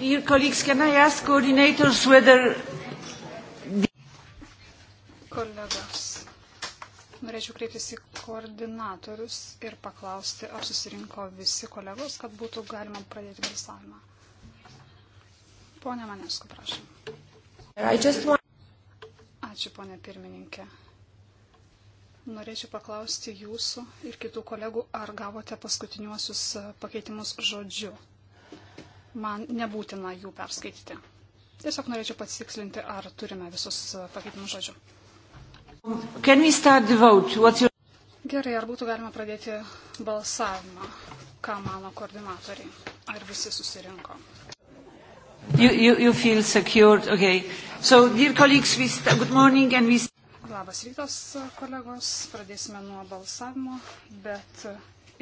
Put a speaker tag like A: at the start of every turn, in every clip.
A: Dear colleagues, can I ask coordinators whether...
B: Kolegos, norėčiau kreiptis į koordinatorius ir paklausti, ar susirinko visi kolegos, kad būtų galima pradėti balsavimą. Pone Manesku, prašom. Ačiū, ponė pirmininkė. Norėčiau paklausti jūsų ir kitų kolegų, ar gavote paskutiniuosius pakeitimus žodžiu man nebūtina jų perskaityti. Tiesiog norėčiau pasitikslinti, ar turime visus pakeitimus žodžių. Your... Gerai, ar būtų galima pradėti balsavimą, ką mano koordinatoriai, ar visi susirinko.
A: You, you, you feel secured, okay. So, dear colleagues, we start, good morning and we...
B: Labas rytas, kolegos, pradėsime nuo balsavimo, bet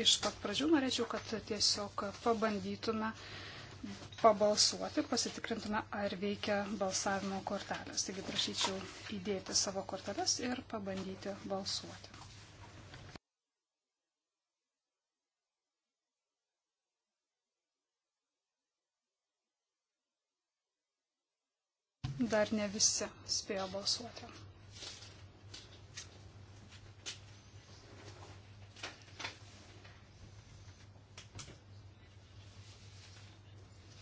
B: iš pat pradžių norėčiau, kad tiesiog pabandytume uh, pabalsuoti, pasitikrintume, ar veikia balsavimo kortelės. Taigi prašyčiau įdėti savo korteles ir pabandyti balsuoti. Dar ne visi spėjo balsuoti.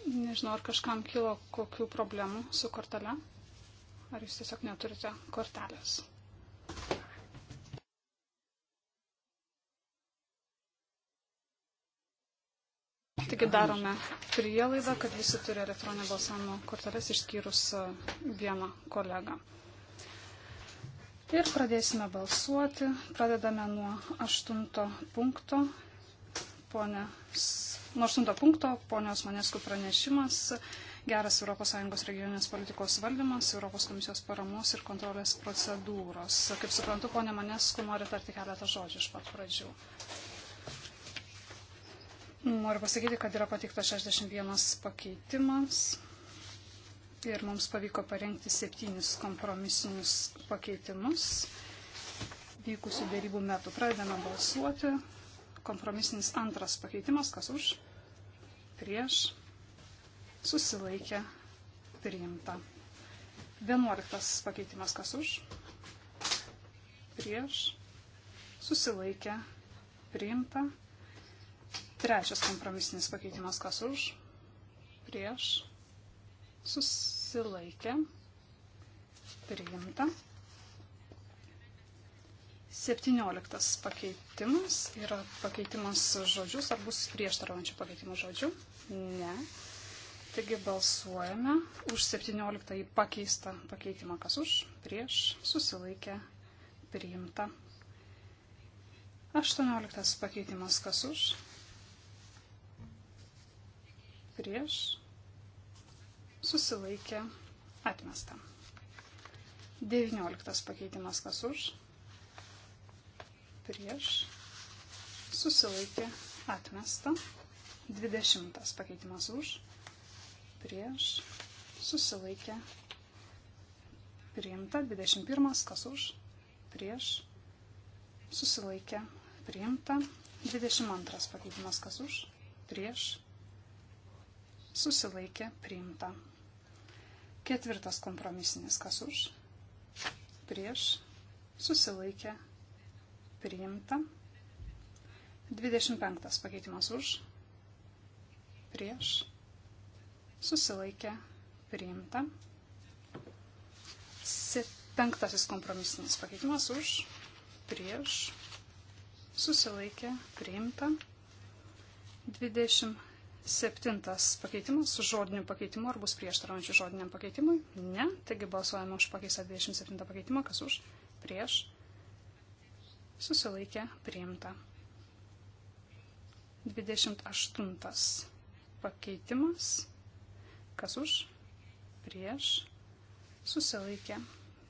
B: Nežinau, ar kažkam kilo kokių problemų su kortele, ar jūs tiesiog neturite kortelės. Taigi darome prielaidą, kad visi turi elektroninę balsavimo korteles išskyrus e, vieną kolegą. Ir pradėsime balsuoti. Pradedame nuo aštunto punkto. Pone nuo 8 punkto ponios Manesku pranešimas geras ES regioninės politikos valdymas, ES paramos ir kontrolės procedūros. Kaip suprantu, ponė Manesku nori tarti keletą žodžių iš pat pradžių. Noriu pasakyti, kad yra patiktas 61 pakeitimas ir mums pavyko parengti septynis kompromisinius pakeitimus vykusių dėrybų metu. Pradedame balsuoti. Kompromisinis antras pakeitimas, kas už, prieš, susilaikė, priimta. Vienuoliktas pakeitimas, kas už, prieš, susilaikė, priimta. Trečias kompromisinis pakeitimas, kas už, prieš, susilaikė, priimta. 17 pakeitimas yra pakeitimas žodžius, ar bus prieštaraujančių pakeitimų žodžių? Ne. Taigi balsuojame už 17 pakeistą pakeitimą, kas už, prieš, susilaikę, priimta. 18 pakeitimas, kas už, prieš, susilaikę, atmesta. 19 pakeitimas, kas už, prieš prieš, susilaikė, atmesta. 20 pakeitimas už, prieš, susilaikė, priimta. 21 kas už, prieš, susilaikė, priimta. 22 pakeitimas kas už, prieš, susilaikė, priimta. Ketvirtas kompromisinis kas už, prieš, susilaikė, priimta priimta. 25 pakeitimas už, prieš, susilaikė, priimta. Penktasis kompromisinis pakeitimas už, prieš, susilaikė, priimta. 27 pakeitimas su žodiniu pakeitimu, ar bus prieštaraujančių žodiniam pakeitimui? Ne, taigi balsuojame už pakeistą 27 pakeitimą, kas už, prieš, susilaikė priimta. 28 pakeitimas, kas už, prieš, susilaikė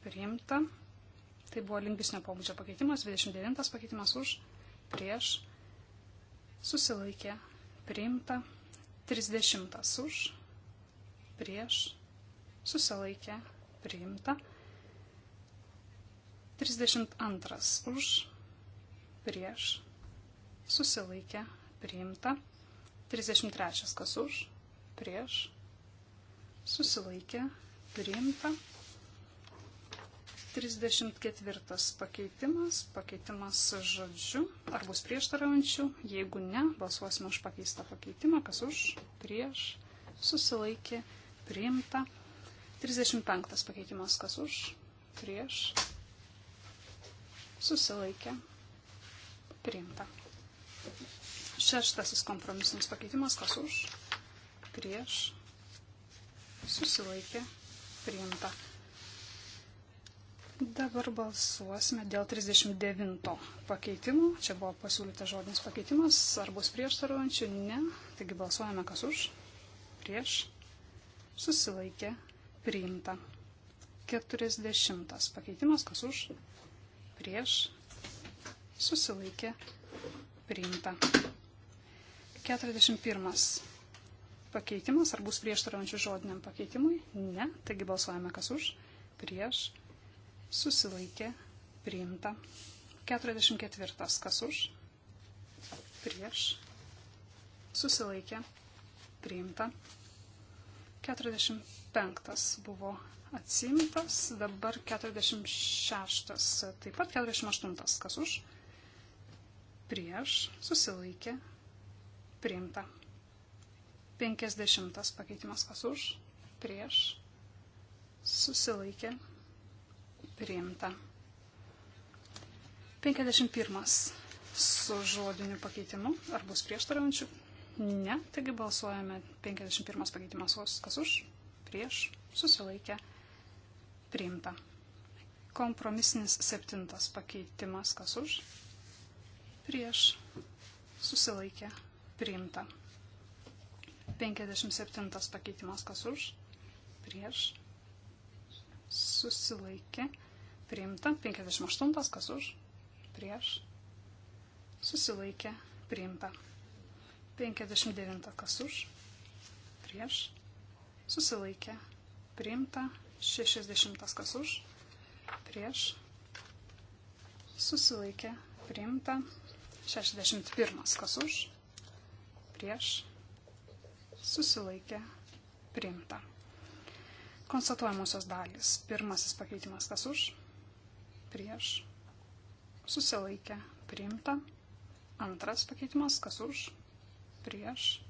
B: priimta. Tai buvo lingvisnio pobūdžio pakeitimas, 29 pakeitimas už, prieš, susilaikė priimta. 30 už, prieš, susilaikė priimta. 32 už, prieš, susilaikė, priimta. 33 kas už, prieš, susilaikė, priimta. 34 pakeitimas, pakeitimas žodžiu, ar bus prieštaraujančių, jeigu ne, balsuosime už pakeistą pakeitimą, kas už, prieš, susilaikė, priimta. 35 pakeitimas, kas už, prieš, susilaikė, priimta priimta. Šeštasis kompromisinis pakeitimas, kas už, prieš, susilaikė, priimta. Dabar balsuosime dėl 39 pakeitimo. Čia buvo pasiūlyta žodinis pakeitimas. Ar bus prieštaruojančių? Ne. Taigi balsuojame kas už. Prieš. Susilaikė. Priimta. 40 pakeitimas. Kas už? Prieš susilaikė, priimta. 41. Pakeitimas, ar bus prieštaraujančių žodiniam pakeitimui? Ne, taigi balsuojame kas už, prieš, susilaikė, priimta. 44. Kas už, prieš, susilaikė, priimta. 45 buvo atsimtas, dabar 46, taip pat 48, kas už, prieš, susilaikė, priimta. 50 pakeitimas kas už, prieš, susilaikė, priimta. 51 su žodiniu pakeitimu, ar bus prieštaraujančių? Ne, taigi balsuojame 51 pakeitimas kas už, prieš, susilaikė, priimta. Kompromisinis septintas pakeitimas kas už, prieš susilaikė priimta. 57 pakeitimas kas už, prieš susilaikė priimta. 58 kas už, prieš susilaikė priimta. 59 kas už, prieš susilaikė priimta. 60 kas už, prieš susilaikė priimta. 61. Kas už? Prieš. Susilaikė. Priimta. Konstatuojamosios dalys. Pirmasis pakeitimas. Kas už? Prieš. Susilaikė. Priimta. Antras pakeitimas. Kas už? Prieš.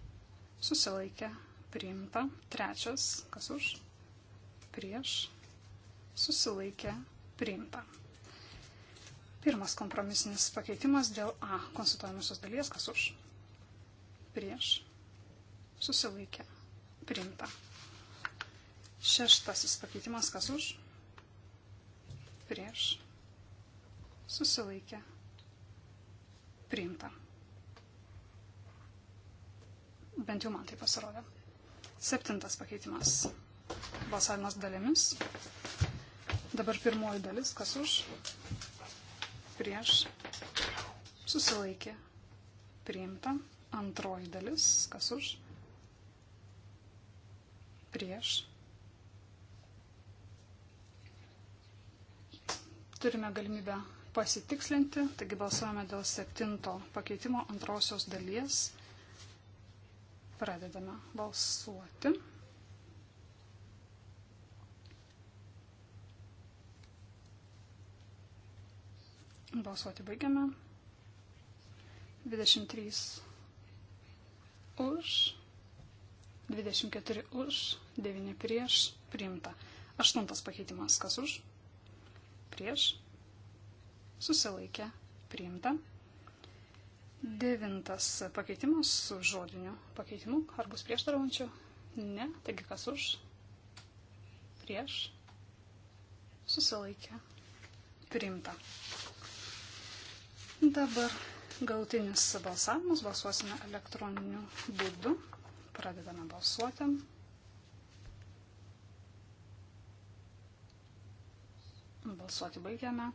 B: Susilaikė. Priimta. Trečias. Kas už? Prieš. Susilaikė. Priimta. Pirmas kompromisinis pakeitimas dėl A konsultuojamosios dalies, kas už. Prieš. Susilaikė. Priimta. Šeštasis pakeitimas, kas už. Prieš. Susilaikė. Priimta. Bent jau man tai pasirodė. Septintas pakeitimas. Balsavimas dalimis. Dabar pirmoji dalis, kas už. Prieš prieš susilaikė priimta. Antroji dalis, kas už, prieš. Turime galimybę pasitikslinti, taigi balsuojame dėl septinto pakeitimo antrosios dalies. Pradedame balsuoti. Balsuoti baigiame. 23 už, 24 už, 9 prieš, priimta. Aštuntas pakeitimas, kas už, prieš, susilaikė, priimta. Devintas pakeitimas su žodiniu pakeitimu, ar bus prieštaraujančių? Ne, taigi kas už, prieš, susilaikė, priimta. Dabar galtinis balsavimas. Balsuosime elektroniniu būdu. Pradedame balsuoti. Balsuoti baigiame.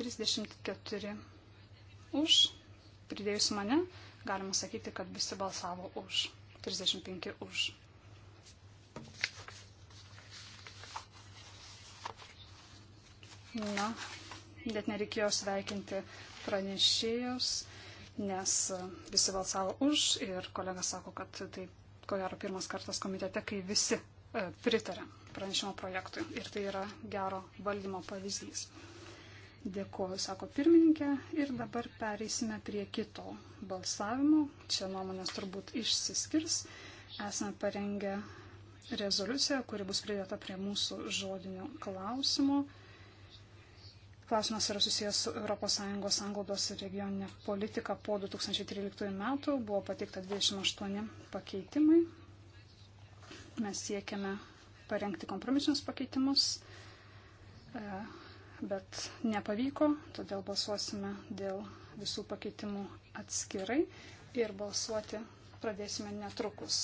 B: 34 už. Pridėjus mane, galima sakyti, kad visi balsavo už. 35 už. Na, net nereikėjo sveikinti pranešėjus, nes visi balsavo už ir kolega sako, kad tai ko gero pirmas kartas komitete, kai visi e, pritarė pranešimo projektui. Ir tai yra gero valdymo pavyzdys. Dėkuoju, sako pirmininkė. Ir dabar pereisime prie kito balsavimo. Čia nuomonės turbūt išsiskirs. Esame parengę rezoliuciją, kuri bus pridėta prie mūsų žodinio klausimo. Klausimas yra susijęs su ES anglodos ir regioninė politika po 2013 metų. Buvo pateikta 28 pakeitimai. Mes siekiame parengti kompromisinius pakeitimus, e, bet nepavyko, todėl balsuosime dėl visų pakeitimų atskirai ir balsuoti pradėsime netrukus.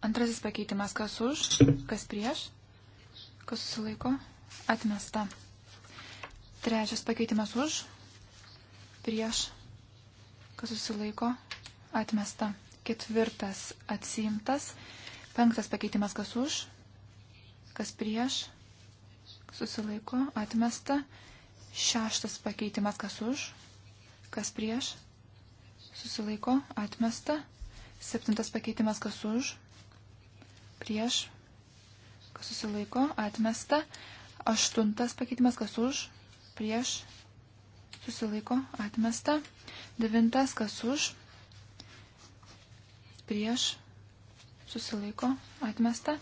A: Antrasis pakeitimas kas už, kas prieš? kas susilaiko, atmesta. Trečias pakeitimas už, prieš, kas susilaiko, atmesta. Ketvirtas atsimtas. Penktas pakeitimas kas už, kas prieš, susilaiko, atmesta. Šeštas pakeitimas kas už, kas prieš, susilaiko, atmesta. Septintas pakeitimas kas už, prieš, kas susilaiko, atmesta. Aštuntas pakeitimas, kas už, prieš, susilaiko, atmesta. Devintas, kas už, prieš, susilaiko, atmesta.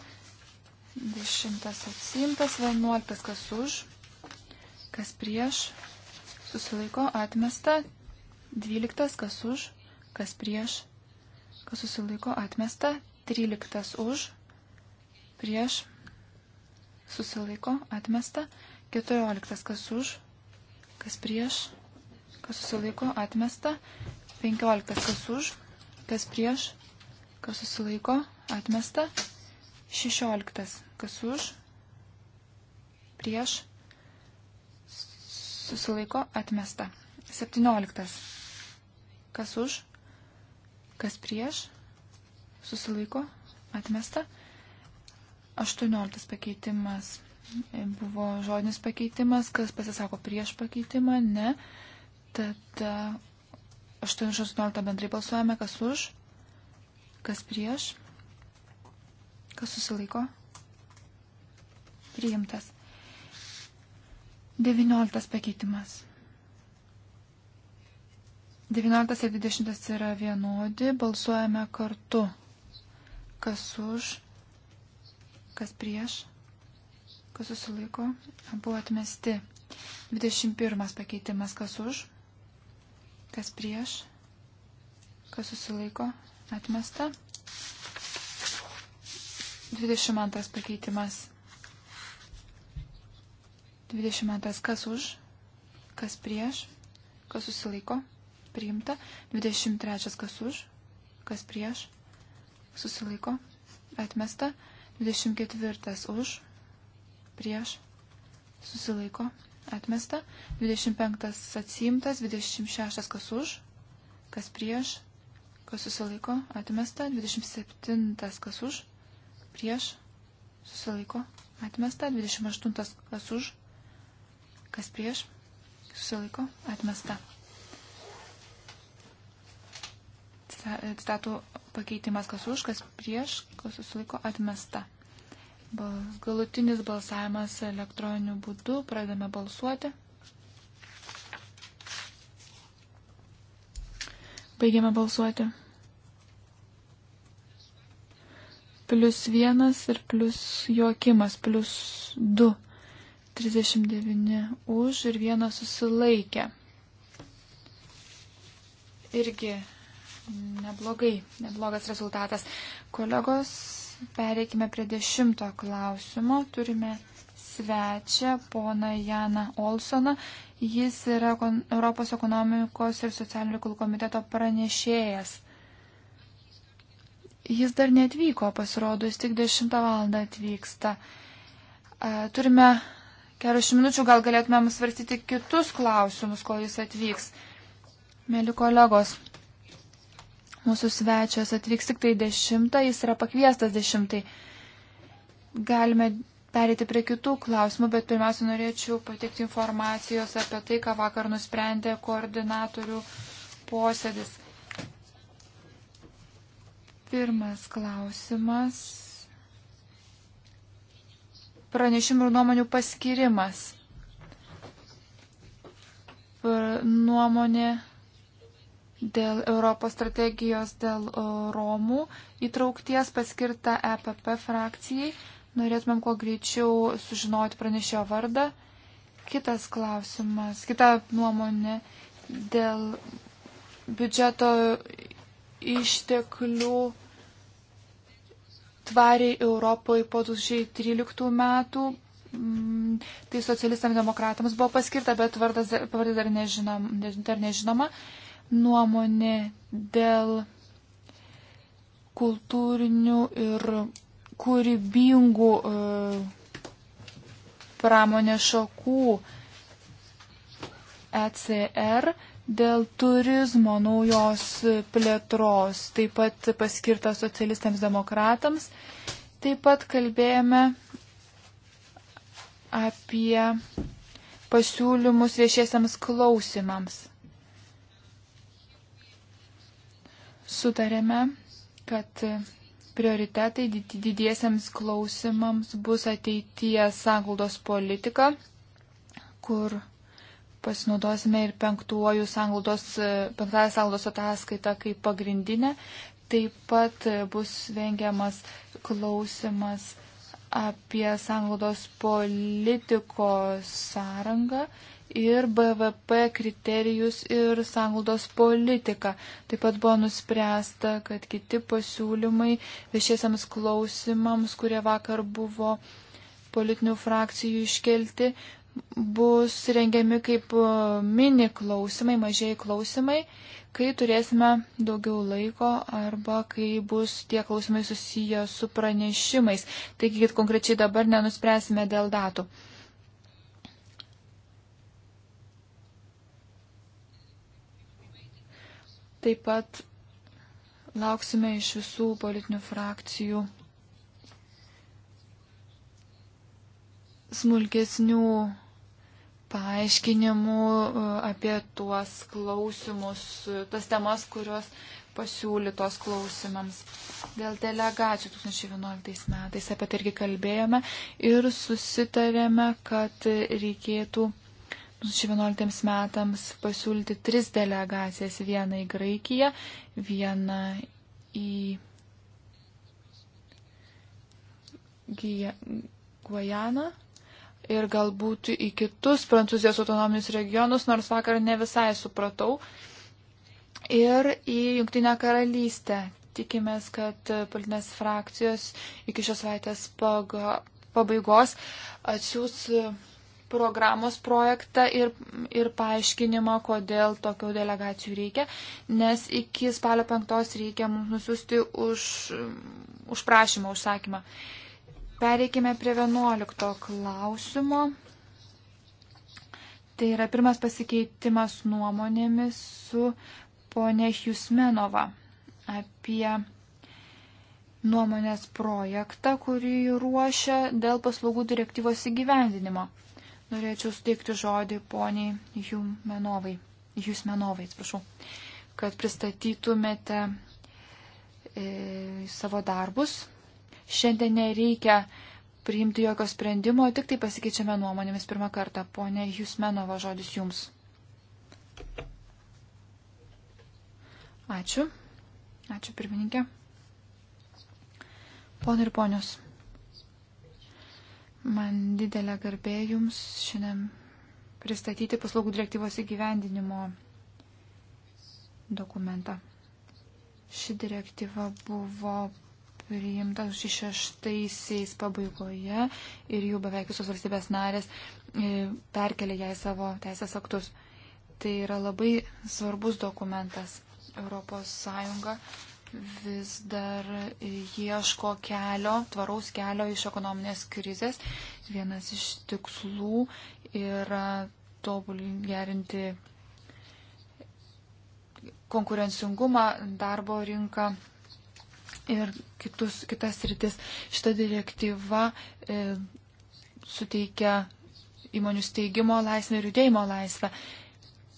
A: Dešimtas atsimtas, vienuoliktas, kas už, kas prieš, susilaiko, atmesta. Dvyliktas, kas už, kas prieš, kas susilaiko, atmesta. Tryliktas už, prieš, susilaiko, atmesta. 14 kas už, kas prieš, kas susilaiko, atmesta. 15 kas už, kas prieš, kas susilaiko, atmesta. 16 kas už, prieš, susilaiko, atmesta. 17 kas už, kas prieš, susilaiko, atmesta. 18 pakeitimas e, buvo žodinis pakeitimas, kas pasisako prieš pakeitimą, ne. Tad 818 bendrai balsuojame, kas už, kas prieš, kas susilaiko. Priimtas. 19 pakeitimas. 19 ir 20 yra vienodi, balsuojame kartu. Kas už, kas prieš, kas susilaiko, buvo atmesti. 21 pakeitimas, kas už, kas prieš, kas susilaiko, atmesta. 22 pakeitimas. 22 kas už, kas prieš, kas susilaiko, priimta. 23 kas už, kas prieš, susilaiko, atmesta. 24 už, prieš, susilaiko, atmesta. 25 atsimtas, 26 kas už, kas prieš, kas susilaiko, atmesta. 27 kas už, prieš, susilaiko, atmesta. 28 kas už, kas prieš, susilaiko, atmesta. Citatų pakeitimas, kas už, kas prieš, kas susilaiko atmesta. Bals, galutinis balsavimas elektroniniu būdu, pradame balsuoti. Baigiame balsuoti. Plius vienas ir plius juokimas, plius du. 39 už ir vienas susilaikė. Irgi Neblogai, neblogas rezultatas. Kolegos, pereikime prie dešimto klausimo. Turime svečią, poną Janą Olsoną. Jis yra Europos ekonomikos ir socialinių reikalų komiteto pranešėjas. Jis dar netvyko, pasirodo, jis tik 10 val. atvyksta. Turime keliasdešimt minučių, gal galėtumėm svarstyti kitus klausimus, kol jis atvyks. Mėly kolegos, Mūsų svečias atvyks tik tai dešimtą, jis yra pakviestas dešimtai. Galime perėti prie kitų klausimų, bet pirmiausia norėčiau pateikti informacijos apie tai, ką vakar nusprendė koordinatorių posėdis. Pirmas klausimas. Pranešimų ir nuomonių paskirimas. Nuomonė dėl Europos strategijos dėl Romų įtraukties paskirta EPP frakcijai. Norėtumėm kuo greičiau sužinoti pranešėjo vardą. Kitas klausimas, kita nuomonė dėl biudžeto išteklių tvariai Europai po 2013 metų mm, tai socialistams demokratams buvo paskirta, bet vardas, pavardė dar, nežinom, dar nežinoma nuomonė dėl kultūrinių ir kūrybingų e, pramonės šakų ECR dėl turizmo naujos plėtros, taip pat paskirta socialistams demokratams. Taip pat kalbėjome apie pasiūlymus viešiesiams klausimams. sutarėme, kad prioritetai didiesiams klausimams bus ateityje sanglaudos politika, kur pasinaudosime ir penktuoju sanglaudos, e, penktąją sanglaudos ataskaitą kaip pagrindinę. Taip pat e, bus vengiamas klausimas apie sanglaudos politiko sąrangą ir BVP kriterijus ir sanglaudos politiką. Taip pat buvo nuspręsta, kad kiti pasiūlymai viešiesiams klausimams, kurie vakar buvo politinių frakcijų iškelti, bus rengiami kaip mini klausimai, mažiai klausimai, kai turėsime daugiau laiko arba kai bus tie klausimai susiję su pranešimais. Taigi, konkrečiai dabar nenuspręsime dėl datų. Taip pat lauksime iš visų politinių frakcijų smulkesnių paaiškinimų e, apie tuos klausimus, tas temas, kurios pasiūlytos klausimams. Dėl delegacijų 2011 metais apie tai irgi kalbėjome ir susitarėme, kad reikėtų 2011 metams pasiūlyti tris delegacijas, vieną į Graikiją, vieną į Guajaną ir galbūt į kitus Prancūzijos autonominius regionus, nors vakar ne visai supratau, ir į Junktinę karalystę. Tikimės, kad politinės frakcijos iki šios savaitės pabaigos atsiūs programos projektą ir, ir paaiškinimą, kodėl tokių delegacijų reikia, nes iki spalio penktos reikia mums nusiųsti už, už prašymą, užsakymą. Pereikime prie vienuolikto klausimo. Tai yra pirmas pasikeitimas nuomonėmis su ponė Jusmenova apie nuomonės projektą, kurį ruošia dėl paslaugų direktyvos įgyvendinimo norėčiau suteikti žodį poniai Jumenovai, Jusmenovai, atsiprašau, kad pristatytumėte e, savo darbus. Šiandien nereikia priimti jokio sprendimo, tik tai pasikeičiame nuomonėmis pirmą kartą. Pone Jusmenova, žodis jums. Ačiū. Ačiū pirmininkė. Pone ir ponios. Man didelė garbė Jums šiandien pristatyti paslaugų direktyvos įgyvendinimo dokumentą. Ši direktyva buvo priimta 2006 pabaigoje ir jų beveik visos valstybės narės e, perkelė ją į savo teisės aktus. Tai yra labai svarbus dokumentas. Europos Sąjunga vis dar ieško kelio, tvaraus kelio iš ekonominės krizės. Vienas iš tikslų yra tobulinti gerinti konkurencingumą, darbo rinką ir kitus, kitas rytis. Šita direktyva e, suteikia įmonių steigimo laisvę ir judėjimo laisvę.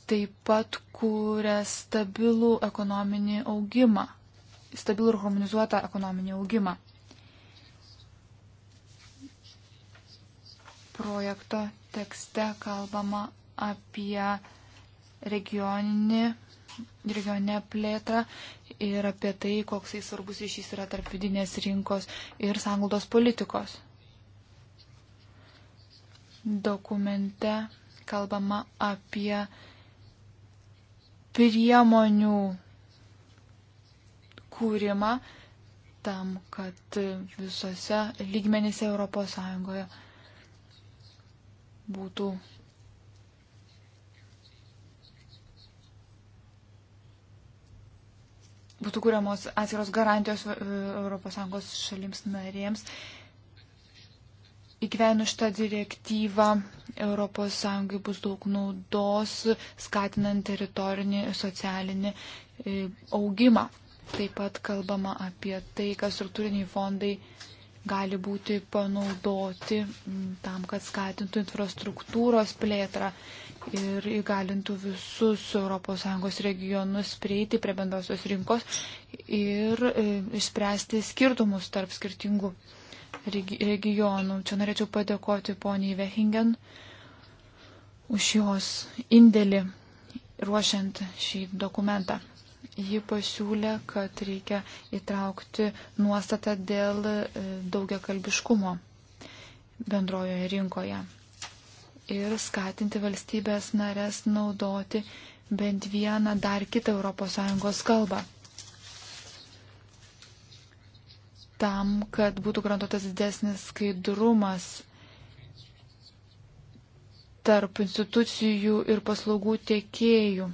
A: Taip pat kūrė stabilų ekonominį augimą stabilų ir harmonizuotą ekonominį augimą. Projekto tekste kalbama apie regioninį, regioninę plėtrą ir apie tai, koks jis svarbus ryšys yra tarp vidinės rinkos ir sanglaudos politikos. Dokumente kalbama apie priemonių kūrimą tam, kad visose lygmenyse ES būtų būtų kuriamos atskiros garantijos ES šalims narėms. Įgyvenu šitą direktyvą, ES bus daug naudos, skatinant teritorinį socialinį e, augimą. Taip pat kalbama apie tai, kad struktūriniai fondai gali būti panaudoti mm, tam, kad skatintų infrastruktūros plėtrą ir įgalintų visus ES regionus prieiti prie bendrosios rinkos ir e, išspręsti skirtumus tarp skirtingų regionų. Čia norėčiau padėkoti poniai Vehingen už jos indėlį ruošiant šį dokumentą. Ji pasiūlė, kad reikia įtraukti nuostatą dėl e, daugia kalbiškumo bendrojoje rinkoje ir skatinti valstybės narės naudoti bent vieną dar kitą ES kalbą. Tam, kad būtų garantuotas didesnis skaidrumas tarp institucijų ir paslaugų tiekėjų.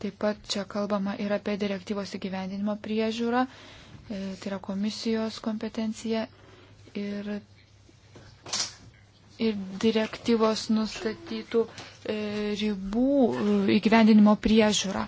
A: Taip pat čia kalbama ir apie direktyvos įgyvendinimo priežiūrą, e, tai yra komisijos kompetencija ir, ir direktyvos nustatytų e, ribų e, įgyvendinimo priežiūrą.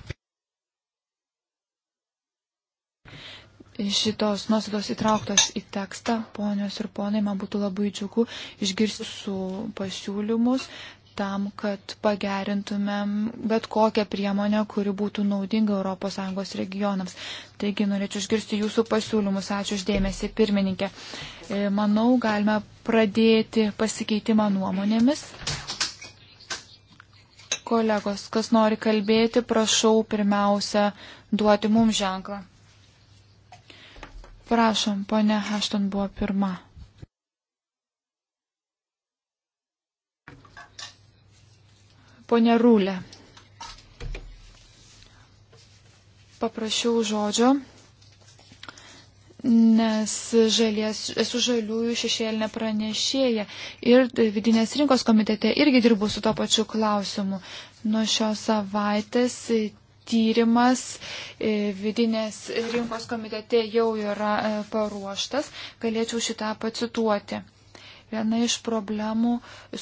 A: Šitos nuostatos įtrauktos į tekstą, ponios ir ponai, man būtų labai džiugu išgirsti su pasiūlymus, tam, kad pagerintumėm bet kokią priemonę, kuri būtų naudinga ES regionams. Taigi norėčiau išgirsti jūsų pasiūlymus. Ačiū uždėmesi, pirmininkė. E, manau, galime pradėti pasikeitimą nuomonėmis. Kolegos, kas nori kalbėti, prašau pirmiausia duoti mums ženklą. Prašom, ponia Hašton buvo pirma. Pone Rūlė. Paprašiau žodžio, nes žalies, esu žaliųjų šešėlinė pranešėja ir vidinės rinkos komitete irgi dirbu su to pačiu klausimu. Nuo šios savaitės tyrimas e, vidinės rinkos komitete jau yra e, paruoštas. Galėčiau šitą pacituoti. Viena iš problemų,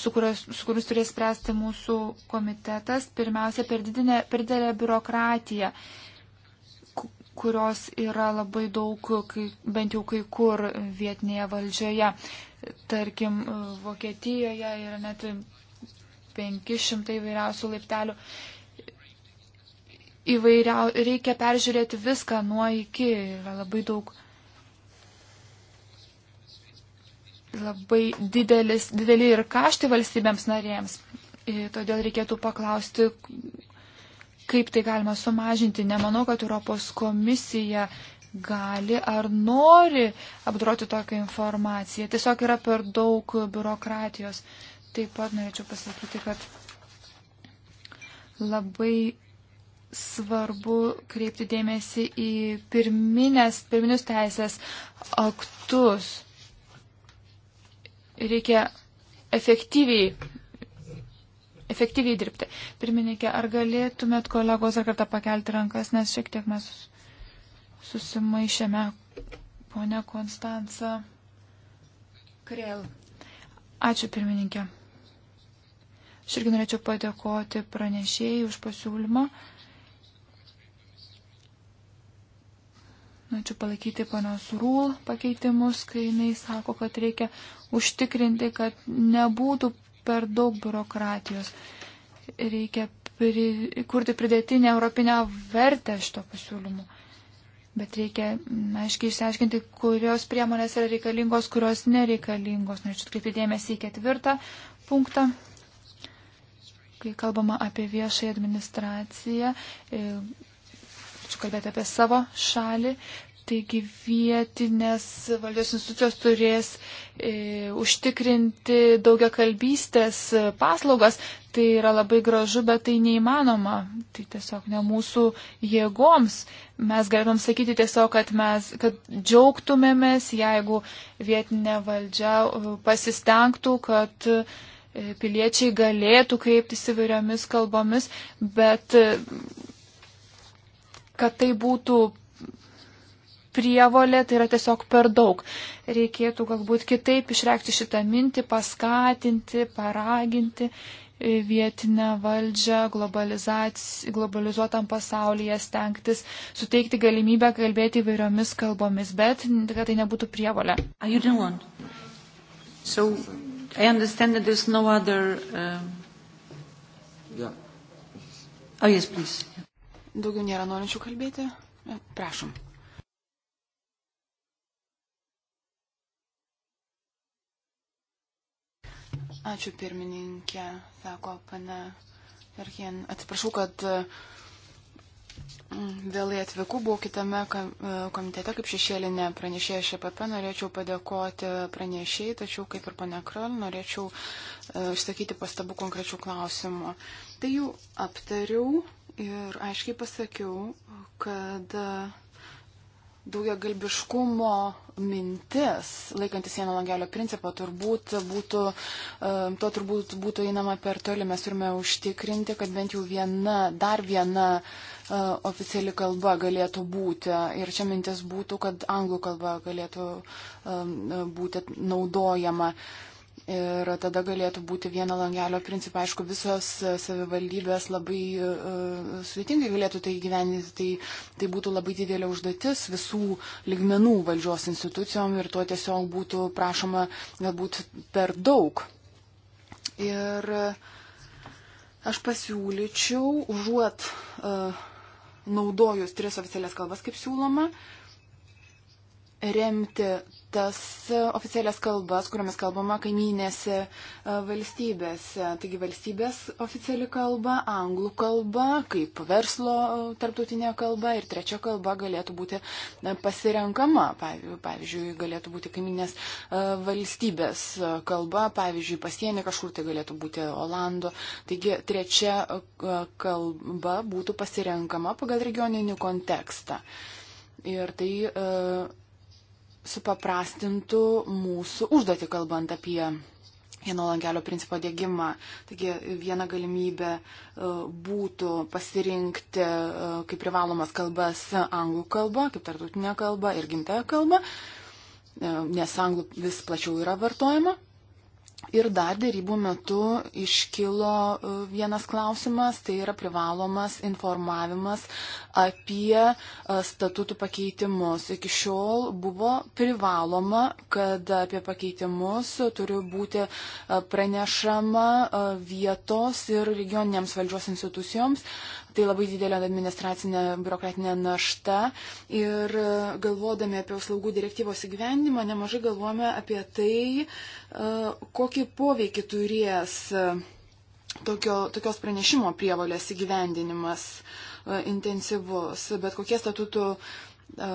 A: su kuriais turės spręsti mūsų komitetas, pirmiausia, per, didinę, per didelę biurokratiją, kurios yra labai daug, kai, bent jau kai kur vietinėje valdžioje. Tarkim, Vokietijoje yra net 500 įvairiausių laiptelių įvairiau, reikia peržiūrėti viską nuo iki, yra labai daug labai didelis, dideli ir kaštai valstybėms narėms. Todėl reikėtų paklausti, kaip tai galima sumažinti. Nemanau, kad Europos komisija gali ar nori apdroti tokią informaciją. Tiesiog yra per daug biurokratijos. Taip pat norėčiau pasakyti, kad labai svarbu kreipti dėmesį į pirminės, pirminius teisės aktus reikia efektyviai, efektyviai dirbti. Pirmininkė, ar galėtumėt kolegos ar kartą pakelti rankas, nes šiek tiek mes susimaišėme ponia Konstanca Krėl. Ačiū pirmininkė. Aš irgi norėčiau padėkoti pranešėjai už pasiūlymą. Uh, Norėčiau palaikyti ponios Rūl pakeitimus, kai jinai sako, kad reikia užtikrinti, kad nebūtų per daug biurokratijos. Reikia pri, kurti pridėtinę europinę vertę šito pasiūlymu. Bet reikia na, mm, aiškiai išsiaiškinti, kurios priemonės yra reikalingos, kurios nereikalingos. Norėčiau atkreipti dėmesį į ketvirtą punktą. Kai kalbama apie viešąją administraciją, e, norėčiau kalbėti apie savo šalį. Taigi vietinės valdžios institucijos turės e, užtikrinti daugia kalbystės paslaugas. Tai yra labai gražu, bet tai neįmanoma. Tai tiesiog ne mūsų jėgoms. Mes galėtum sakyti tiesiog, kad mes kad džiaugtumėmės, jeigu vietinė valdžia e, pasistengtų, kad e, piliečiai galėtų kreiptis įvairiomis kalbomis, bet. E, kad tai būtų prievolė, tai yra tiesiog per daug. Reikėtų galbūt kitaip išreikšti šitą mintį, paskatinti, paraginti vietinę valdžią globalizuotam pasaulyje stengtis suteikti galimybę kalbėti įvairiomis kalbomis, bet kad tai nebūtų prievolė. Ah, so, no other,
C: uh... yeah. oh, yes, please. Daugiau nėra norinčių kalbėti. E, prašom. Ačiū pirmininkė, sako pane Verhien. Atsiprašau, kad mm, vėlai atvykau, buvau kitame e, komitete kaip šešėlinė pranešėja ŠPP, e norėčiau padėkoti pranešėjai, tačiau kaip ir pane Kral, norėčiau išsakyti pastabų konkrečių klausimų. Tai jau aptariau ir aiškiai pasakiau, kad daugiagalbiškumo mintis, laikantis vieno langelio principo, turbūt būtų, to turbūt būtų einama per toli. Mes turime užtikrinti, kad bent jau viena, dar viena e, oficiali kalba galėtų būti. Ir čia mintis būtų, kad anglų kalba galėtų būti naudojama. Uh, Ir tada galėtų būti vieno langelio principai. Aišku, visos savivaldybės labai uh, sudėtingai galėtų tai gyveninti. Tai, tai būtų labai didelė užduotis visų ligmenų valdžios institucijom ir to tiesiog būtų prašoma galbūt per daug. Ir e, aš pasiūlyčiau, užuot uh, naudojus tris oficialias kalbas, kaip siūloma, remti tas oficialias kalbas, kuriomis kalbama kaiminėse e, valstybėse. Taigi valstybės oficiali kalba, anglų kalba, kaip verslo e, tarptautinė kalba ir trečia kalba galėtų būti e, pasirenkama. Pavyzdžiui, galėtų būti kaiminės valstybės kalba, pavyzdžiui, pasienė kažkur tai galėtų būti Olando. Taigi trečia kalba būtų pasirenkama pagal regioninį kontekstą. Ir tai uh, supaprastintų mūsų užduotį, kalbant apie vieno langelio principo dėgymą. Taigi viena galimybė e, būtų pasirinkti e, kaip privalomas kalbas anglų kalbą, kaip tartutinę kalbą ir gimtąją kalbą, e, nes anglų vis plačiau yra vartojama. Ir dar dėrybų metu iškilo e, vienas klausimas, tai yra privalomas informavimas apie e, statutų pakeitimus. Iki šiol buvo privaloma, kad apie pakeitimus turi būti e, pranešama vietos ir regioniniams valdžios institucijoms. Tai labai didelė administracinė biurokratinė našta ir galvodami apie paslaugų direktyvos įgyvendimą nemažai galvojame apie tai, kokį kokį poveikį turės e, tokio, tokios pranešimo prievalės įgyvendinimas e, intensyvus, bet kokie statutų e,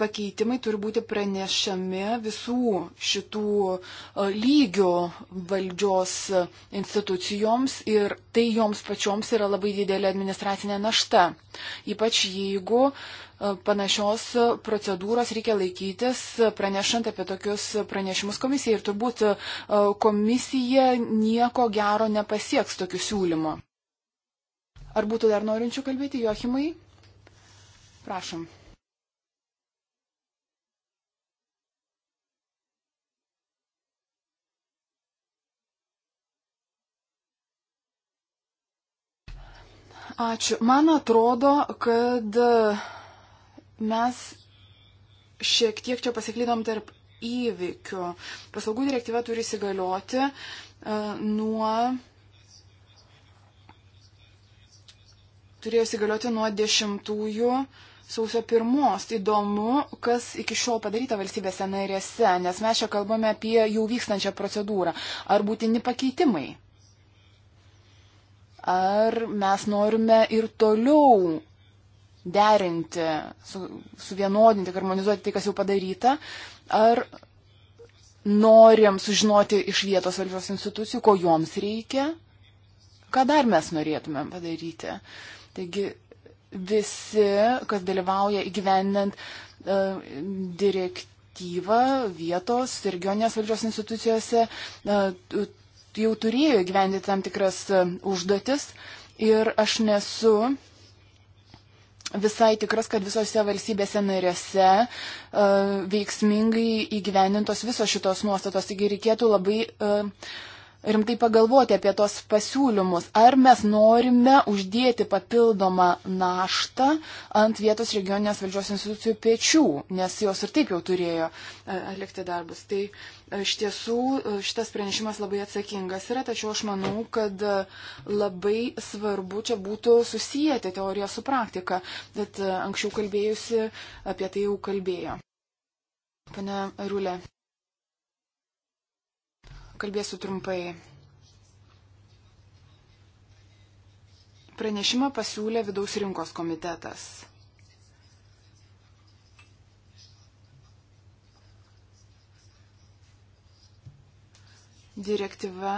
C: pakeitimai turi būti pranešami visų šitų e, lygių valdžios institucijoms ir tai joms pačioms yra labai didelė administracinė našta. Ypač jeigu e, panašios procedūros reikia laikytis, pranešant apie tokius pranešimus komisijai. Ir turbūt e, komisija nieko gero nepasieks tokiu siūlymu. Ar būtų dar norinčių kalbėti, Jochimai? Prašom. Ačiū. Man atrodo, kad mes šiek tiek čia pasiklydom tarp įvykių. Paslaugų direktyva turi įsigalioti e, nuo. Turėjo įsigalioti nuo 10 sausio pirmos. Įdomu, kas iki šiol padaryta valstybėse narėse, nes mes čia kalbame apie jau vykstančią procedūrą. Ar būtini pakeitimai? ar mes norime ir toliau derinti, su, suvienodinti, harmonizuoti tai, kas jau padaryta, ar norim sužinoti iš vietos valdžios institucijų, ko joms reikia, ką dar mes norėtumėm padaryti. Taigi visi, kas dalyvauja įgyvendant uh, e, direktyvą vietos regionės valdžios institucijose, uh, jau turėjo įgyvendinti tam tikras e, užduotis ir aš nesu visai tikras, kad visose valstybėse narėse uh, veiksmingai įgyvendintos visos šitos nuostatos. Taigi reikėtų labai uh, rimtai pagalvoti apie tos pasiūlymus, ar mes norime uždėti papildomą naštą ant vietos regioninės valdžios institucijų pečių, nes jos ir taip jau turėjo e, atlikti darbus. Tai e, iš tiesų e, šitas pranešimas labai atsakingas yra, tačiau aš manau, kad labai svarbu čia būtų susijęti teoriją su praktika, bet anksčiau kalbėjusi apie tai jau kalbėjo. Pane Rūlė. Kalbėsiu trumpai. Pranešimą pasiūlė vidaus rinkos komitetas. Direktyva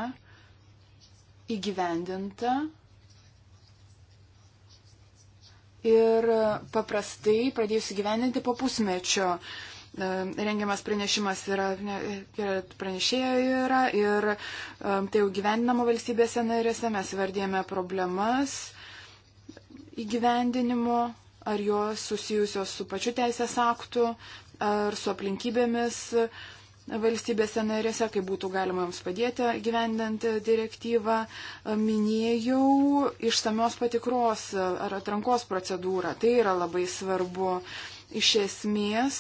C: įgyvendinta ir paprastai pradėjus įgyvendinti po pusmečio uh, E, rengiamas pranešimas yra, yra pranešėjo yra ir e, tai jau gyvendinama valstybėse narėse, mes vardėjame problemas įgyvendinimo, ar jos susijusios su pačiu teisės aktu, ar su aplinkybėmis valstybėse narėse, kaip būtų galima jums padėti gyvendant direktyvą. Minėjau išsamios patikros ar atrankos procedūrą. Tai yra labai svarbu. Iš esmės,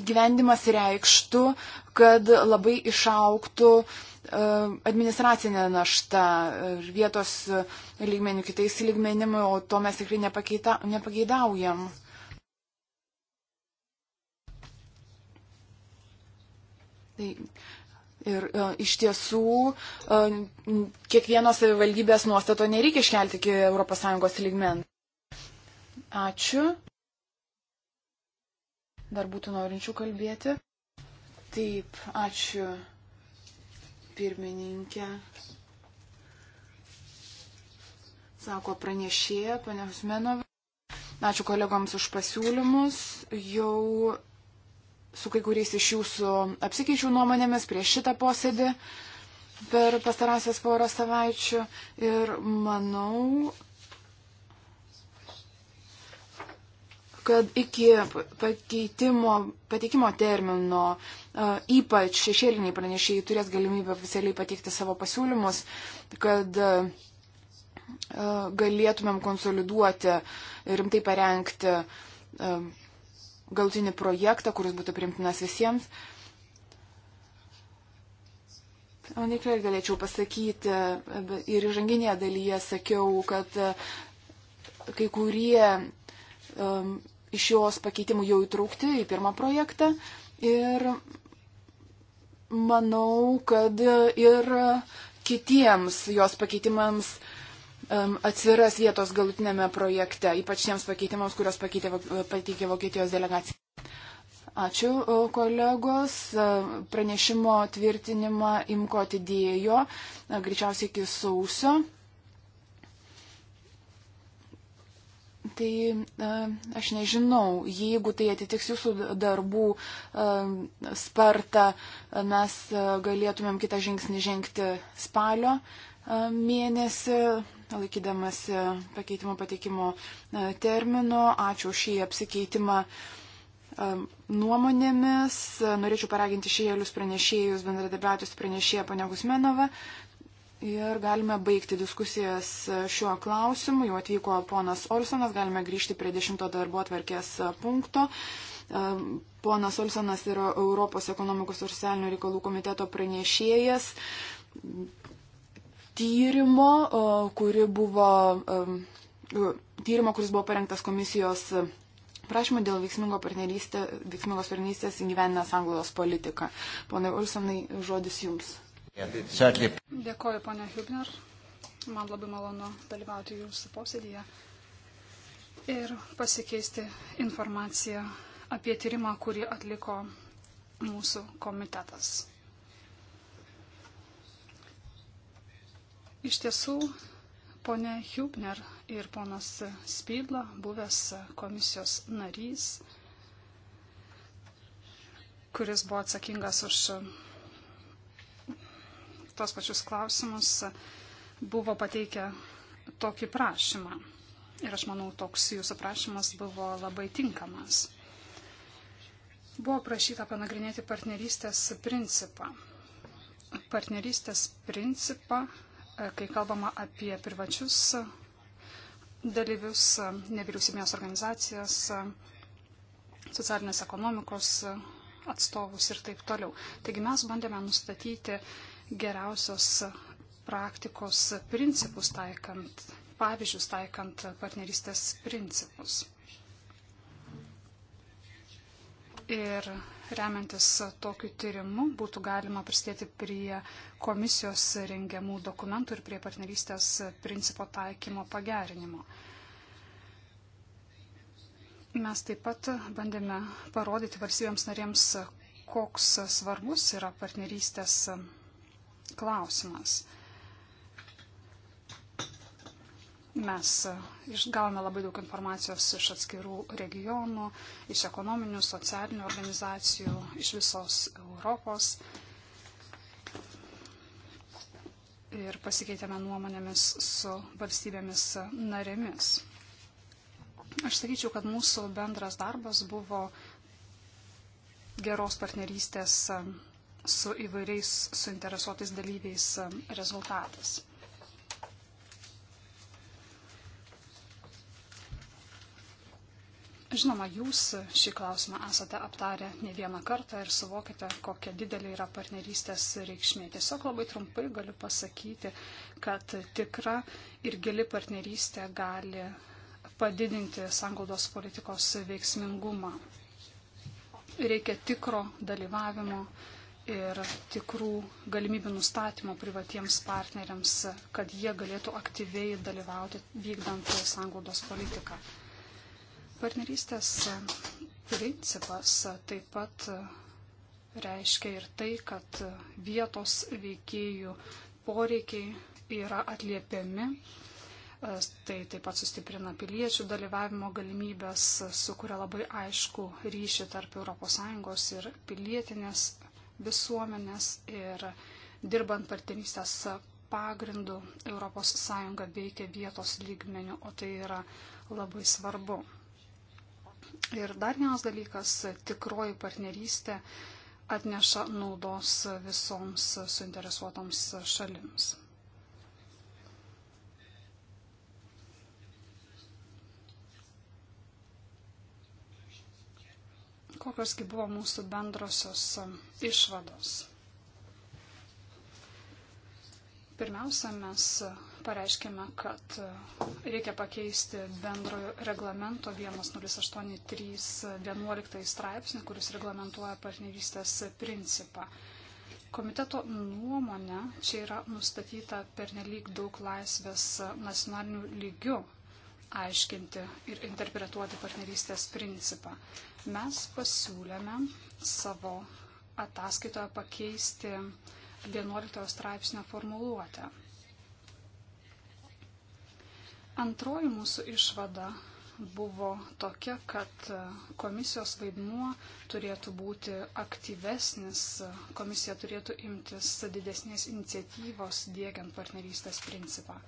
C: įgyvendimas reikštų, kad labai išauktų e, administracinė našta ir vietos lygmenių kitais lygmenimi, o to mes tikrai nepageidaujam. Tai Ir e, iš tiesų e, kiekvienos savivaldybės nuostato nereikia iškelti iki ES lygmen. Ačiū. Dar būtų norinčių kalbėti. Taip, ačiū pirmininkė. Sako pranešėja, ponia Husmenova. Ačiū kolegoms už pasiūlymus. Jau su kai kuriais iš jūsų apsikeičiau nuomonėmis prieš šitą posėdį per pastarąsias porą savaičių. Ir manau, kad iki pateikimo termino ypač šešėliniai pranešėjai turės galimybę oficialiai pateikti savo pasiūlymus, kad galėtumėm konsoliduoti ir rimtai parengti galtinį projektą, kuris būtų primtinas visiems. O tikrai galėčiau pasakyti, ir įžanginėje dalyje sakiau, kad kai kurie um, iš jos pakeitimų jau įtraukti į pirmą projektą. Ir manau, kad ir kitiems jos pakeitimams atsiras vietos galutinėme projekte, ypač tiems pakeitimams, kurios pakeitė, pateikė Vokietijos delegacija. Ačiū, kolegos. E, pranešimo tvirtinimą imko atidėjo, e, greičiausiai iki sausio. tai e, aš nežinau, jeigu tai atitiks jūsų darbų e, spartą, mes e, galėtumėm kitą žingsnį žengti spalio mėnesį, laikydamasi pakeitimo pateikimo termino. Ačiū šį apsikeitimą nuomonėmis. Norėčiau paraginti šešėlius pranešėjus bendradarbiauti su pranešėja ponia Gusmenova. Uh, Ir galime baigti diskusijas šiuo klausimu. Jau atvyko ponas Olsonas, galime grįžti prie dešimto darbo atverkės punkto. Ponas Olsonas yra Europos ekonomikos ir socialinių reikalų komiteto pranešėjas tyrimo, kuri buvo, tyrimo, kuris buvo parengtas komisijos prašymą dėl veiksmingo partnerystė, veiksmingos partnerystės įgyvendinę sanglos politiką. Pone Ulsonai, žodis jums. Dėkoju,
B: ponia Hübner. Man labai malonu dalyvauti jūsų posėdėje ir pasikeisti informaciją apie tyrimą, kurį atliko mūsų komitetas. Iš tiesų, ponė Hubner ir ponas Spydla, buvęs komisijos narys, kuris buvo atsakingas už tuos pačius klausimus buvo pateikę tokį prašymą. Ir aš manau, toks jūsų prašymas buvo labai tinkamas. Buvo prašyta panagrinėti partnerystės principą. Partnerystės principą, e, kai kalbama apie privačius dalyvius, e, nevyriausybinės organizacijas, e, socialinės ekonomikos atstovus ir taip toliau. Taigi mes bandėme nustatyti geriausios praktikos principus taikant, pavyzdžius taikant partnerystės principus. Ir remiantis tokiu tyrimu būtų galima prisidėti prie komisijos rengiamų dokumentų ir prie partnerystės principo taikymo pagerinimo. Mes taip pat bandėme parodyti valstybėms narėms, koks svarbus yra partnerystės principas klausimas. Mes e, išgavome labai daug informacijos iš atskirų regionų, iš ekonominių, socialinių organizacijų, iš visos Europos. Ir pasikeitėme nuomonėmis su valstybėmis narėmis. Aš sakyčiau, kad mūsų bendras darbas buvo geros partnerystės e, su įvairiais suinteresuotais dalyviais um, rezultatas. Žinoma, jūs šį klausimą esate aptarę ne vieną kartą ir suvokite, kokia didelė yra partnerystės reikšmė. Tiesiog labai trumpai galiu pasakyti, kad tikra ir gili partnerystė gali padidinti sanglaudos politikos veiksmingumą. Reikia tikro dalyvavimo, ir tikrų galimybių nustatymo privatiems partneriams, kad jie galėtų aktyviai dalyvauti vykdant sanglaudos politiką. Partnerystės principas taip pat reiškia ir tai, kad vietos veikėjų poreikiai yra atliepiami tai taip pat sustiprina piliečių dalyvavimo galimybės, sukuria labai aišku ryšį tarp ES ir pilietinės visuomenės ir dirbant partnerystės pagrindu ES veikia vietos lygmenių, o tai yra labai svarbu. Ir dar vienas dalykas - tikroji partnerystė atneša naudos visoms suinteresuotoms šalims. kokiosgi buvo mūsų bendrosios e, išvados. Pirmiausia, mes e, pareiškėme, kad e, reikia pakeisti bendrojo reglamento 1083.11 straipsnį, kuris reglamentuoja partnerystės principą. Komiteto nuomonė čia yra nustatyta pernelyg daug laisvės nacionalinių lygių aiškinti ir interpretuoti partnerystės principą. Mes pasiūlėme savo ataskaitoje pakeisti 11 straipsnio formuluotę. Antroji mūsų išvada buvo tokia, kad komisijos vaidmuo turėtų būti aktyvesnis, komisija turėtų imtis didesnės iniciatyvos dėgiant partnerystės principą.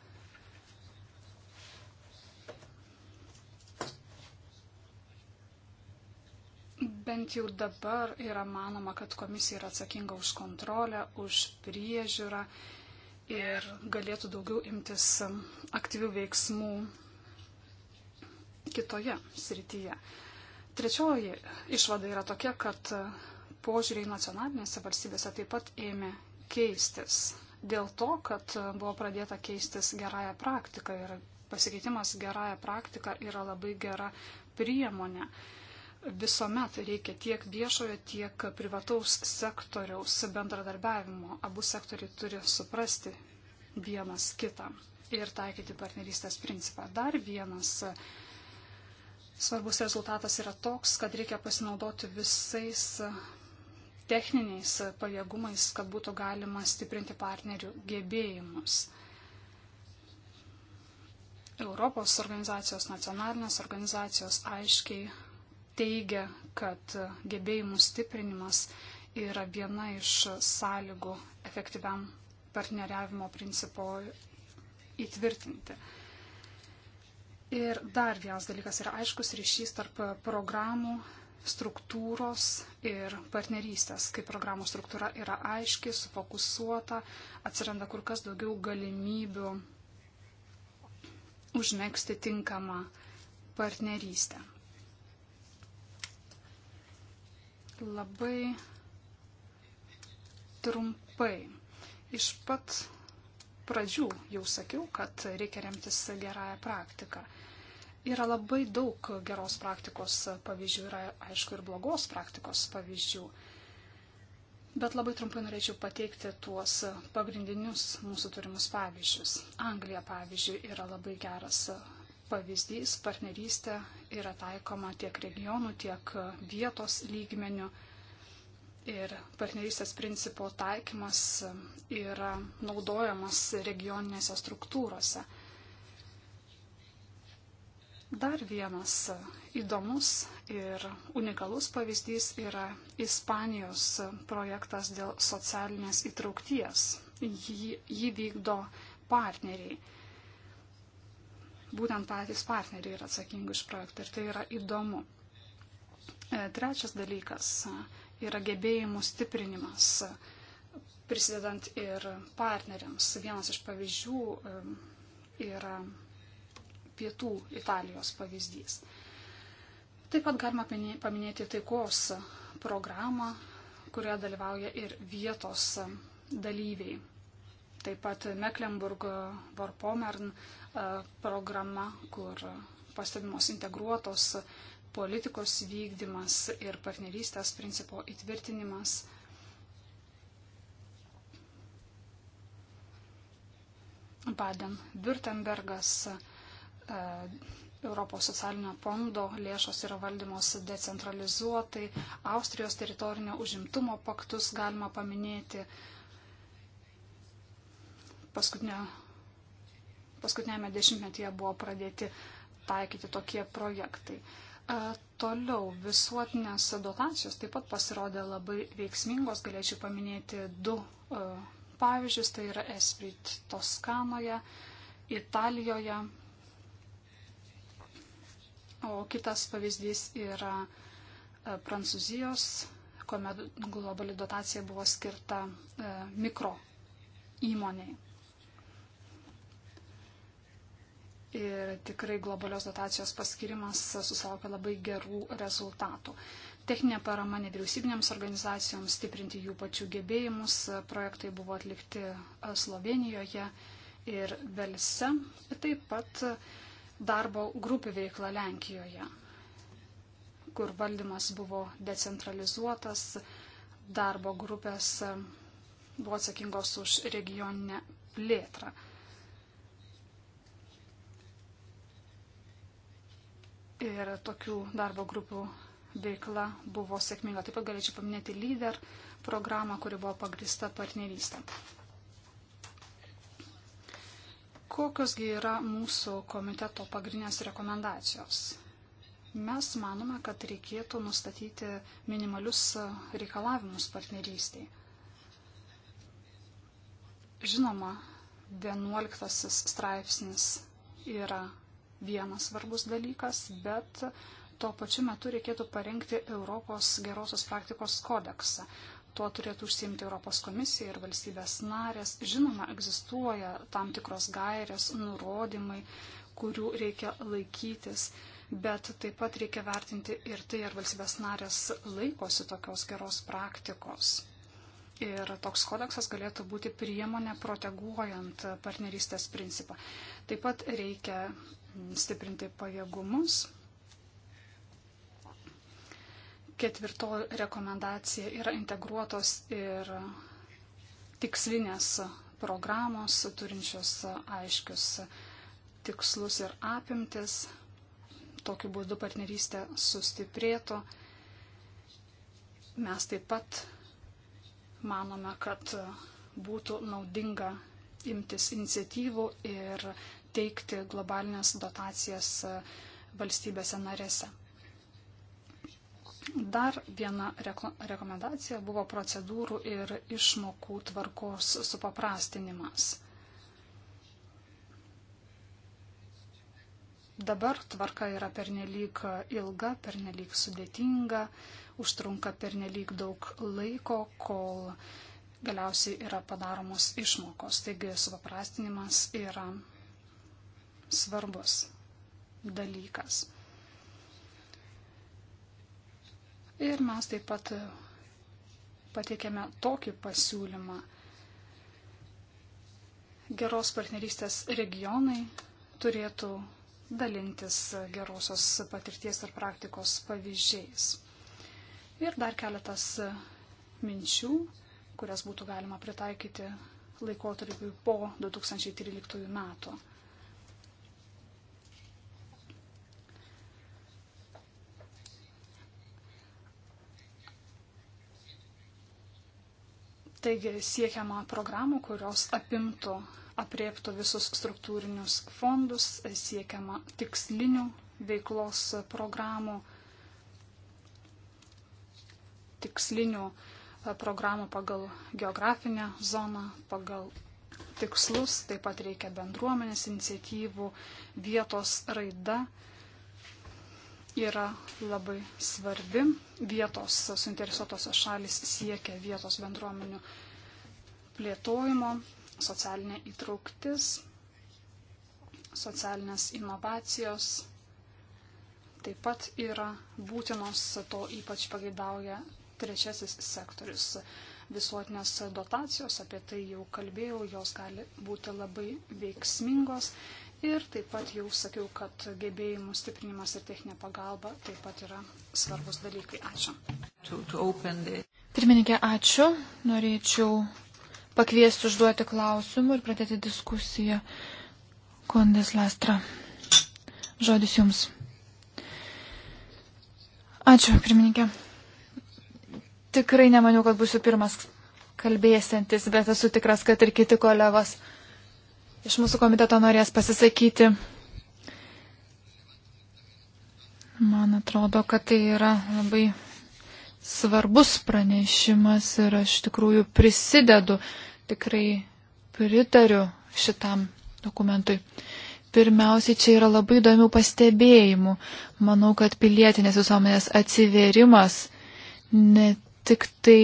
B: Bent jau dabar yra manoma, kad komisija yra atsakinga už kontrolę, už priežiūrą ir galėtų daugiau imtis aktyvių veiksmų kitoje srityje. Trečioji išvada yra tokia, kad požiūriai nacionalinėse valstybėse taip pat ėmė keistis. Dėl to, kad buvo pradėta keistis gerąją praktiką ir pasikeitimas gerąją praktiką yra labai gera priemonė visuomet reikia tiek viešojo, tiek privataus sektoriaus bendradarbiavimo. Abu sektoriai turi suprasti vienas kitą ir taikyti partnerystės principą. Dar vienas svarbus rezultatas yra toks, kad reikia pasinaudoti visais techniniais pajėgumais, kad būtų galima stiprinti partnerių gebėjimus. Europos organizacijos, nacionalinės organizacijos aiškiai teigia, kad gebėjimų stiprinimas yra viena iš sąlygų efektyviam partneriavimo principo įtvirtinti. Ir dar vienas dalykas yra aiškus ryšys tarp programų, struktūros ir partnerystės. Kai programų struktūra yra aiški, sufokusuota, atsiranda kur kas daugiau galimybių užmėgsti tinkamą partnerystę. Labai trumpai. Iš pat pradžių jau sakiau, kad reikia remtis gerąją praktiką. Yra labai daug geros praktikos pavyzdžių, yra aišku ir blogos praktikos pavyzdžių. Bet labai trumpai norėčiau pateikti tuos pagrindinius mūsų turimus pavyzdžius. Anglija, pavyzdžiui, yra labai geras pavyzdys partnerystė yra taikoma tiek regionų, tiek vietos lygmenių. Ir partnerystės principo taikymas yra naudojamas regioninėse struktūrose. Dar vienas įdomus ir unikalus pavyzdys yra Ispanijos projektas dėl socialinės įtraukties. Jį, jį vykdo partneriai būtent patys partneriai yra atsakingi už projektą ir tai yra įdomu. E, trečias dalykas e, yra gebėjimų stiprinimas, e, prisidedant ir partneriams. Vienas iš pavyzdžių yra pietų Italijos pavyzdys. Taip pat galima paminėti taikos programą, kurioje dalyvauja ir vietos dalyviai. Taip pat Mecklenburg, Vorpomern E, programa, kur pastebimos integruotos politikos vykdymas ir partnerystės principo įtvirtinimas. Baden-Württembergas e, Europos socialinio fondo lėšos yra valdymos decentralizuotai, Austrijos teritorinio užimtumo paktus galima paminėti. Paskutinio paskutinėme dešimtmetyje buvo pradėti taikyti tokie projektai. E, toliau visuotinės dotacijos taip pat pasirodė labai veiksmingos, galėčiau paminėti du e, pavyzdžius, tai yra Esprit Toskanoje, Italijoje, o kitas pavyzdys yra e, Prancūzijos, kuomet globali dotacija buvo skirta mikro įmoniai. ir tikrai globalios dotacijos paskirimas susilaukia labai gerų rezultatų. Techninė parama nevyriausybinėms organizacijoms stiprinti jų pačių gebėjimus. Projektai buvo atlikti e, Slovenijoje ir Velse, taip pat darbo grupių veikla Lenkijoje, kur valdymas buvo decentralizuotas, darbo grupės buvo atsakingos už regioninę plėtrą. ir tokių darbo grupių veikla buvo sėkminga. Taip pat galėčiau paminėti lyder programą, kuri buvo pagrista partnerystė. Kokiosgi yra mūsų komiteto pagrindinės rekomendacijos? Mes manome, kad reikėtų nustatyti minimalius reikalavimus partnerystiai. Žinoma, 11 straipsnis yra vienas svarbus dalykas, bet tuo pačiu metu reikėtų parengti Europos gerosios praktikos kodeksą. Tuo turėtų užsiimti Europos komisija ir valstybės narės. Žinoma, egzistuoja tam tikros gairės, nurodymai, kurių reikia laikytis, bet taip pat reikia vertinti ir tai, ar valstybės narės laikosi tokios geros praktikos. Ir toks kodeksas galėtų būti priemonė proteguojant partnerystės principą. Taip pat reikia stiprinti pajėgumus. Ketvirto rekomendacija yra integruotos ir tikslinės programos, turinčios aiškius tikslus ir apimtis. Tokiu būdu partnerystė sustiprėtų. Mes taip pat manome, kad būtų naudinga imtis iniciatyvų ir teikti globalinės dotacijas e, valstybėse narėse. Dar viena rekomendacija buvo procedūrų ir išmokų tvarkos supaprastinimas. Dabar tvarka yra pernelyg ilga, pernelyg sudėtinga, užtrunka pernelyg daug laiko, kol galiausiai yra padaromos išmokos. Taigi supaprastinimas yra svarbus dalykas. Ir mes taip pat pateikėme tokį pasiūlymą. Geros partnerystės regionai turėtų dalintis gerosios patirties ir praktikos pavyzdžiais. Ir dar keletas minčių, kurias būtų galima pritaikyti laikotarpiu po 2013 metų. Taigi siekiama programų, kurios apimtų, apriektų visus struktūrinius fondus, siekiama tikslinių veiklos programų, tikslinių e, programų pagal geografinę zoną, pagal tikslus, taip pat reikia bendruomenės iniciatyvų, vietos raida yra labai svarbi. Vietos suinteresuotosios šalis siekia vietos bendruomenių plėtojimo, socialinė įtrauktis, socialinės inovacijos taip pat yra būtinos, to ypač pageidauja trečiasis sektorius. Visuotinės dotacijos, apie tai jau kalbėjau, jos gali būti labai veiksmingos Ir taip pat jau sakiau, kad gebėjimų stiprinimas ir techninė pagalba taip pat yra svarbus dalykai. Ačiū.
A: Pirmininkė, ačiū. Norėčiau pakviesti užduoti klausimų ir pradėti diskusiją. Kondes Lastra. Žodis jums. Ačiū, pirmininkė. Tikrai nemaniau, kad būsiu pirmas kalbėsiantis, bet esu tikras, kad ir kiti kolegos iš mūsų komiteto norės pasisakyti. Man atrodo, kad tai yra labai svarbus pranešimas ir aš tikrųjų prisidedu, tikrai pritariu šitam dokumentui. Pirmiausiai, čia yra labai įdomių pastebėjimų. Manau, kad pilietinės visuomenės atsiverimas ne tik tai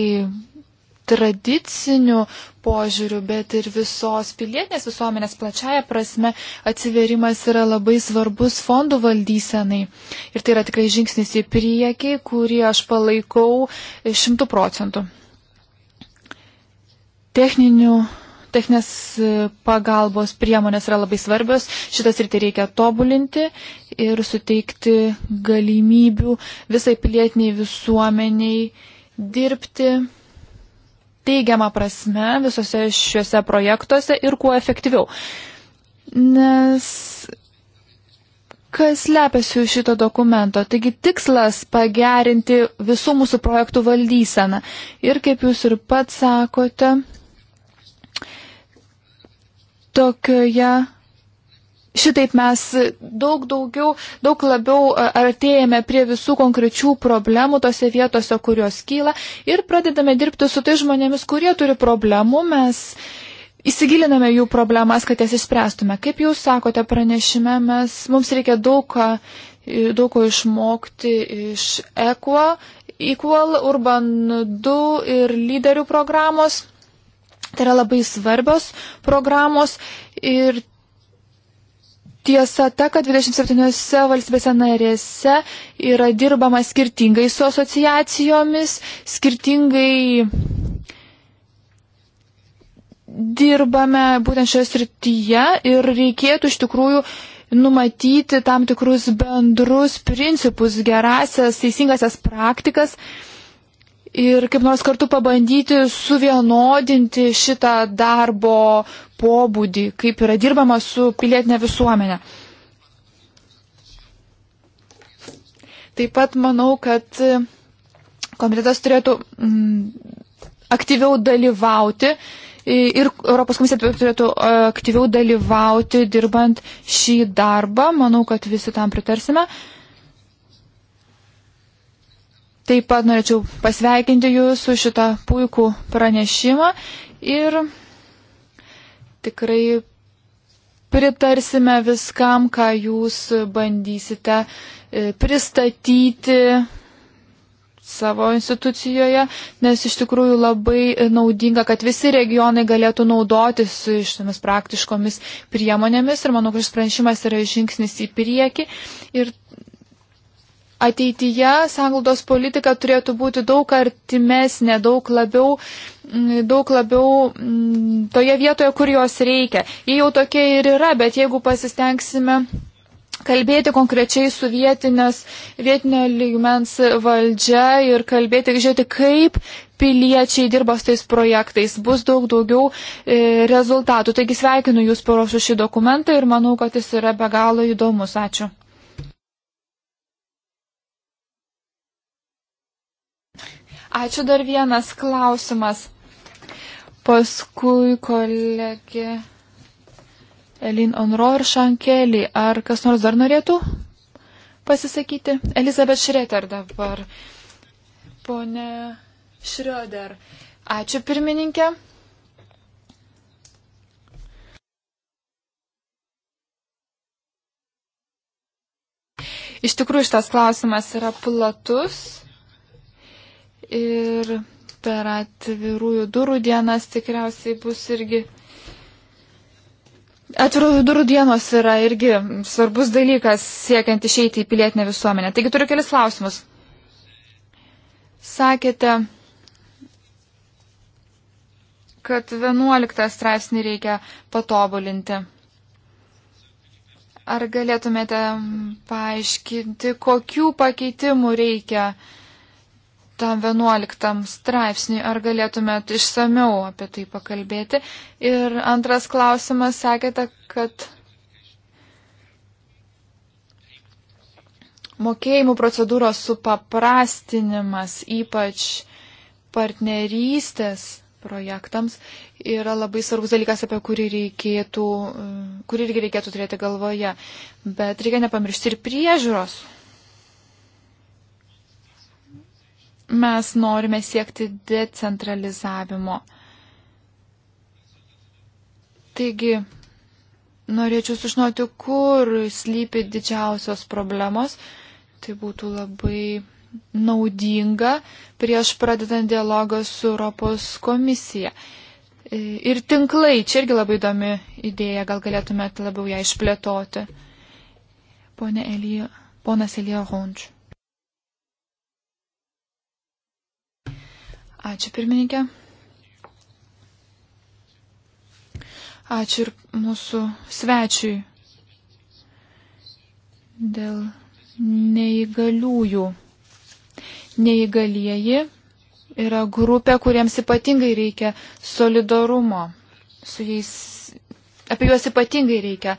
A: tradicinių požiūrių, bet ir visos pilietinės visuomenės plačiaja prasme atsiverimas yra labai svarbus fondų valdysenai. Ir tai yra tikrai žingsnis į priekį, kurį aš palaikau šimtų procentų. Techninių techninės pagalbos priemonės yra labai svarbios, šitas rytį reikia tobulinti ir suteikti galimybių visai pilietiniai visuomeniai dirbti teigiamą prasme visose šiuose projektuose ir kuo efektyviau. Nes kas lepiasi už šito dokumento? Taigi tikslas pagerinti visų mūsų projektų valdyseną. Ir kaip jūs ir pats sakote, tokioje Šitaip mes daug daugiau, daug labiau e, artėjame prie visų konkrečių problemų tose vietose, kurios kyla ir pradedame dirbti su tai žmonėmis, kurie turi problemų. Mes įsigiliname jų problemas, kad jas išspręstume. Kaip jūs sakote pranešime, mes, mums reikia daug, e, daug ko išmokti iš EQUA, Equal, Urban 2 ir lyderių programos. Tai yra labai svarbios programos ir tiesa ta, kad 27 valstybėse narėse yra dirbama skirtingai su asociacijomis, skirtingai dirbame būtent šioje srityje ir reikėtų iš tikrųjų numatyti tam tikrus bendrus principus, gerasias, teisingasias praktikas, uh, ir kaip nors kartu pabandyti suvienodinti šitą darbo pobūdį, kaip yra dirbama su pilietinė visuomenė. Taip pat manau, kad e, komitetas turėtų mm, aktyviau dalyvauti ir Europos komisija turėtų e, aktyviau dalyvauti dirbant šį darbą. Manau, kad visi tam pritarsime. Uh, Taip pat norėčiau pasveikinti Jūs su šitą puikų pranešimą ir tikrai pritarsime viskam, ką Jūs bandysite e, pristatyti savo institucijoje, nes iš tikrųjų labai naudinga, kad visi regionai galėtų naudotis šitomis praktiškomis priemonėmis ir manau, kad šis pranešimas yra žingsnis į priekį ir ateityje sanglaudos politika turėtų būti daug artimesnė, daug labiau, mm, daug labiau mm, toje vietoje, kur jos reikia. Jie jau tokie ir yra, bet jeigu pasistengsime kalbėti konkrečiai su vietinės, vietinio lygmens valdžia ir kalbėti, žiūrėti, kaip piliečiai dirba su tais projektais, bus daug daugiau e, rezultatų. Taigi sveikinu Jūs paruošus šį dokumentą ir manau, kad jis yra be galo įdomus. Ačiū. Ačiū dar vienas klausimas. Paskui kolegė Elin Onro ir Šankelį. Ar kas nors dar norėtų pasisakyti? Elizabeth Šreter dabar. Pone Šrioder. Ačiū pirmininkė. Iš tikrųjų, šitas klausimas yra platus ir per atvirųjų durų dienas tikriausiai bus irgi. Atvirųjų durų dienos yra irgi svarbus dalykas siekiant išeiti į pilietinę visuomenę. Taigi turiu kelis klausimus. Sakėte, kad 11 straipsnį reikia patobulinti. Ar galėtumėte paaiškinti, kokių pakeitimų reikia? Uh, tam 11 straipsniui, ar galėtumėt išsameu apie tai pakalbėti. Ir antras klausimas, sakėte, kad mokėjimų procedūros supaprastinimas, ypač partnerystės projektams, yra labai svarbus dalykas, apie kurį, reikėtų, kurį irgi reikėtų turėti galvoje. Bet reikia nepamiršti ir priežiūros mes norime siekti decentralizavimo. Taigi, norėčiau sužinoti, kur slypi didžiausios problemos. Tai būtų labai naudinga prieš pradedant dialogą su Europos komisija. Ir tinklai, čia irgi labai įdomi idėja, gal galėtumėt labiau ją išplėtoti. Pone Elija, ponas Elija Hončius. Ačiū pirmininkė. Ačiū ir mūsų svečiui dėl neįgaliųjų. Neįgalieji yra grupė, kuriems ypatingai reikia solidarumo. Su jais, apie juos ypatingai reikia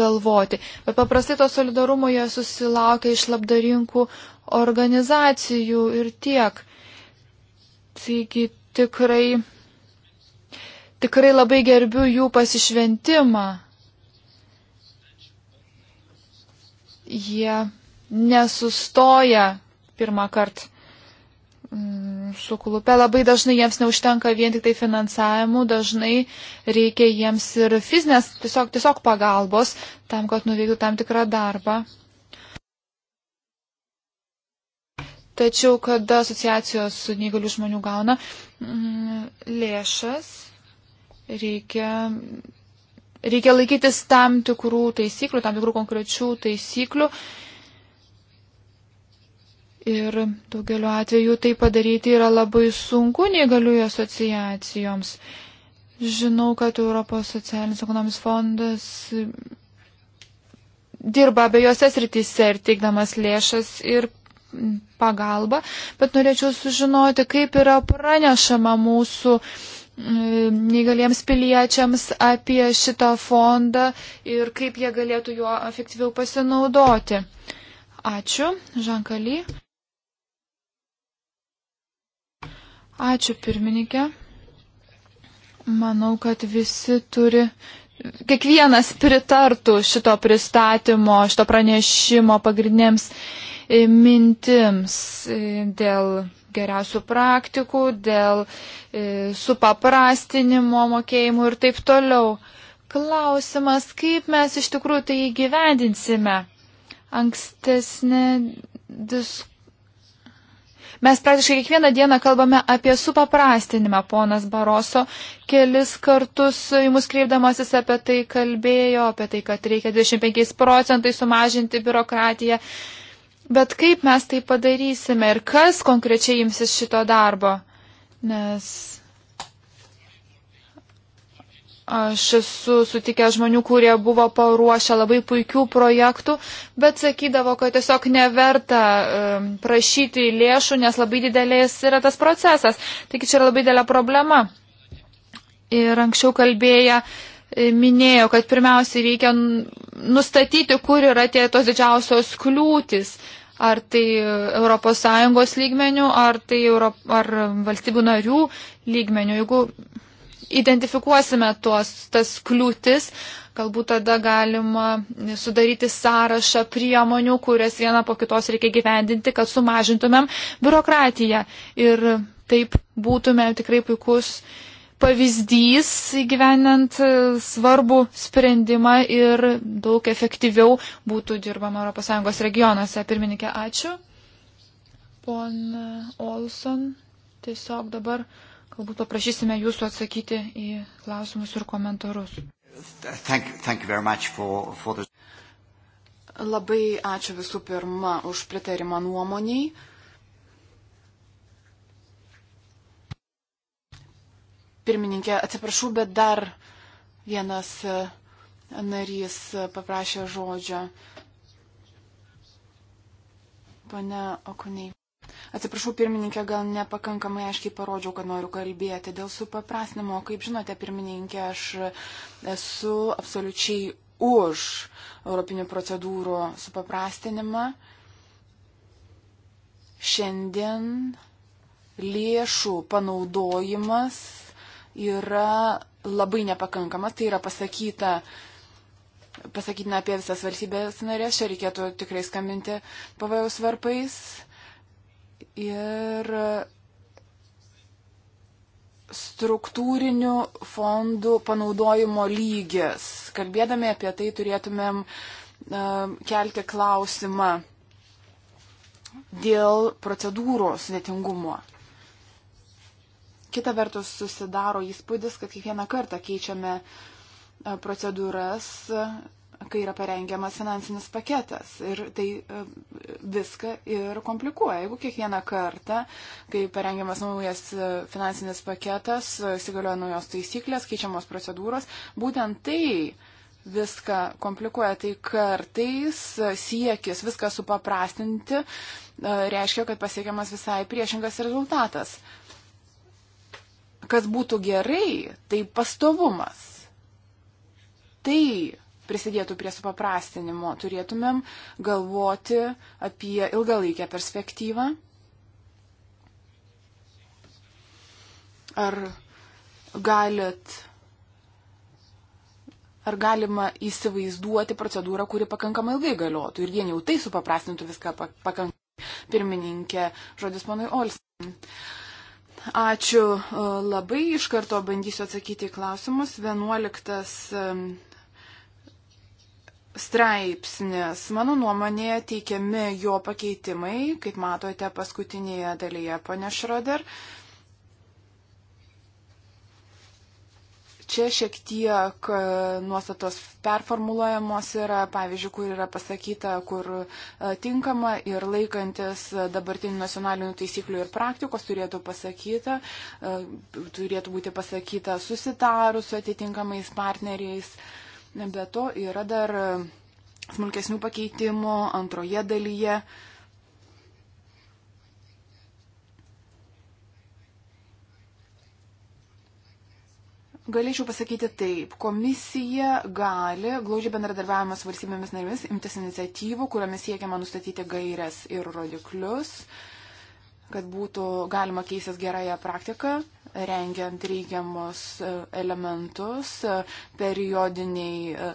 A: galvoti. Bet paprastai to solidarumo jie susilaukia iš labdarinkų organizacijų ir tiek. Taigi tikrai, tikrai labai gerbiu jų pasišventimą. Jie nesustoja pirmą kartą mm, su klupe. Labai dažnai jiems neužtenka vien tik tai finansavimų, dažnai reikia jiems ir fizinės tiesiog, tiesiog pagalbos tam, kad nuveiktų tam tikrą darbą. Tačiau, kada asociacijos neįgalių žmonių gauna mm, lėšas, reikia, reikia laikytis tam tikrų taisyklių, tam tikrų konkrečių taisyklių. Ir daugeliu atveju tai padaryti yra labai sunku neįgaliųjų asociacijoms. Žinau, kad Europos socialinis ekonomis fondas dirba abiejose srityse ir teikdamas lėšas ir pagalbą, bet norėčiau sužinoti, kaip yra pranešama mūsų mm, neįgaliems piliečiams apie šitą fondą ir kaip jie galėtų juo efektyviau pasinaudoti. Ačiū, Žankaly. Ačiū, pirmininkė. Manau, kad visi turi kiekvienas pritartų šito pristatymo, šito pranešimo pagrindiniams mintims e, dėl geriausių praktikų, dėl e, supaprastinimo mokėjimų ir taip toliau. Klausimas, kaip mes iš tikrųjų tai įgyvendinsime. Ankstesnė diskusija. Mes praktiškai kiekvieną dieną kalbame apie supaprastinimą. Ponas Baroso kelis kartus į mus kreipdamasis apie tai kalbėjo, apie tai, kad reikia 25 procentai sumažinti biurokratiją. Bet kaip mes tai padarysime ir kas konkrečiai imsis šito darbo? Nes aš esu sutikęs žmonių, kurie buvo paruošę labai puikių projektų, bet sakydavo, kad tiesiog neverta um, prašyti lėšų, nes labai didelės yra tas procesas. Taigi čia yra labai didelė problema. Ir anksčiau kalbėję e, minėjo, kad pirmiausiai reikia nustatyti, kur yra tie tos didžiausios kliūtis ar tai ES lygmenių, ar tai Euro, ar valstybių narių lygmenių. Jeigu identifikuosime tuos, tas kliūtis, galbūt tada galima sudaryti sąrašą priemonių, kurias vieną po kitos reikia gyvendinti, kad sumažintumėm biurokratiją ir taip būtume tikrai puikus pavyzdys įgyvenant e, svarbų sprendimą ir daug efektyviau būtų dirbama ES regionuose. Pirmininkė, ačiū. Pon Olson, tiesiog dabar galbūt paprašysime jūsų atsakyti į klausimus ir komentarus. Thank, you, thank you for, for this.
C: Labai ačiū visų pirma už pritarimą nuomoniai Pirmininkė, atsiprašau, bet dar vienas e, narys e, paprašė žodžio. Pane Okuniai. Atsiprašau, pirmininkė, gal nepakankamai aiškiai parodžiau, kad noriu kalbėti dėl supaprasnimo. Kaip žinote, pirmininkė, aš esu absoliučiai už Europinių procedūrų supaprastinimą. Šiandien lėšų panaudojimas yra labai nepakankamas, tai yra pasakyta, pasakytina apie visas valstybės narės, čia reikėtų tikrai skambinti pavojaus varpais. Ir struktūrinių fondų panaudojimo lygis. Kalbėdami apie tai turėtumėm e, kelti klausimą dėl procedūros netingumo. Kita vertus susidaro įspūdis, kad kiekvieną kartą keičiame e, procedūras, kai yra parengiamas finansinis paketas. Ir tai e, viską ir komplikuoja. Jeigu kiekvieną kartą, kai parengiamas naujas e, finansinis paketas, įsigalioja naujos taisyklės, keičiamos procedūros, būtent tai viską komplikuoja. Tai kartais siekis viską supaprastinti reiškia, kad pasiekiamas visai priešingas rezultatas. Kas būtų gerai, tai pastovumas. Tai prisidėtų prie supaprastinimo. Turėtumėm galvoti apie ilgalaikę perspektyvą. Ar galit ar galima įsivaizduoti procedūrą, kuri pakankamai ilgai galiotų ir vien jau tai supaprastintų viską pakankamai. Pirmininkė, žodis ponui Olsen. Ačiū e, labai. Iš karto bandysiu atsakyti į klausimus. 11 straipsnis. Mano nuomonėje teikiami jo pakeitimai, kaip matote paskutinėje dalyje, ponė Šroder. Uh, Čia šiek tiek e, nuostatos performuluojamos yra, pavyzdžiui, kur yra pasakyta, kur e, tinkama ir laikantis dabartinių nacionalinių taisyklių ir praktikos turėtų, pasakyta, e, turėtų būti pasakyta susitarus su atitinkamais partneriais. Be to yra dar smulkesnių pakeitimų antroje dalyje. Uh, Galėčiau pasakyti taip, komisija gali, glaudžiai bendradarbiavimas valstybėmis narėmis, imtis iniciatyvų, kuriomis siekiama nustatyti gairias ir rodiklius, kad būtų galima keistis gerąją praktiką, rengiant reikiamus e, elementus, e, periodiniai e,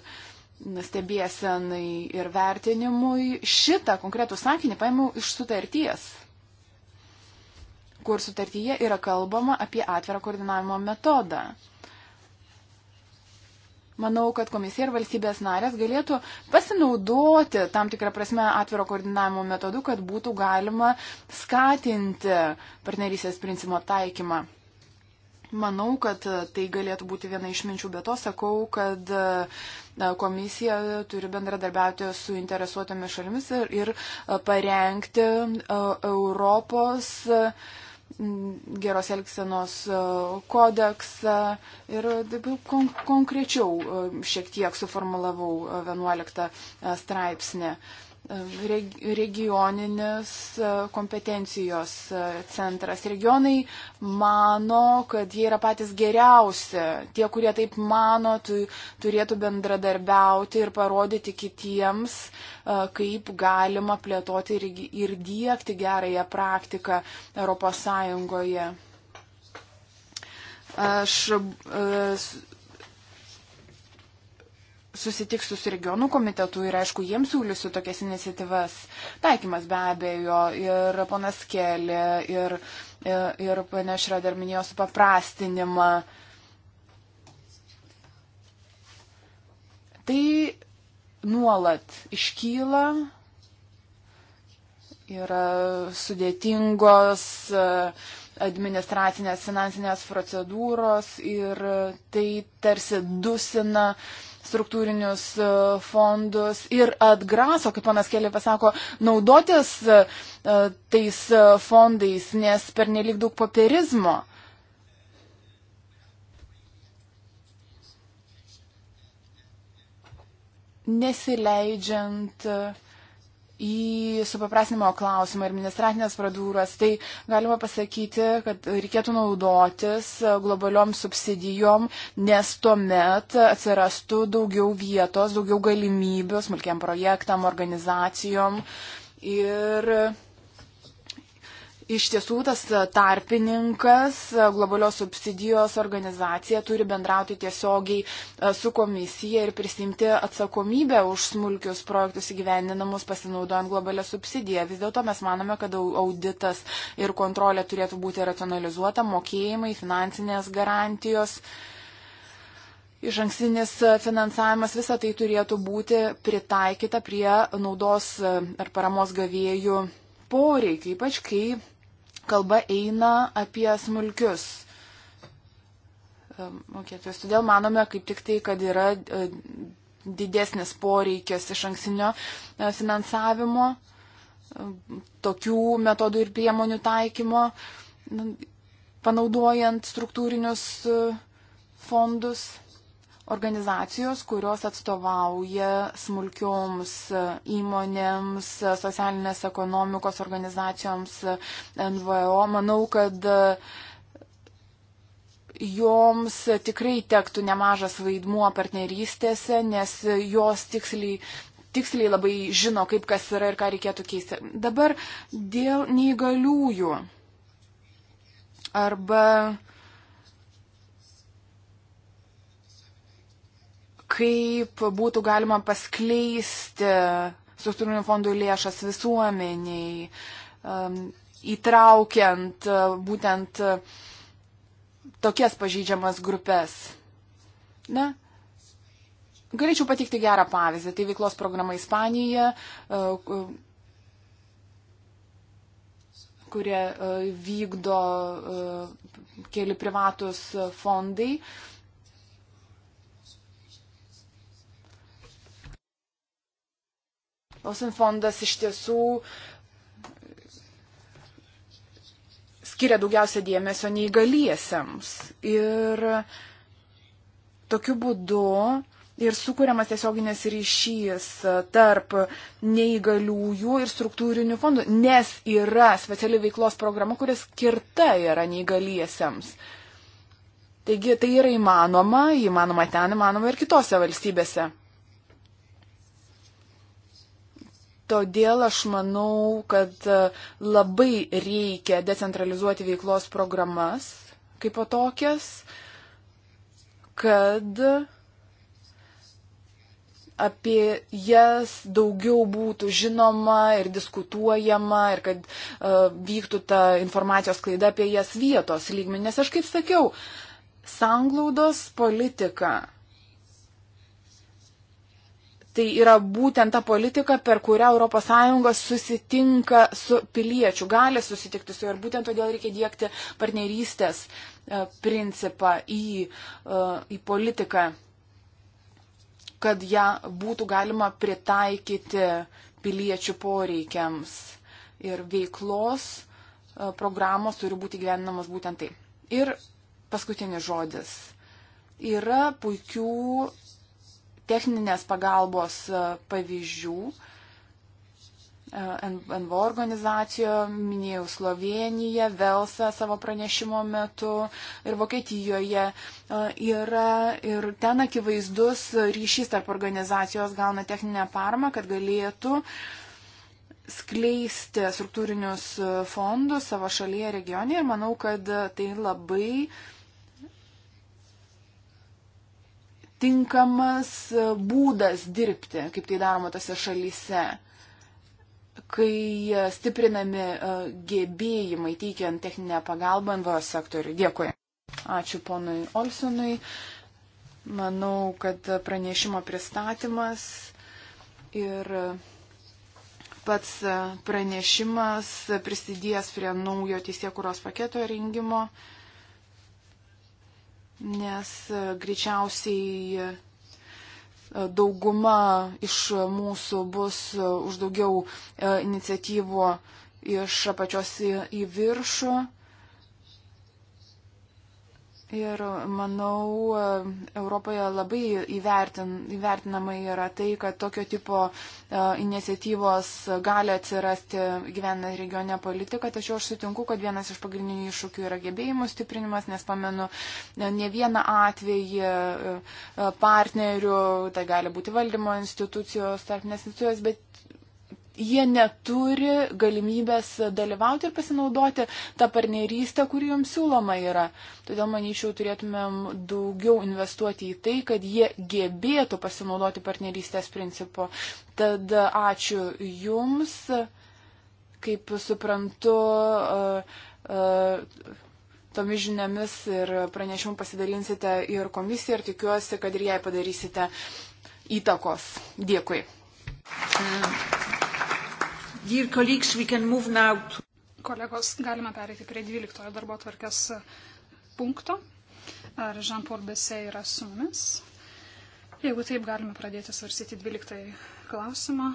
C: stebėsenai ir vertinimui. Šitą konkretų sakinį paėmiau iš sutarties kur sutartyje yra kalbama apie atvirą koordinavimo metodą. Manau, kad komisija ir valstybės narės galėtų pasinaudoti tam tikrą prasme atviro koordinavimo metodu, kad būtų galima skatinti partnerysės principo taikymą. Manau, kad tai galėtų būti viena iš minčių, bet to sakau, kad komisija turi bendradarbiauti su interesuotomis šalimis ir, ir parengti Europos. Uh, Mm, geros elgsenos e, kodeksą ir taip kon konkrečiau e, šiek tiek suformulavau 11 e, straipsnį regioninės e, kompetencijos e, centras. Regionai mano, kad jie yra patys geriausi. Tie, kurie taip mano, tu, turėtų bendradarbiauti ir parodyti kitiems, e, kaip galima plėtoti ir, ir dėkti gerąją praktiką ES. Aš susitiksiu su regionų komitetu ir aišku, jiems siūlysiu tokias iniciatyvas. Taikymas be abejo ir ponas Kelė, ir, ir, ir panešra dar minėjo supaprastinimą. Tai nuolat iškyla, yra sudėtingos e, administracinės finansinės procedūros ir tai tarsi dusina uh, struktūrinius e, fondus ir atgraso, kaip panas Kelė pasako, naudotis e, tais e, fondais, nes per nelik daug papirizmo. Nesileidžiant uh, į supaprasnimo klausimą ir administratinės pradūras, tai galima pasakyti, kad reikėtų naudotis globaliom subsidijom, nes tuomet atsirastų daugiau vietos, daugiau galimybių smulkiam projektam, organizacijom ir Iš tiesų, tas tarpininkas, globalios subsidijos organizacija turi bendrauti tiesiogiai e, su komisija ir prisimti atsakomybę už smulkius projektus įgyvendinamus pasinaudojant globalią subsidiją. Vis dėlto mes manome, kad auditas ir kontrolė turėtų būti racionalizuota, mokėjimai, finansinės garantijos. Iš ankstinis e, finansavimas visą tai turėtų būti pritaikyta prie naudos e, ar paramos gavėjų poreikiai, ypač kai kalba eina apie smulkius um, mokėtojus. Todėl manome kaip tik tai, kad yra e, didesnis poreikis iš anksinio e, finansavimo, um, tokių metodų ir priemonių taikymo, panaudojant struktūrinius e, fondus organizacijos, kurios atstovauja smulkioms įmonėms, socialinės ekonomikos organizacijoms, NVO. Manau, kad joms tikrai tektų nemažas vaidmuo partnerystėse, nes jos tiksliai tiksliai labai žino, kaip kas yra ir ką reikėtų keisti. Dabar dėl neįgaliųjų arba uh, kaip būtų galima paskleisti struktūrinių fondų lėšas visuomeniai, um, įtraukiant uh, būtent uh, tokias pažydžiamas grupės. Na, galėčiau patikti gerą pavyzdį. Tai veiklos programa Ispanija, uh, kurie vykdo keli privatus fondai. Osim fondas iš tiesų skiria daugiausia dėmesio neįgaliesiems. Ir tokiu būdu ir sukūriamas tiesioginės ryšys tarp neįgaliųjų ir struktūrinių fondų, nes yra speciali veiklos programa, kuris skirta yra neįgaliesiems. Taigi tai yra įmanoma, įmanoma ten, įmanoma ir kitose valstybėse. Todėl aš manau, kad e, labai reikia decentralizuoti veiklos programas kaip tokias, kad apie jas daugiau būtų žinoma ir diskutuojama ir kad uh, vyktų ta informacijos klaida apie jas vietos lygmenės. Aš kaip sakiau, sanglaudos politika tai yra būtent ta politika, per kurią ES susitinka su piliečiu, gali susitikti su juo ir būtent todėl reikia dėkti partnerystės e, principą į, e, į politiką, kad ją būtų galima pritaikyti piliečių poreikiams ir veiklos e, programos turi būti gyvenamas būtent taip. Ir paskutinis žodis. Yra puikių techninės pagalbos e, pavyzdžių. E, NVO organizacijoje, minėjau Sloveniją, Velsą savo pranešimo metu ir Vokietijoje e, yra ir ten akivaizdus ryšys tarp organizacijos gauna techninę paramą, kad galėtų skleisti struktūrinius fondus savo šalyje regione ir manau, kad tai labai uh, tinkamas būdas dirbti, kaip tai daroma tose šalyse, kai stiprinami e, gebėjimai teikiant techninę pagalbą NVO sektoriui. Dėkui. Ačiū ponui Olsonui. Manau, kad pranešimo pristatymas ir pats pranešimas prisidės prie naujo teisėkuros paketo rengimo nes e, greičiausiai e, dauguma iš mūsų bus e, už daugiau iniciatyvų iš apačios į viršų. Ir manau, Europoje labai įvertin, įvertinama yra tai, kad tokio tipo e, iniciatyvos gali atsirasti gyvenant regione politiką, tačiau aš sutinku, kad vienas iš pagrindinių iššūkių yra gebėjimų stiprinimas, nes pamenu e, ne vieną atvejį e, partnerių, tai gali būti valdymo institucijos, tarpinės institucijos, bet jie neturi galimybės dalyvauti ir pasinaudoti tą partnerystę, kuri jums siūloma yra. Todėl, manyčiau, turėtumėm daugiau investuoti į tai, kad jie gebėtų pasinaudoti partnerystės principu. Tad ačiū Jums, kaip suprantu, e, e, tomis žiniomis ir pranešimu pasidalinsite ir komisiją ir tikiuosi, kad ir jai padarysite įtakos. Dėkui. Mm. Dear colleagues, we can move now to...
B: Kolegos, galime pereiti prie 12 darbo tvarkės punkto. Ar Jean-Paul Bese yra su mumis? Jeigu taip, galime pradėti svarstyti 12 klausimą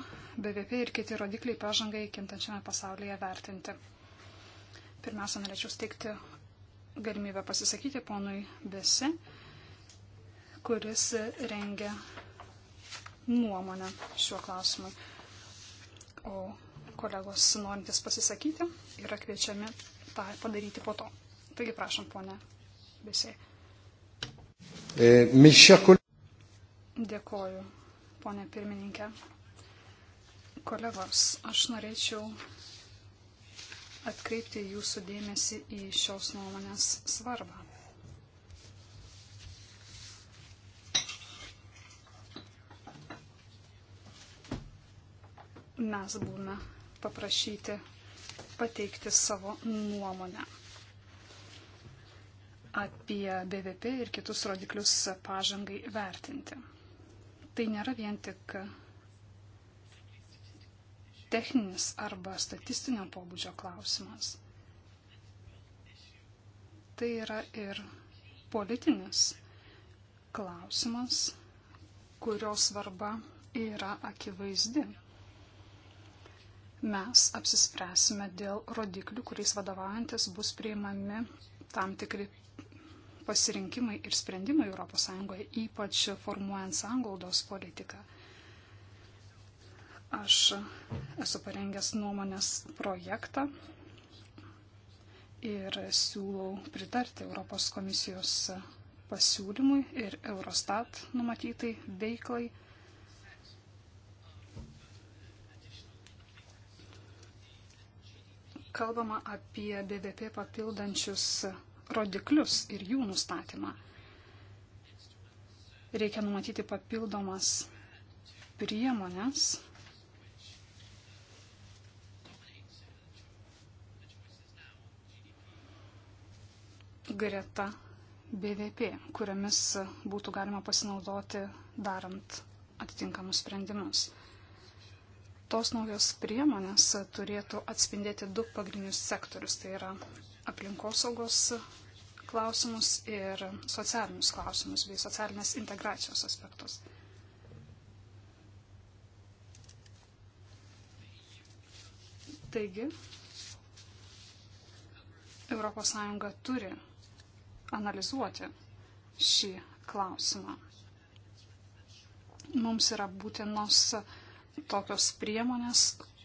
B: BVP ir kiti rodikliai pažangai kintančiame pasaulyje vertinti. Pirmiausia, norėčiau steigti galimybę pasisakyti ponui Bese, kuris rengia nuomonę šiuo klausimui. O Kolegos norintys pasisakyti yra kviečiami tą padaryti po to. Taigi prašom, ponė, visi. E, Dėkoju, ponė pirmininkė. Kolegos, aš norėčiau atkreipti jūsų dėmesį į šios nuomonės svarbą. mes būna paprašyti pateikti savo nuomonę apie BVP ir kitus rodiklius pažangai vertinti. Tai nėra vien tik techninis arba statistinio pobūdžio klausimas. Tai yra ir politinis klausimas, kurio svarba yra akivaizdi mes apsispręsime dėl rodiklių, kuriais vadovaujantis bus priimami tam tikri pasirinkimai ir sprendimai ES, ypač formuojant sąnglaudos politiką. Aš esu parengęs nuomonės projektą ir siūlau pritarti Europos komisijos pasiūlymui ir Eurostat numatytai veiklai kalbama apie BVP papildančius rodiklius ir jų nustatymą. Reikia numatyti papildomas priemonės, greta BVP, kuriamis būtų galima pasinaudoti darant atitinkamus sprendimus tos naujos priemonės turėtų atspindėti du pagrindinius sektorius. Tai yra aplinkosaugos klausimus ir socialinius klausimus bei socialinės integracijos aspektus. Taigi, ES turi analizuoti šį klausimą. Mums yra būtinos uh, tokios priemonės,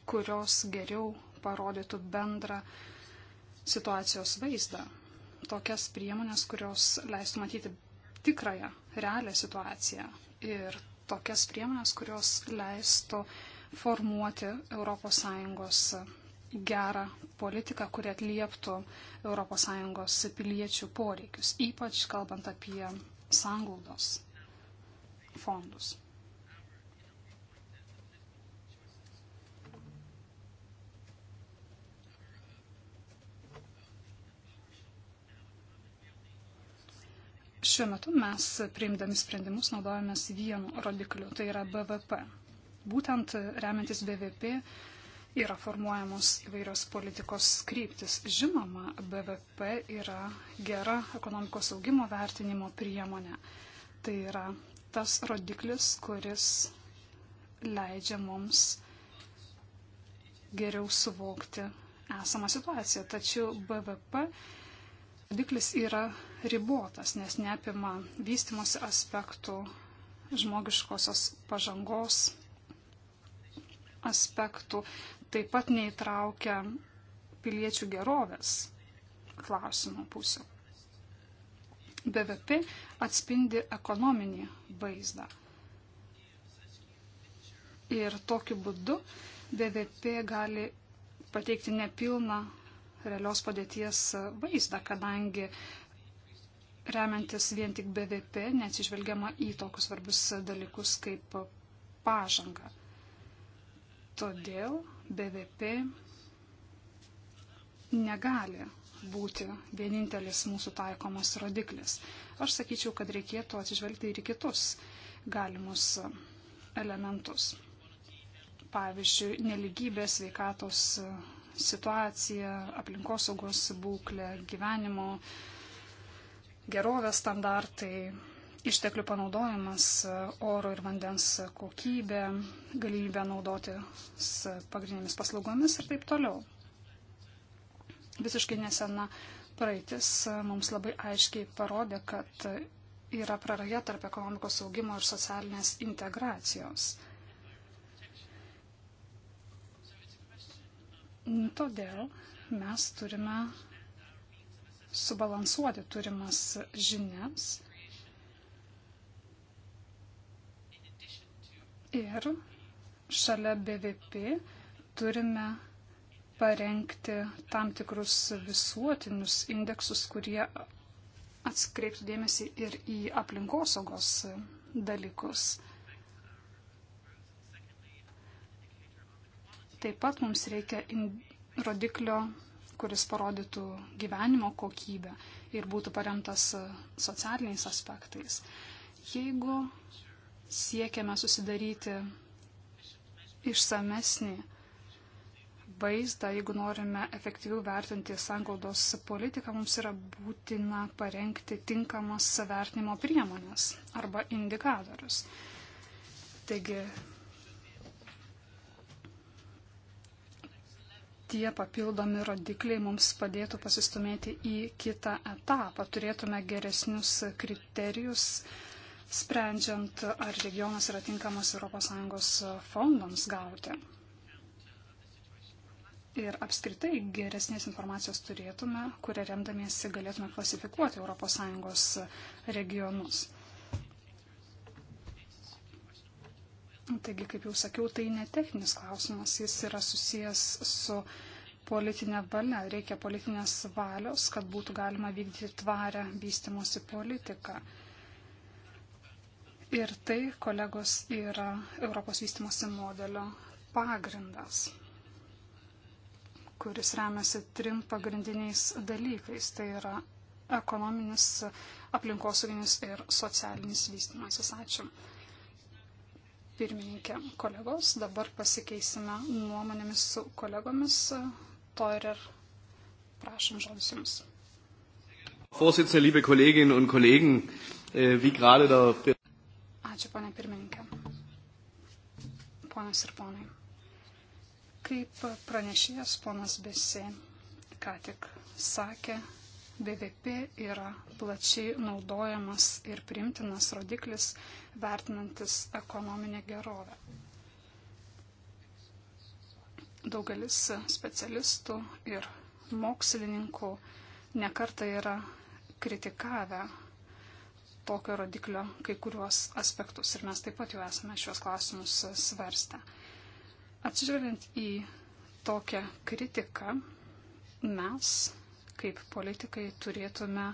B: kurios geriau parodytų bendrą situacijos vaizdą. Tokias priemonės, kurios leistų matyti tikrąją, realią situaciją. Ir tokias priemonės, kurios leistų formuoti ES gerą politiką, kuri atlieptų ES piliečių poreikius, ypač kalbant apie sanglaudos fondus. Šiuo metu mes, priimdami sprendimus, naudojamės vienu rodikliu, tai yra BVP. Būtent remiantis BVP yra formuojamos įvairios politikos kryptis. Žinoma, BVP yra gera ekonomikos augimo vertinimo priemonė. Tai yra tas rodiklis, kuris leidžia mums geriau suvokti esamą situaciją. Tačiau BVP rodiklis yra ribotas, nes neapima vystimosi aspektų, žmogiškosios pažangos aspektų, taip pat neįtraukia piliečių gerovės klausimų pusių. BVP atspindi ekonominį vaizdą. Ir tokiu būdu BVP gali pateikti nepilną realios padėties vaizdą, kadangi remiantis vien tik BVP, neatsižvelgiama į tokius svarbius dalykus kaip pažanga. Todėl BVP negali būti vienintelis mūsų taikomas rodiklis. Aš sakyčiau, kad reikėtų atsižvelgti ir į kitus galimus elementus. Pavyzdžiui, neligybė, sveikatos situacija, aplinkosaugos būklė, gyvenimo uh, gerovės standartai, išteklių panaudojimas, oro ir vandens kokybė, galimybė naudotis pagrindinėmis paslaugomis ir taip toliau. Visiškai nesena praeitis mums labai aiškiai parodė, kad yra praraja tarp ekonomikos augimo ir socialinės integracijos. Todėl mes turime subalansuoti turimas žinias ir šalia BVP turime parengti tam tikrus visuotinius indeksus, kurie atskreiptų dėmesį ir į aplinkosaugos dalykus. Taip pat mums reikia rodiklio kuris parodytų gyvenimo kokybę ir būtų paremtas socialiniais aspektais. Jeigu siekiame susidaryti išsamesnį vaizdą, jeigu norime efektyviau vertinti sanglaudos politiką, mums yra būtina parengti tinkamas vertinimo priemonės arba indikatorius. Taigi tie papildomi rodikliai mums padėtų pasistumėti į kitą etapą. Turėtume geresnius kriterijus, sprendžiant, ar regionas yra tinkamas ES fondams gauti. Ir apskritai geresnės informacijos turėtume, kurią remdamiesi galėtume klasifikuoti ES regionus. Taigi, kaip jau sakiau, tai netechninis klausimas, jis yra susijęs su politinė valia, reikia politinės valios, kad būtų galima vykdyti tvarę vystimosi politiką. Ir tai, kolegos, yra Europos vystimosi modelio pagrindas kuris remiasi trim pagrindiniais dalykais. Tai yra ekonominis, aplinkosauginis ir socialinis vystimasis. Ačiū. Pirmininkė, kolegos, dabar pasikeisime nuomonėmis su kolegomis Teurer. Prašom, žodis Jums.
A: Vorsitzende, liebe Kolleginnen und Kollegen, äh, wie gerade der.
B: Ačiū, ponia pirmininkė. Ponas ir ponai. Kaip pranešėjas ponas Besi ką tik sakė, BVP yra plačiai naudojamas ir primtinas rodiklis vertinantis ekonominę gerovę. Daugelis specialistų ir mokslininkų nekarta yra kritikavę tokio rodiklio kai kuriuos aspektus ir mes taip pat jau esame šios klausimus svarstę. Atsižvelgiant į tokią kritiką, mes kaip politikai turėtume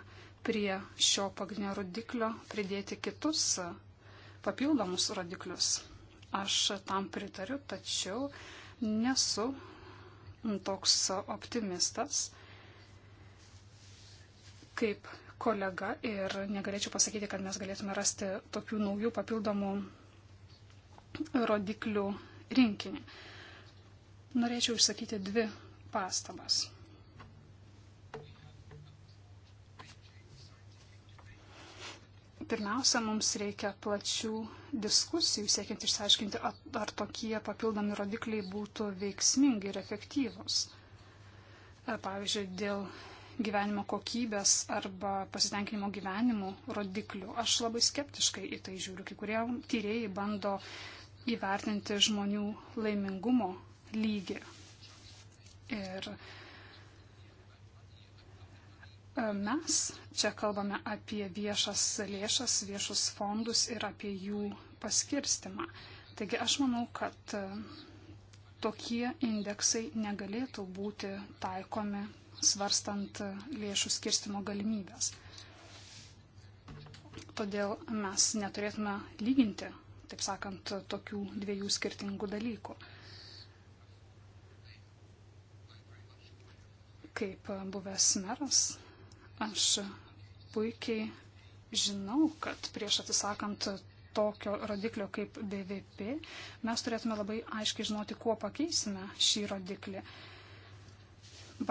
B: prie šio pagrindinio rodiklio pridėti kitus papildomus rodiklius. Aš tam pritariu, tačiau nesu toks optimistas kaip kolega ir negalėčiau pasakyti, kad mes galėtume rasti tokių naujų papildomų rodiklių rinkinį. Norėčiau išsakyti dvi pastabas. Pirmiausia, mums reikia plačių diskusijų, siekiant išsiaiškinti, ar tokie papildomi rodikliai būtų veiksmingi ir efektyvūs. Pavyzdžiui, dėl gyvenimo kokybės arba pasitenkinimo gyvenimu rodiklių. Aš labai skeptiškai į tai žiūriu. Kai kurie tyrėjai bando įvertinti žmonių laimingumo lygį. Ir uh, E, mes čia kalbame apie viešas lėšas, viešus fondus ir apie jų paskirstimą. Taigi aš manau, kad e, tokie indeksai negalėtų būti taikomi svarstant e, lėšų skirstimo galimybės. Todėl mes neturėtume lyginti, taip sakant, tokių dviejų skirtingų dalykų. Kaip buvęs meras, Aš puikiai žinau, kad prieš atsisakant tokio rodiklio kaip BVP, mes turėtume labai aiškiai žinoti, kuo pakeisime šį rodiklį.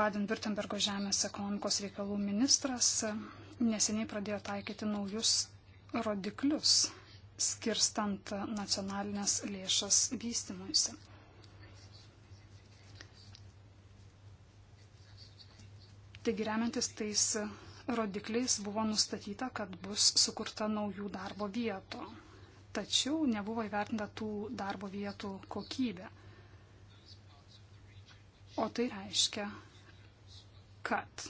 B: Baden-Württembergo žemės ekonomikos reikalų ministras neseniai pradėjo taikyti naujus rodiklius, skirstant nacionalinės lėšas vystimuisi. Taigi remiantis tais rodikliais buvo nustatyta, kad bus sukurta naujų darbo vietų. Tačiau nebuvo įvertinta tų darbo vietų kokybė. O tai reiškia, kad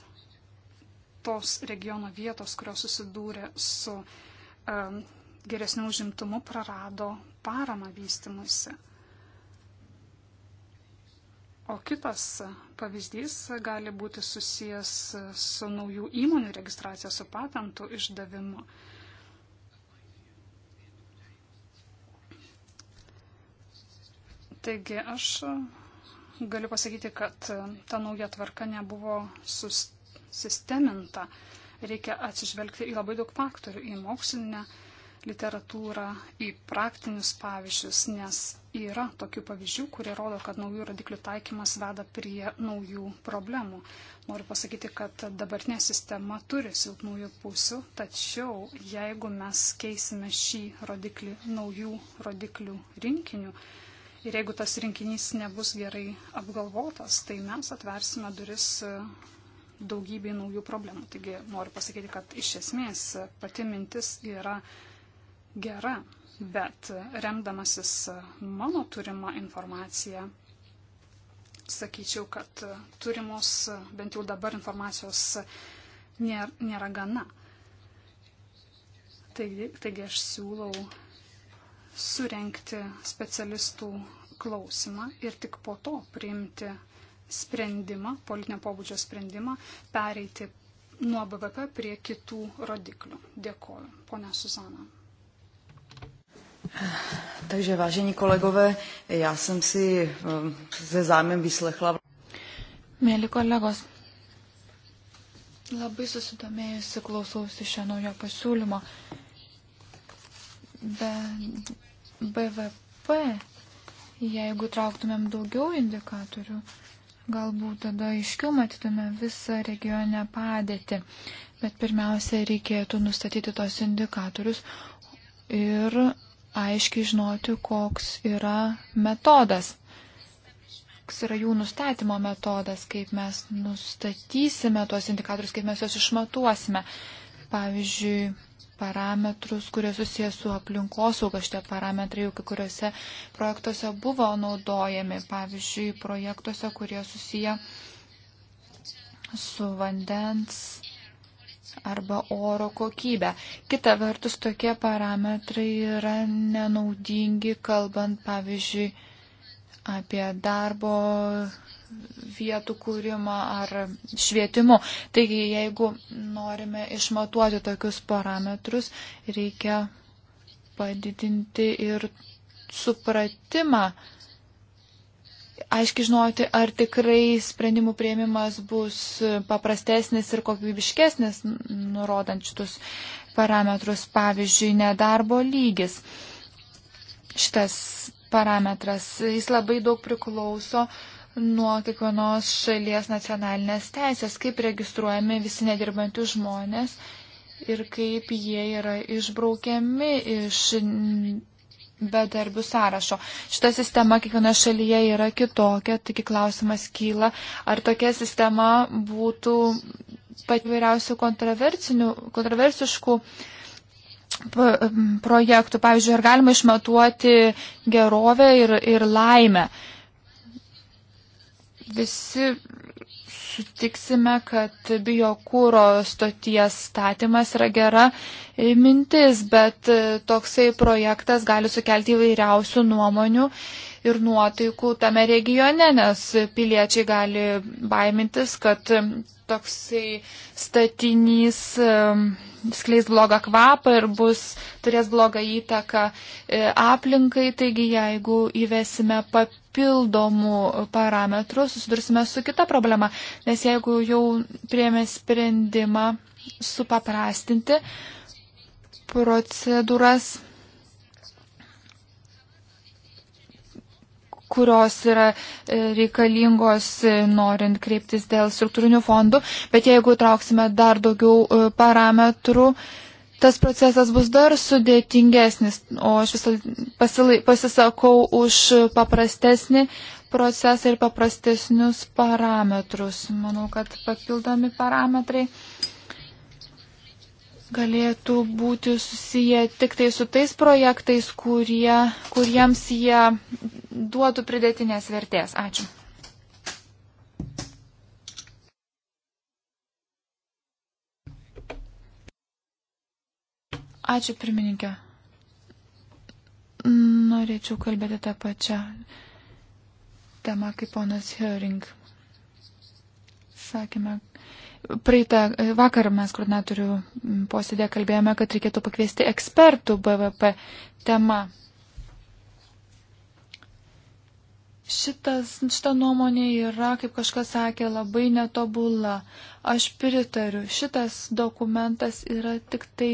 B: tos regiono vietos, kurios susidūrė su um, geresniu užimtumu, prarado paramą vystimusi. O kitas pavyzdys gali būti susijęs su naujų įmonių registracija, su patentų išdavimu. Taigi aš galiu pasakyti, kad ta nauja tvarka nebuvo sisteminta. Reikia atsižvelgti į labai daug faktorių, į mokslinę literatūrą į praktinius pavyzdžius, nes yra tokių pavyzdžių, kurie rodo, kad naujų rodiklių taikymas veda prie naujų problemų. Noriu pasakyti, kad dabartinė sistema turi silpnųjų pusių, tačiau jeigu mes keisime šį rodiklį naujų rodiklių rinkiniu, Ir jeigu tas rinkinys nebus gerai apgalvotas, tai mes atversime duris daugybė naujų problemų. Taigi noriu pasakyti, kad iš esmės pati mintis yra gera, bet remdamasis mano turimą informaciją, sakyčiau, kad turimos bent jau dabar informacijos nėra, nėra gana. Taigi, taigi aš siūlau surenkti specialistų klausimą ir tik po to priimti sprendimą, politinio pobūdžio sprendimą, pereiti nuo BVP prie kitų rodiklių. Dėkoju, ponia Suzana.
A: Takže vážení kolegové, já jsem si ehm, se zájmem vyslechla. Mėly kolegos, labai susidomėjusi klausiausi šio naujo pasiūlymo. Be BVP, jeigu trauktumėm daugiau indikatorių, galbūt tada aiškiau matytume visą regionę padėtį. Bet pirmiausia, reikėtų nustatyti tos indikatorius ir aiškiai žinoti, koks yra metodas, koks yra jų nustatymo metodas, kaip mes nustatysime tuos indikatorius, kaip mes juos išmatuosime. Pavyzdžiui, parametrus, kurie susijęs su aplinkosauga, šitie parametrai jau kai kuriuose projektuose buvo naudojami, pavyzdžiui, projektuose, kurie susiję su vandens arba oro kokybę. Kita vertus, tokie parametrai yra nenaudingi, kalbant, pavyzdžiui, apie darbo vietų kūrimą ar švietimu. Taigi, jeigu norime išmatuoti tokius parametrus, reikia padidinti ir supratimą aiškiai žinoti, ar tikrai sprendimų prieimimas bus paprastesnis ir kokybiškesnis, nurodant šitus parametrus, pavyzdžiui, nedarbo lygis. Šitas parametras, jis labai daug priklauso nuo kiekvienos šalies nacionalinės teisės, kaip registruojami visi nedirbantys žmonės ir kaip jie yra išbraukiami iš bedarbių sąrašo. Šita sistema kiekvienoje šalyje yra kitokia, tik klausimas kyla, ar tokia sistema būtų pat vairiausių kontroversiškų projektų. Pavyzdžiui, ar galima išmatuoti gerovę ir, ir laimę. Visi sutiksime, kad biokūro stoties statymas yra gera mintis, bet e, toksai projektas gali sukelti įvairiausių nuomonių ir nuotaikų tame regione, nes piliečiai gali baimintis, kad toksai statinys e, skleis blogą kvapą ir bus, turės blogą įtaką e, aplinkai. Taigi, jeigu įvesime papildomą papildomų parametrų, susidursime su kita problema. Nes jeigu jau priemė sprendimą supaprastinti procedūras, kurios yra e, reikalingos e, norint kreiptis dėl struktūrinių fondų, bet jeigu trauksime dar daugiau e, parametrų, tas procesas bus dar sudėtingesnis, o aš visą pasilai, pasisakau už paprastesnį procesą ir paprastesnius parametrus. Manau, kad papildomi parametrai galėtų būti susiję tik tai su tais projektais, kurie, kuriems jie duotų pridėtinės vertės. Ačiū. Ačiū pirmininkė. Norėčiau kalbėti tą pačią temą kaip ponas Höring. Sakėme, praeitą vakarą mes koordinatorių posėdė kalbėjome, kad reikėtų pakviesti ekspertų BVP tema. Šitas, šita nuomonė yra, kaip kažkas sakė, labai netobula. Aš pritariu, šitas dokumentas yra tik tai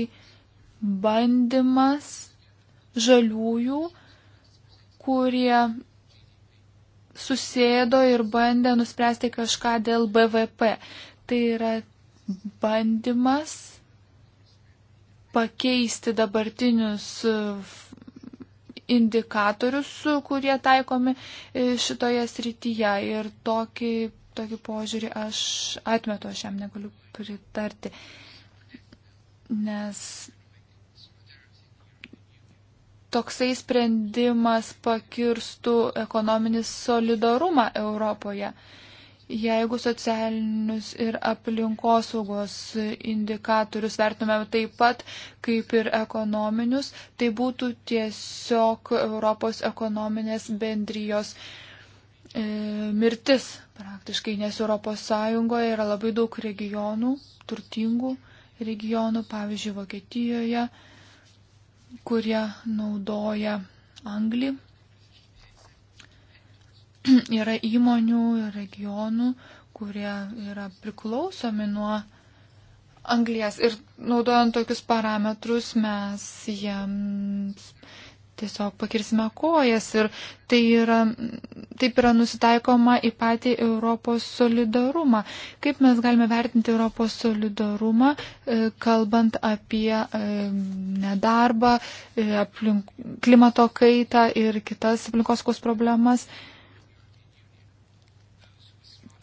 A: bandymas žaliųjų, kurie susėdo ir bandė nuspręsti kažką dėl BVP. Tai yra bandymas pakeisti dabartinius uh, indikatorius, uh, kurie taikomi uh, šitoje srityje. Ir tokį, tokį požiūrį aš atmetu, aš jam negaliu pritarti. Nes toksai sprendimas pakirstų ekonominį solidarumą Europoje. Jeigu socialinius ir aplinkosaugos indikatorius vertume taip pat kaip ir ekonominius, tai būtų tiesiog Europos ekonominės bendrijos e, mirtis praktiškai, nes ES yra labai daug regionų, turtingų regionų, pavyzdžiui, Vokietijoje, kurie naudoja anglį. Yra įmonių ir regionų, kurie yra priklausomi nuo anglės. Ir naudojant tokius parametrus mes jiems tiesiog pakirsime kojas ir tai yra, taip yra nusitaikoma į patį Europos solidarumą. Kaip mes galime vertinti Europos solidarumą, e, kalbant apie e, nedarbą, e, aplink, klimato kaitą ir kitas aplinkoskos problemas?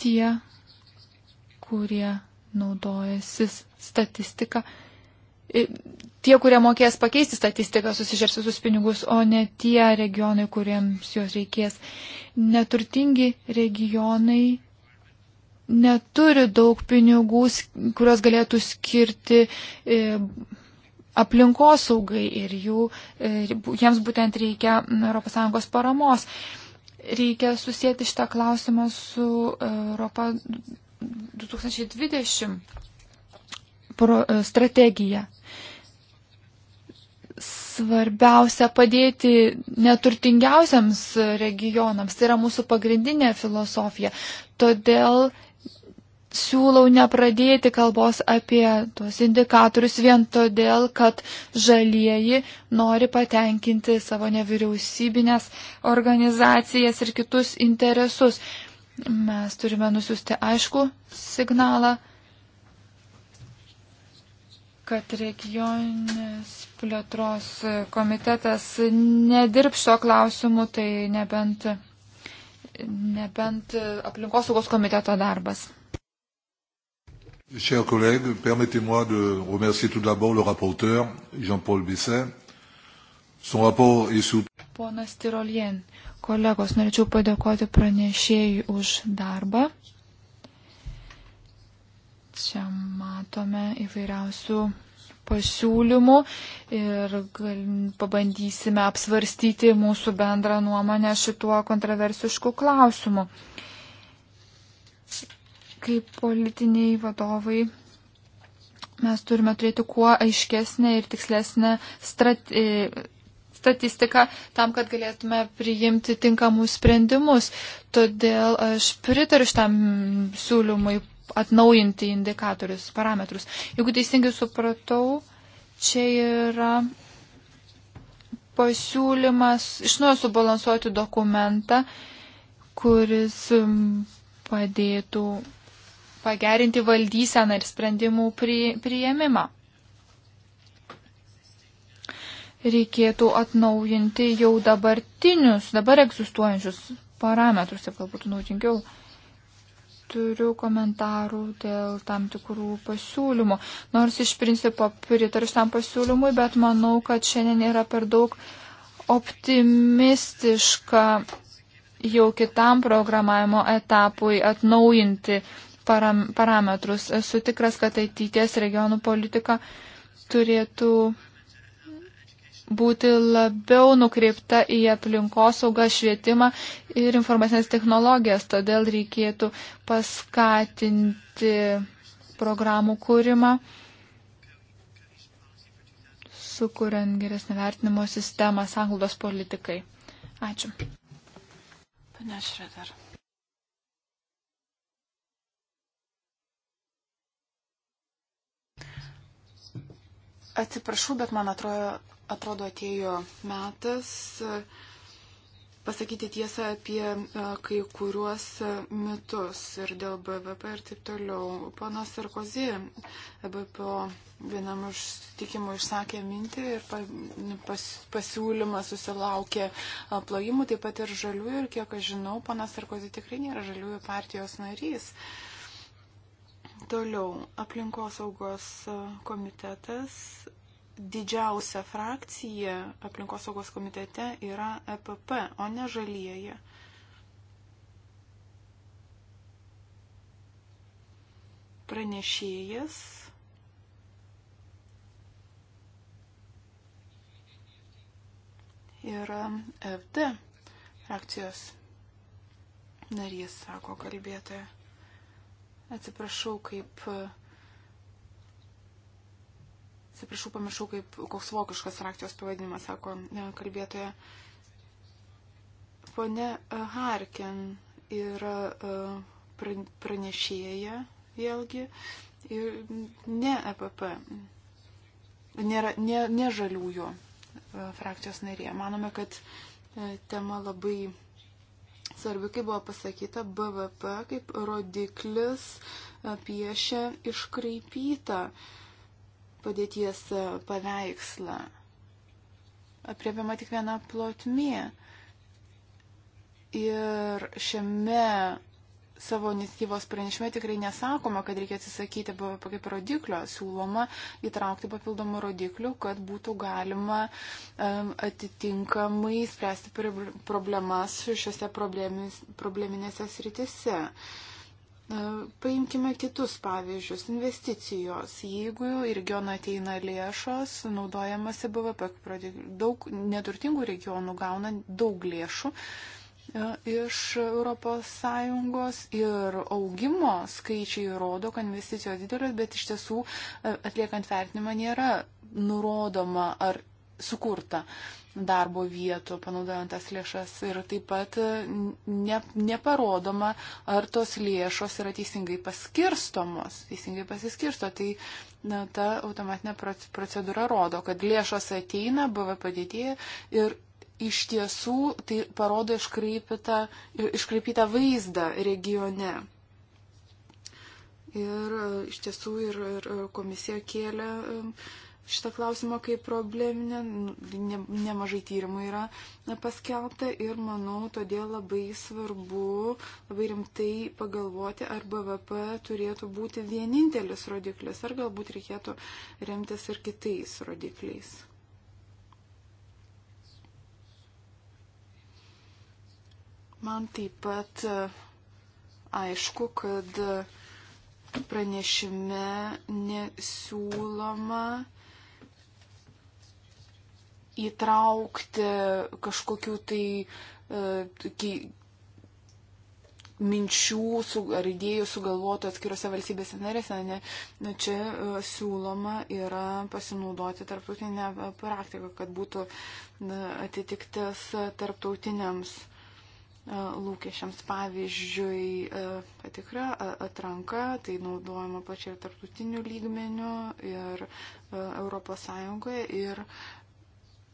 A: Tie, kurie naudojasis statistika tie, kurie mokės pakeisti statistiką, susižers visus pinigus, o ne tie regionai, kuriems jos reikės. Neturtingi regionai neturi daug pinigų, kurios galėtų skirti e, aplinkosaugai ir jų, e, jiems būtent reikia ES paramos. Reikia susijęti šitą klausimą su Europa 2020 e, strategija svarbiausia padėti neturtingiausiams regionams. Tai yra mūsų pagrindinė filosofija. Todėl siūlau nepradėti kalbos apie tuos indikatorius vien todėl, kad žalieji nori patenkinti savo nevyriausybinės organizacijas ir kitus interesus. Mes turime nusiųsti aišku signalą, kad regionės plėtros komitetas nedirb šio klausimu, tai nebent, nebent aplinkosaugos komiteto darbas. Chers collègues, permettez-moi de remercier tout d'abord le rapporteur, Jean-Paul Bisset. Son rapport est sous... Ponas Tirolien, kolegos, norėčiau padėkoti pranešėjui už darbą. Čia matome įvairiausių pasiūlymų ir gal, pabandysime apsvarstyti mūsų bendrą nuomonę šituo kontroversišku klausimu. Kaip politiniai vadovai mes turime turėti kuo aiškesnę ir tikslesnę strate statistiką tam, kad galėtume priimti tinkamus sprendimus. Todėl aš pritariu šitam siūlymui atnaujinti indikatorius, parametrus. Jeigu teisingai supratau, čia yra pasiūlymas iš nuo subalansuoti dokumentą, kuris padėtų pagerinti valdyseną ir sprendimų priėmimą. Reikėtų atnaujinti jau dabartinius, dabar egzistuojančius parametrus, taip galbūt naudingiau turiu komentarų dėl tam tikrų pasiūlymų. Nors iš principo pritariu tam pasiūlymui, bet manau, kad šiandien yra per daug optimistiška jau kitam programavimo etapui atnaujinti param parametrus. Esu tikras, kad ateities regionų politika turėtų būti labiau nukreipta į aplinkosaugą, švietimą ir informacinės technologijas. Todėl reikėtų paskatinti programų kūrimą, sukuriant geresnį vertinimo sistemą sanglaudos politikai. Ačiū.
B: Pane Šredar.
C: Atsiprašau, bet man atrodo, atrodo atėjo metas e, pasakyti tiesą apie e, kai kuriuos e, mitus ir dėl BVP ir taip toliau. Panas Sarkozy BPO vienam iš sutikimų išsakė mintį ir pas, pasiūlymą susilaukė plojimų, taip pat ir žaliųjų ir kiek aš žinau, panas Sarkozy tikrai nėra žaliųjų partijos narys. Toliau aplinkosaugos komitetas didžiausia frakcija aplinkosaugos komitete yra EPP, o ne žalieji. Pranešėjas. Yra FD frakcijos narys, sako kalbėtoja. Atsiprašau, kaip uh, Atsiprašau, pamiršau, kaip, koks vokiškas frakcijos pavadinimas, sako e, kalbėtoja. Pone e, Harkin yra e, pranešėja vėlgi ir ne EPP, nėra, ne, ne žaliųjų frakcijos narė. Manome, kad tema labai svarbi, kaip buvo pasakyta, BVP kaip rodiklis piešia iškraipytą uh, padėties e, paveikslą. Apriepiama tik viena plotmė. Ir šiame savo iniciatyvos pranešime tikrai nesakoma, kad reikia atsisakyti BVP kaip rodiklio, siūloma įtraukti papildomų rodiklių, kad būtų galima um, atitinkamai spręsti problemas šiuose probleminėse sritise. Uh, Paimkime kitus pavyzdžius. Investicijos. Jeigu į regioną ateina lėšos, naudojamasi BVP, daug neturtingų regionų gauna daug lėšų e, iš ES ir augimo skaičiai rodo, kad investicijos didelės, bet iš tiesų e, atliekant vertinimą nėra nurodoma, ar sukurta darbo vietų, panaudojant tas lėšas. Ir taip pat ne, neparodoma, ar tos lėšos yra teisingai paskirstomos, teisingai pasiskirsto. Tai na, ta automatinė procedūra rodo, kad lėšos ateina, BVP didėja ir iš tiesų tai parodo iškreipytą, iškreipytą vaizdą regione. Ir e, iš tiesų ir, ir e, komisija kėlė. Um, šitą klausimą kaip probleminę, nu, ne, nemažai tyrimų yra paskelbta ir manau, todėl labai svarbu labai rimtai pagalvoti, ar BVP turėtų būti vienintelis rodiklis, ar galbūt reikėtų remtis ir kitais rodikliais. Man taip pat e, aišku, kad pranešime nesiūloma įtraukti kažkokių tai uh, minčių su, ar idėjų sugalvotų atskirose valstybėse narėse. Ne, ne, čia uh, siūloma yra pasinaudoti tarptautinę e, praktiką, kad būtų na, atitiktis tarptautiniams lūkesčiams. Pavyzdžiui, patikra atranka, tai naudojama pačioje tarptautiniu lygmeniu ir ES ir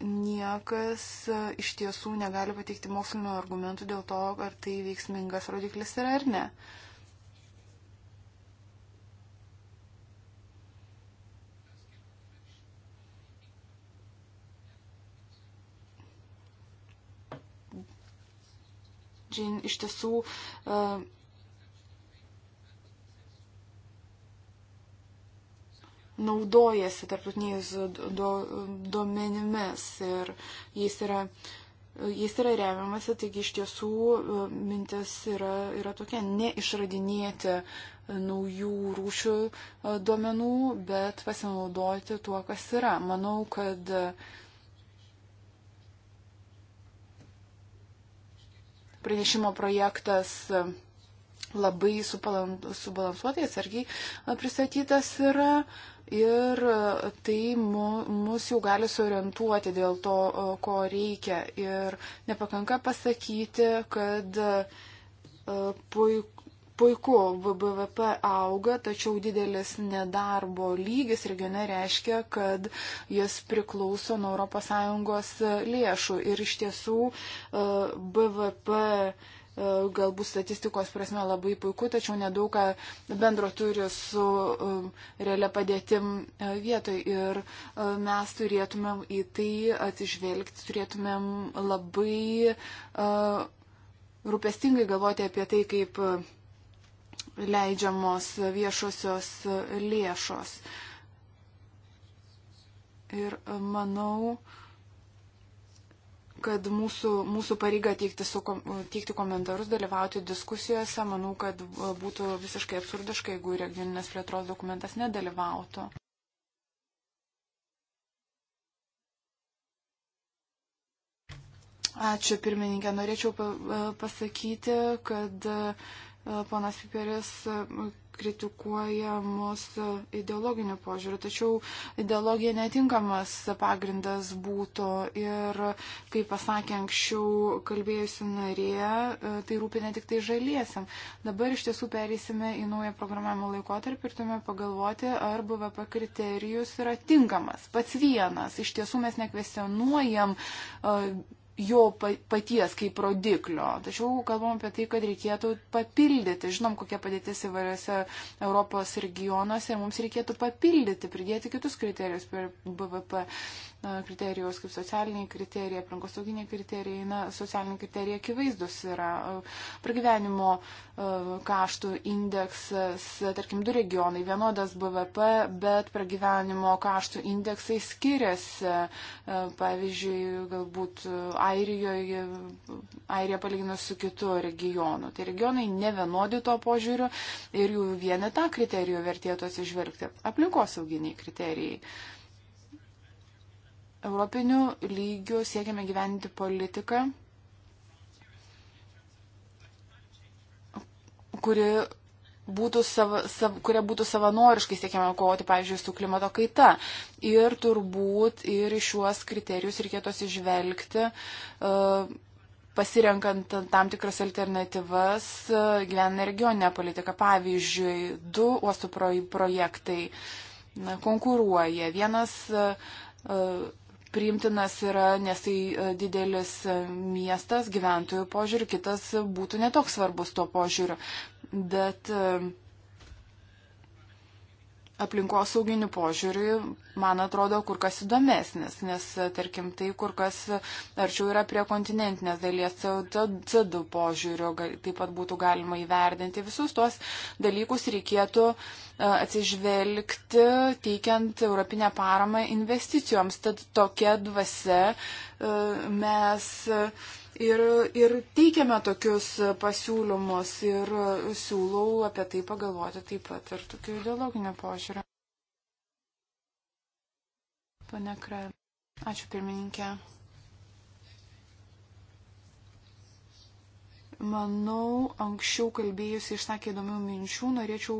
C: niekas e, iš tiesų negali pateikti mokslinio argumentų dėl to, ar tai veiksmingas rodiklis yra ar ne. Džin iš tiesų uh, naudojasi tarptautiniais do, duomenimis ir jais yra, jais yra remiamasi, taigi iš tiesų e, mintis yra, yra tokia neišradinėti naujų rūšių e, duomenų, bet pasinaudoti tuo, kas yra. Manau, kad pranešimo projektas e, labai subalansuotai atsargiai pristatytas yra ir e, tai mus jau gali sorientuoti dėl to, e, ko reikia. Ir nepakanka pasakyti, kad e, puik, puiku, BVP auga, tačiau didelis nedarbo lygis regione reiškia, kad jis priklauso nuo ES lėšų. Ir iš tiesų BVP E, galbūt statistikos prasme labai puiku, tačiau nedaug ką bendro turi su e, realia padėtim e, vietoj. Ir mes turėtumėm į tai atsižvelgti, turėtumėm labai rūpestingai galvoti apie tai, kaip leidžiamos viešosios lėšos. Ir manau, uh, kad mūsų, mūsų pareiga teikti, su, teikti komentarus, dalyvauti diskusijose, manau, kad e, būtų visiškai absurdiška, jeigu regioninės plėtros dokumentas nedalyvautų. Ačiū pirmininkė. Norėčiau e, pasakyti, kad e, ponas Piperis kritikuoja mus ideologiniu požiūriu, tačiau ideologija netinkamas pagrindas būtų ir, kaip pasakė anksčiau kalbėjusi narė, e, tai rūpi ne tik tai žaliesiam. Dabar iš tiesų perėsime į naują programavimo laikotarpį ir turime pagalvoti, ar BVP kriterijus yra tinkamas. Pats vienas. Iš tiesų mes nekvestionuojam e, jo paties kaip rodiklio. Tačiau kalbam apie tai, kad reikėtų papildyti, žinom, kokia padėtis įvairiose Europos regionuose ir mums reikėtų papildyti, pridėti kitus kriterijus per BVP kriterijus, kaip socialiniai kriterijai, aplinkosauginiai kriterijai, na, socialiniai kriterijai akivaizdus yra. E, pragyvenimo e, kaštų indeksas, e, tarkim, du regionai, vienodas BVP, bet pragyvenimo kaštų indeksai skiriasi. Pavyzdžiui, galbūt Airijoje, Airija palyginus su kitu regionu. Tai regionai nevienodi to požiūriu ir jų vieni tą kriterijų vertėtų atsižvelgti. Aplinkosauginiai kriterijai. Europinių lygių siekiame gyventi politiką, kuri būtų sav, sav, kurie būtų savanoriškai siekiama kovoti, pavyzdžiui, su klimato kaita. Ir turbūt ir šiuos kriterijus reikėtų atsižvelgti. Uh, pasirenkant tam tikras alternatyvas e, gyvena regioninė politika. Pavyzdžiui, du uostų projektai konkuruoja. Vienas e, priimtinas yra, nes tai didelis miestas gyventojų požiūrių, kitas būtų netoks svarbus tuo požiūriu bet e, aplinkosauginiu požiūriu, man atrodo, kur kas įdomesnis, nes, e, tarkim, tai kur kas arčiau yra prie kontinentinės dalies CO2 požiūrio, taip pat būtų galima įverdinti visus tuos dalykus reikėtų e, atsižvelgti, teikiant europinę paramą investicijoms. Tad tokia dvasia mes ir, ir teikiame tokius pasiūlymus ir siūlau apie tai pagalvoti taip pat ir tokiu ideologiniu požiūriu. Pane Kra, ačiū pirmininkė. manau, anksčiau kalbėjusi išsakė įdomių minčių, norėčiau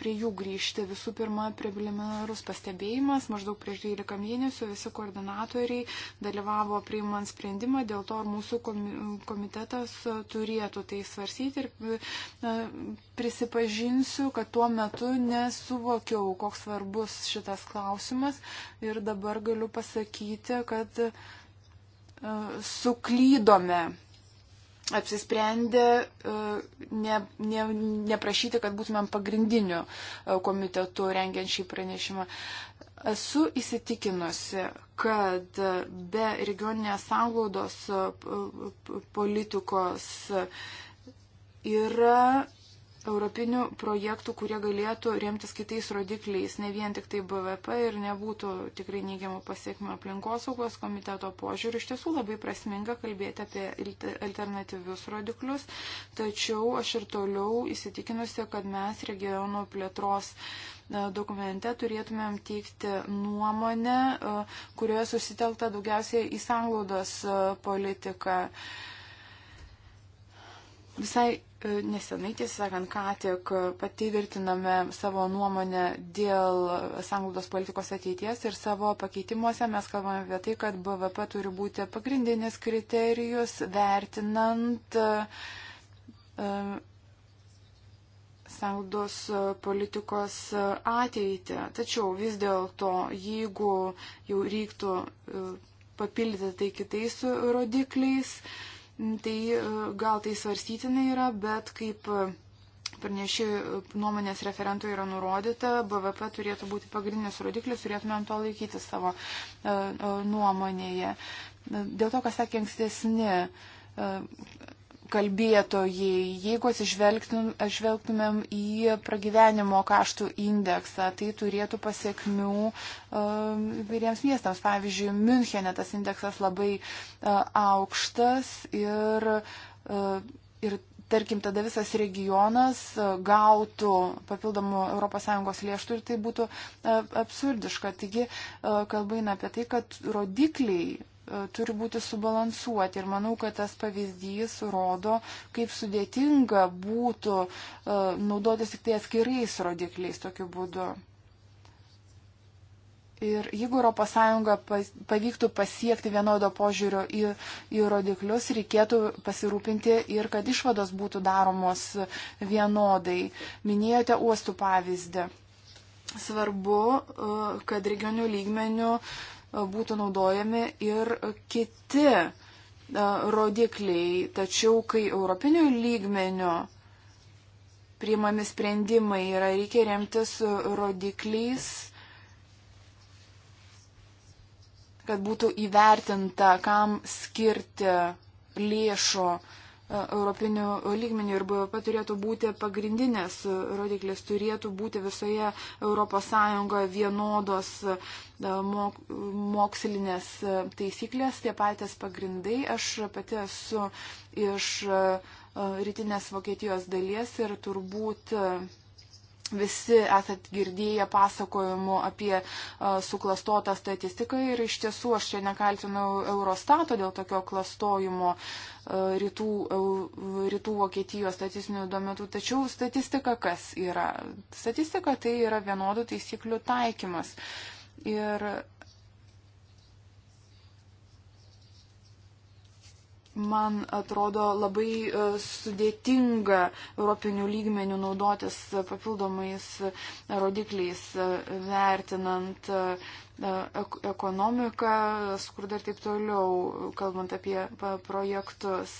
C: prie jų grįžti. Visų pirma, preliminarus pastebėjimas, maždaug prieš 12 mėnesių visi koordinatoriai dalyvavo priimant sprendimą, dėl to mūsų komitetas turėtų tai svarsyti ir prisipažinsiu, kad tuo metu nesuvokiau, koks svarbus šitas klausimas ir dabar galiu pasakyti, kad e, suklydome apsisprendė e, ne, ne, neprašyti, kad būtumėm pagrindiniu e, komitetu rengiant šį pranešimą. Esu įsitikinusi, kad be regioninės sanglaudos e, politikos yra europinių projektų, kurie galėtų remtis kitais rodikliais, ne vien tik tai BVP ir nebūtų tikrai neigiamų pasiekmių aplinkosaugos komiteto požiūrių. Iš tiesų labai prasminga kalbėti apie alternatyvius rodiklius, tačiau aš ir toliau įsitikinusi, kad mes regionų plėtros e, dokumente turėtumėm teikti nuomonę, e, kurioje susitelta daugiausiai į sanglaudos e, politiką. Visai Nesenai, tiesą sakant, ką tik pati virtiname savo nuomonę dėl sanglaudos politikos ateities ir savo pakeitimuose mes kalbame apie tai, kad BVP turi būti pagrindinis kriterijus vertinant e, sanglaudos politikos ateitį. Tačiau vis dėlto, jeigu jau reiktų e, papildyti tai kitais rodikliais, tai e, gal tai svarstytina yra, bet kaip e, praneši e, nuomonės referentų yra nurodyta, BVP turėtų būti pagrindinis rodiklis, turėtumėm to laikyti savo nuomonėje. Dėl to, kas sakė ankstesni kalbėtojai, jeigu atsižvelgtumėm į pragyvenimo kaštų indeksą, tai turėtų pasiekmių um, įvairiems miestams. Pavyzdžiui, Münchenė tas indeksas labai uh, aukštas ir, uh, ir tarkim, tada visas regionas uh, gautų papildomų ES lėštų ir tai būtų absurdiška. Taigi kalba eina apie tai, kad rodikliai turi būti subalansuoti. Ir manau, kad tas pavyzdys rodo, kaip sudėtinga būtų e, naudotis tik tai atskirais rodikliais tokiu būdu. Ir jeigu ES pavyktų pasiekti vienodo požiūrio į, į rodiklius, reikėtų pasirūpinti ir kad išvados būtų daromos vienodai. Minėjote uostų pavyzdį svarbu, e, kad regionių lygmenių būtų naudojami ir kiti e, rodikliai. Tačiau, kai europinio lygmenio priimami sprendimai yra, reikia remtis rodikliais, kad būtų įvertinta, kam skirti lėšų europinių lygmenių ir BVP turėtų būti pagrindinės rodiklis, turėtų būti visoje ES vienodos e, mok, mokslinės e, taisyklės, tie patys pagrindai. Aš pati esu iš e, rytinės Vokietijos dalies ir turbūt Visi esat girdėję pasakojimų apie a, suklastotą statistiką ir iš tiesų aš čia nekaltinau Eurostato dėl tokio klastojimo a, rytų, a, rytų Vokietijos statistinių duomenų, tačiau statistika kas yra? Statistika tai yra vienodų taisyklių taikymas. Ir man atrodo labai e, sudėtinga europinių lygmenių naudotis papildomais e, rodikliais, e, vertinant ekonomiką, skurdą ir taip toliau, kalbant apie projektus.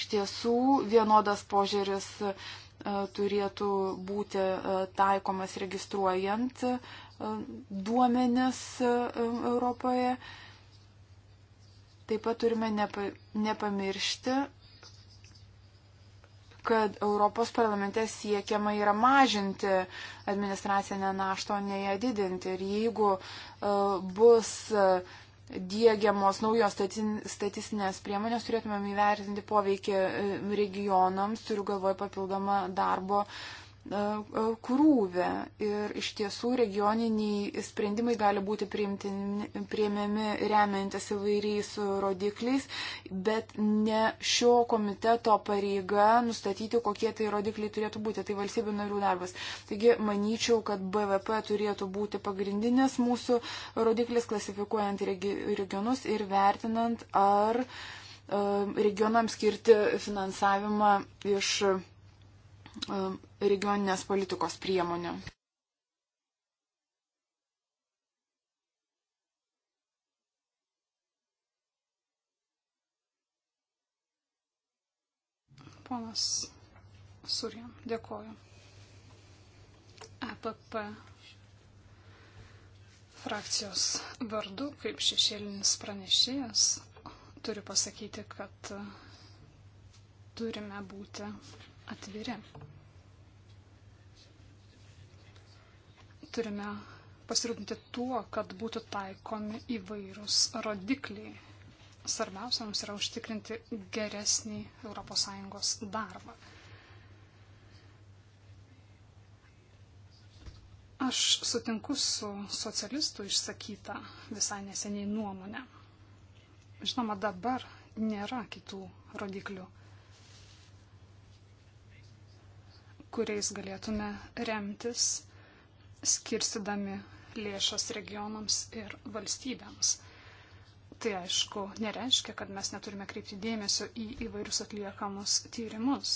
C: Iš tiesų, vienodas požiūris turėtų būti taikomas registruojant duomenis Europoje. Taip pat turime nepa, nepamiršti, kad Europos parlamente siekiama yra mažinti administracinę naštą, o ne ją didinti. Ir jeigu uh, bus uh, e, dėgiamos naujos statistinės priemonės, turėtumėm įvertinti poveikį e, regionams, turiu galvoje papildomą darbo uh, E, e, krūvę ir iš tiesų regioniniai sprendimai gali būti priimti, priėmiami remiantis įvairiais rodikliais, bet ne šio komiteto pareiga nustatyti, kokie tai rodikliai turėtų būti, tai valstybių narių darbas. Taigi manyčiau, kad BVP turėtų būti pagrindinis mūsų rodiklis klasifikuojant regionus ir vertinant, ar e, regionams skirti finansavimą iš E, regioninės politikos priemonė.
B: Ponas Surė, dėkoju. APP e frakcijos vardu, kaip šešėlinis pranešėjas, turiu pasakyti, kad turime būti atviri. Turime pasirūpinti tuo, kad būtų taikomi įvairūs rodikliai. Svarbiausia mums yra užtikrinti geresnį ES darbą. Aš sutinku su socialistų išsakyta visai neseniai nuomonė. Žinoma, dabar nėra kitų rodiklių. kuriais galėtume remtis, skirstydami lėšas regionams ir valstybėms. Tai aišku, nereiškia, kad mes neturime kreipti dėmesio į įvairius atliekamus tyrimus.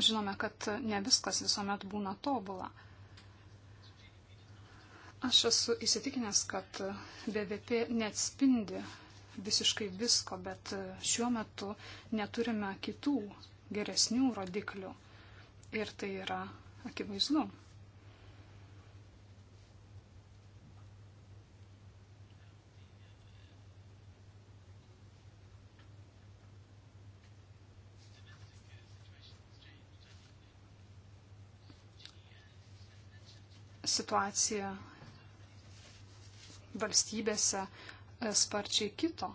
B: Žinome, kad ne viskas visuomet būna tobula. Aš esu įsitikinęs, kad BVP neatspindi visiškai visko, bet šiuo metu neturime kitų geresnių rodiklių. Ir tai yra akivaizdu. situacija valstybėse sparčiai kito.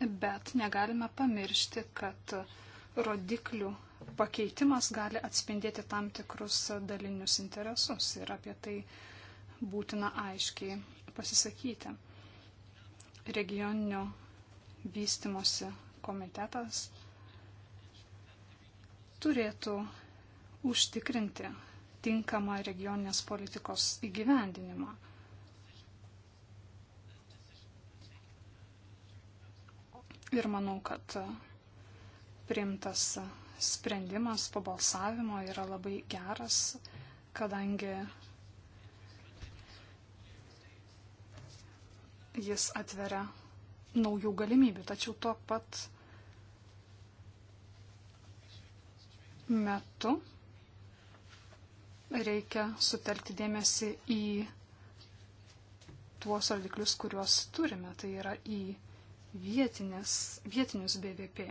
B: Bet negalime pamiršti, kad rodiklių pakeitimas gali atspindėti tam tikrus dalinius interesus ir apie tai būtina aiškiai pasisakyti. Regioninio vystimosi komitetas turėtų užtikrinti tinkamą regioninės politikos įgyvendinimą. Ir manau, kad e, priimtas sprendimas po balsavimo yra labai geras, kadangi jis atveria naujų galimybių. Tačiau tuo pat metu reikia sutelkti dėmesį į tuos rodiklius, kuriuos turime. Tai yra į vietinės, vietinius BVP.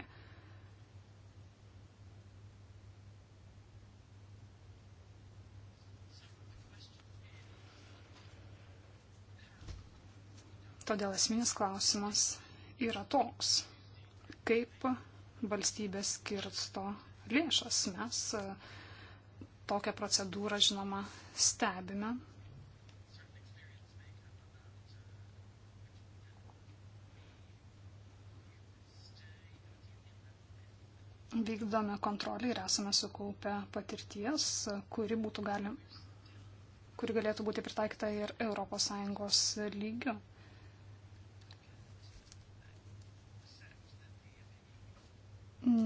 B: Todėl esminis klausimas yra toks, kaip valstybės skirsto lėšas. Mes e, tokią procedūrą, žinoma, stebime vykdome kontrolę ir esame sukaupę patirties, kuri, būtų gali, kuri galėtų būti pritaikyta ir ES lygio.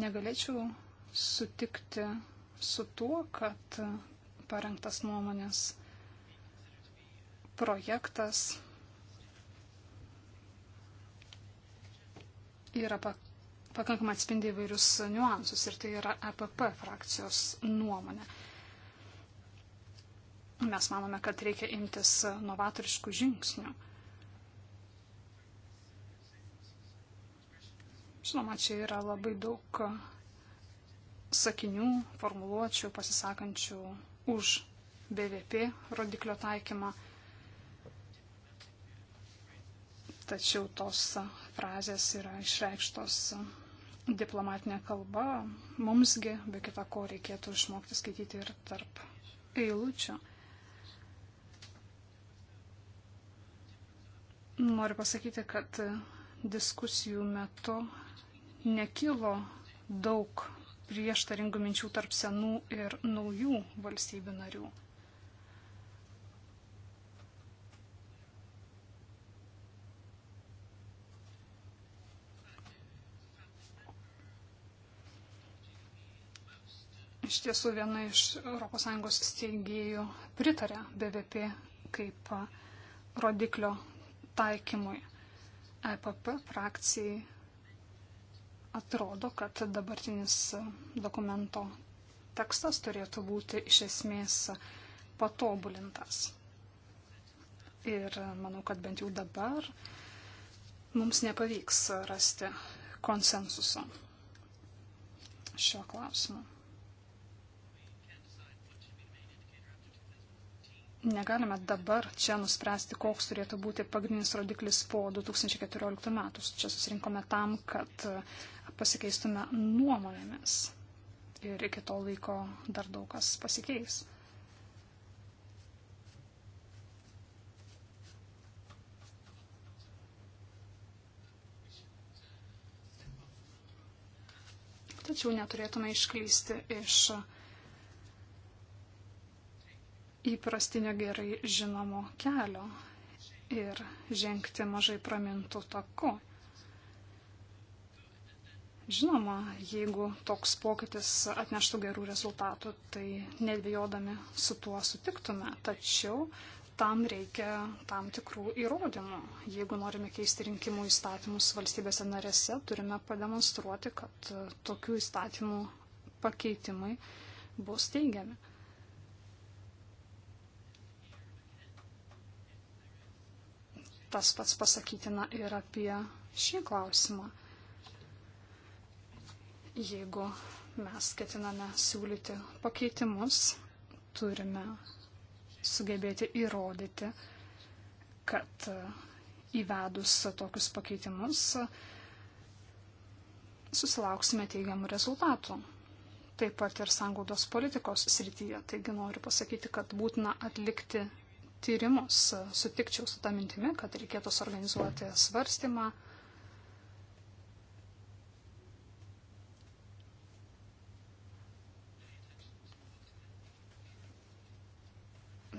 B: Negalėčiau sutikti su tuo, kad parengtas nuomonės projektas yra pakankamai pakankamai atspindi įvairius niuansus ir tai yra EPP frakcijos nuomonė. Mes manome, kad reikia imtis novatoriškų žingsnių. Žinoma, čia yra labai daug sakinių, formuluočių, pasisakančių už BVP rodiklio taikymą. Tačiau tos frazės yra išreikštos diplomatinė kalba, mumsgi be kita ko reikėtų išmokti skaityti ir tarp eilučių. Noriu pasakyti, kad diskusijų metu nekilo daug prieštaringų minčių tarp senų ir naujų valstybių narių. iš tiesų viena iš ES steigėjų pritarė BVP kaip rodiklio taikymui. EPP frakcijai atrodo, kad dabartinis dokumento tekstas turėtų būti iš esmės patobulintas. Ir manau, kad bent jau dabar mums nepavyks rasti konsensuso šiuo klausimu. negalime dabar čia nuspręsti, koks turėtų būti pagrindinis rodiklis po 2014 metų. Čia susirinkome tam, kad e, pasikeistume nuomonėmis. Ir iki to laiko dar daug kas pasikeis. Tačiau neturėtume išklysti iš įprastinio gerai žinomo kelio ir žengti mažai pramintų taku. Žinoma, jeigu toks pokytis atneštų gerų rezultatų, tai nedvėjodami su tuo sutiktume, tačiau tam reikia tam tikrų įrodymų. Jeigu norime keisti rinkimų įstatymus valstybėse narėse, turime pademonstruoti, kad tokių įstatymų pakeitimai bus teigiami. Tas pats pasakytina ir apie šį klausimą. Jeigu mes ketiname siūlyti pakeitimus, turime sugebėti įrodyti, kad įvedus tokius pakeitimus susilauksime teigiamų rezultatų. Taip pat ir sanglaudos politikos srityje. Taigi noriu pasakyti, kad būtina atlikti tyrimus. Sutikčiau su tą mintimi, kad reikėtų suorganizuoti svarstymą.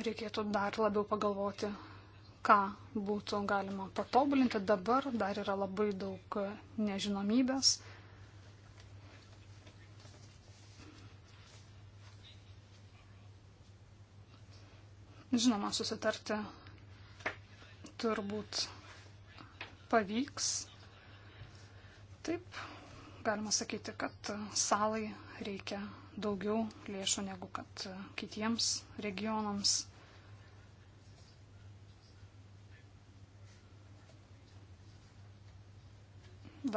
B: Reikėtų dar labiau pagalvoti, ką būtų galima patobulinti. Dabar dar yra labai daug nežinomybės. Žinoma, susitarti turbūt pavyks. Taip, galima sakyti, kad salai reikia daugiau lėšų negu kad kitiems regionams.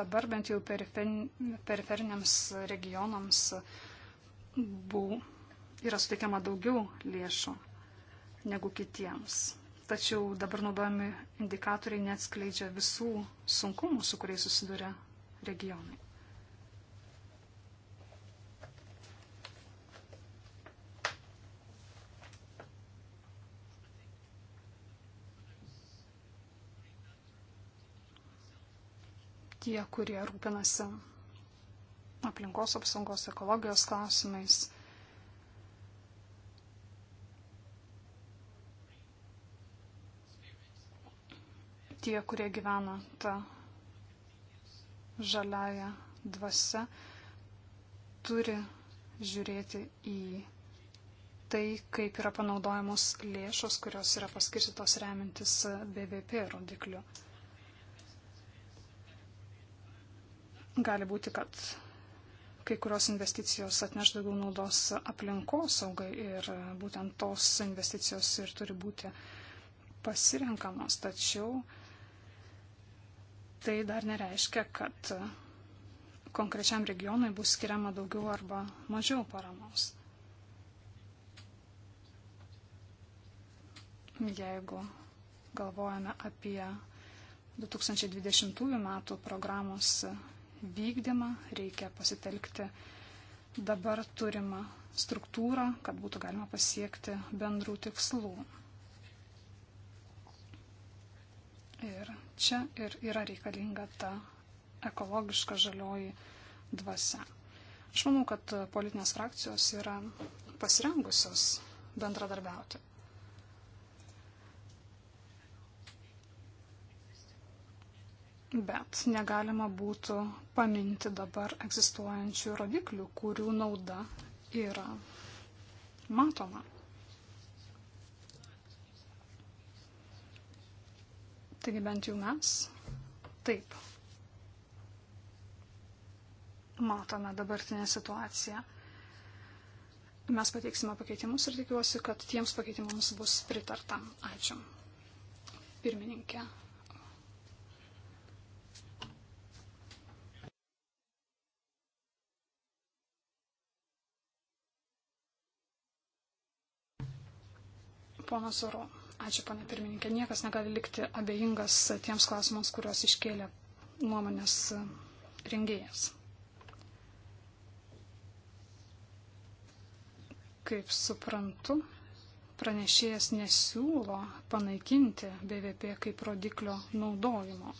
B: Dabar bent jau periferiniams regionams bu, yra suteikiama daugiau lėšų negu kitiems. Tačiau dabar naudojami indikatoriai neatskleidžia visų sunkumų, su kuriais susiduria regionai. tie, kurie rūpinasi aplinkos apsaugos ekologijos klausimais, tie, kurie gyvena tą žaliąją dvasę, turi žiūrėti į tai, kaip yra panaudojamos lėšos, kurios yra paskirstytos remintis BVP rodikliu. Gali būti, kad kai kurios investicijos atneš daugiau naudos aplinkosaugai ir būtent tos investicijos ir turi būti pasirenkamos. Tačiau tai dar nereiškia, kad konkrečiam regionui bus skiriama daugiau arba mažiau paramos. Jeigu galvojame apie 2020 metų programos vykdymą, reikia pasitelkti dabar turimą struktūrą, kad būtų galima pasiekti bendrų tikslų. Ir čia ir yra reikalinga ta ekologiška žalioji dvasia. Aš manau, kad politinės frakcijos yra pasirengusios bendradarbiauti. Bet negalima būtų paminti dabar egzistuojančių rodiklių, kurių nauda yra matoma. Taigi bent jau mes taip matome dabartinę situaciją. Mes pateiksime pakeitimus ir tikiuosi, kad tiems pakeitimams bus pritarta. Ačiū. Pirmininkė. Ponas Oro. Ačiū, ponė pirmininkė. Niekas negali likti abejingas tiems klausimams, kuriuos iškėlė nuomonės rengėjas. Kaip suprantu, pranešėjas nesiūlo panaikinti BVP kaip rodiklio naudojimo.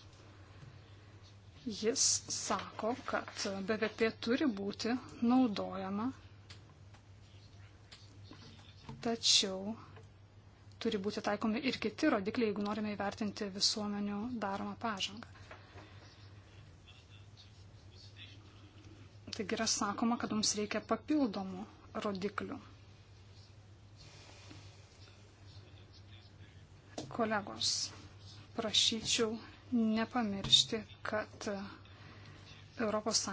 B: Jis sako, kad BVP turi būti naudojama, tačiau turi būti taikomi ir kiti rodikliai, jeigu norime įvertinti visuomenių daromą pažangą. Taigi yra sakoma, kad mums reikia papildomų rodiklių. Kolegos, prašyčiau nepamiršti, kad ES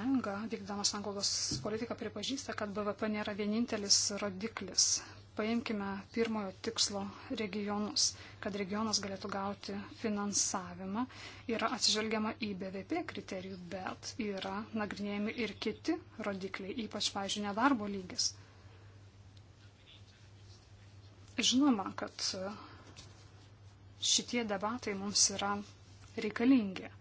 B: vykdama sanglaudos politiką pripažįsta, kad BVP nėra vienintelis rodiklis Paimkime pirmojo tikslo regionus, kad regionas galėtų gauti finansavimą. Yra atsižvelgiama į BVP kriterijų, bet yra nagrinėjami ir kiti rodikliai, ypač, pavyzdžiui, nedarbo lygis. Žinoma, kad šitie debatai mums yra reikalingi.